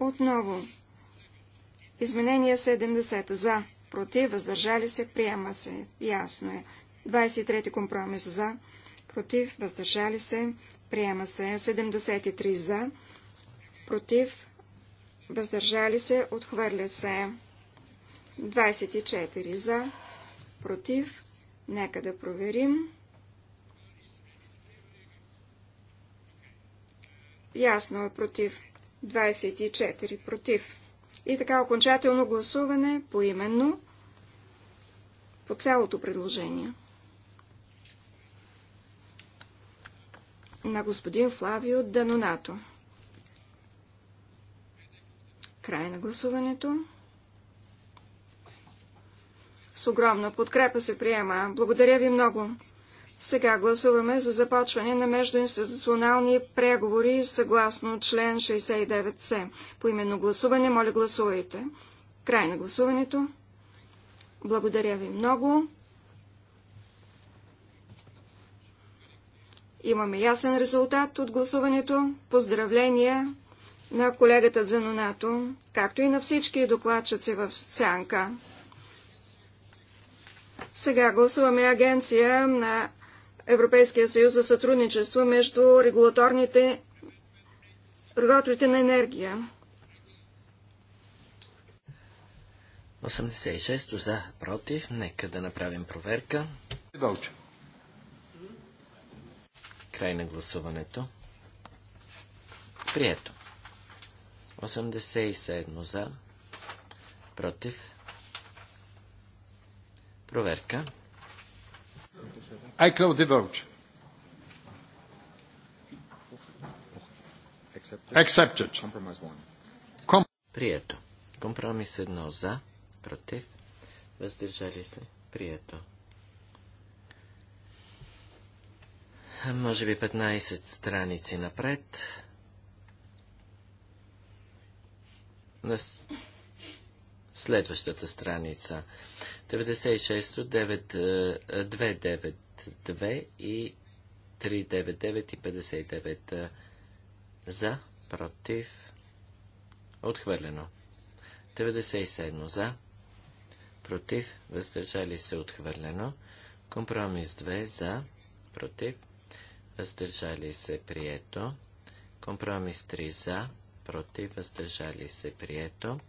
C: Отново. Изменение 70 за, против, въздържали се, приема се. Ясно е. 23 компромис за, против, въздържали се, приема се. 73 за, против, въздържали се, отхвърля се. 24 за, против, нека да проверим. Ясно е против. 24 против. И така окончателно гласуване поименно по цялото предложение. на господин Флавио Данонато. Край на гласуването. С огромна подкрепа се приема. Благодаря ви много. Сега гласуваме за започване на междуинституционални преговори съгласно член 69С. По именно гласуване, моля гласувайте. Край на гласуването. Благодаря ви много. Имаме ясен резултат от гласуването. Поздравления на колегата Занонато, както и на всички докладчици в Сянка. Сега гласуваме агенция на Европейския съюз за сътрудничество между регулаторните регулаторите на енергия.
D: 86 за, против. Нека да направим проверка. Вълчев. Край на гласуването. Прието. 87 за. Против.
E: Проверка. I close the vote. Accepted.
D: Прието. Компромис 1 за. Против. Въздържали се. Прието. може би 15 страници напред. На следващата страница. 96-292 и 399 е, е, и 59 е, за, против, отхвърлено. 97 за, против, въздържали се отхвърлено. Компромис 2 за, против, въздържали се прието. Компромис 3 за, против, въздържали се прието.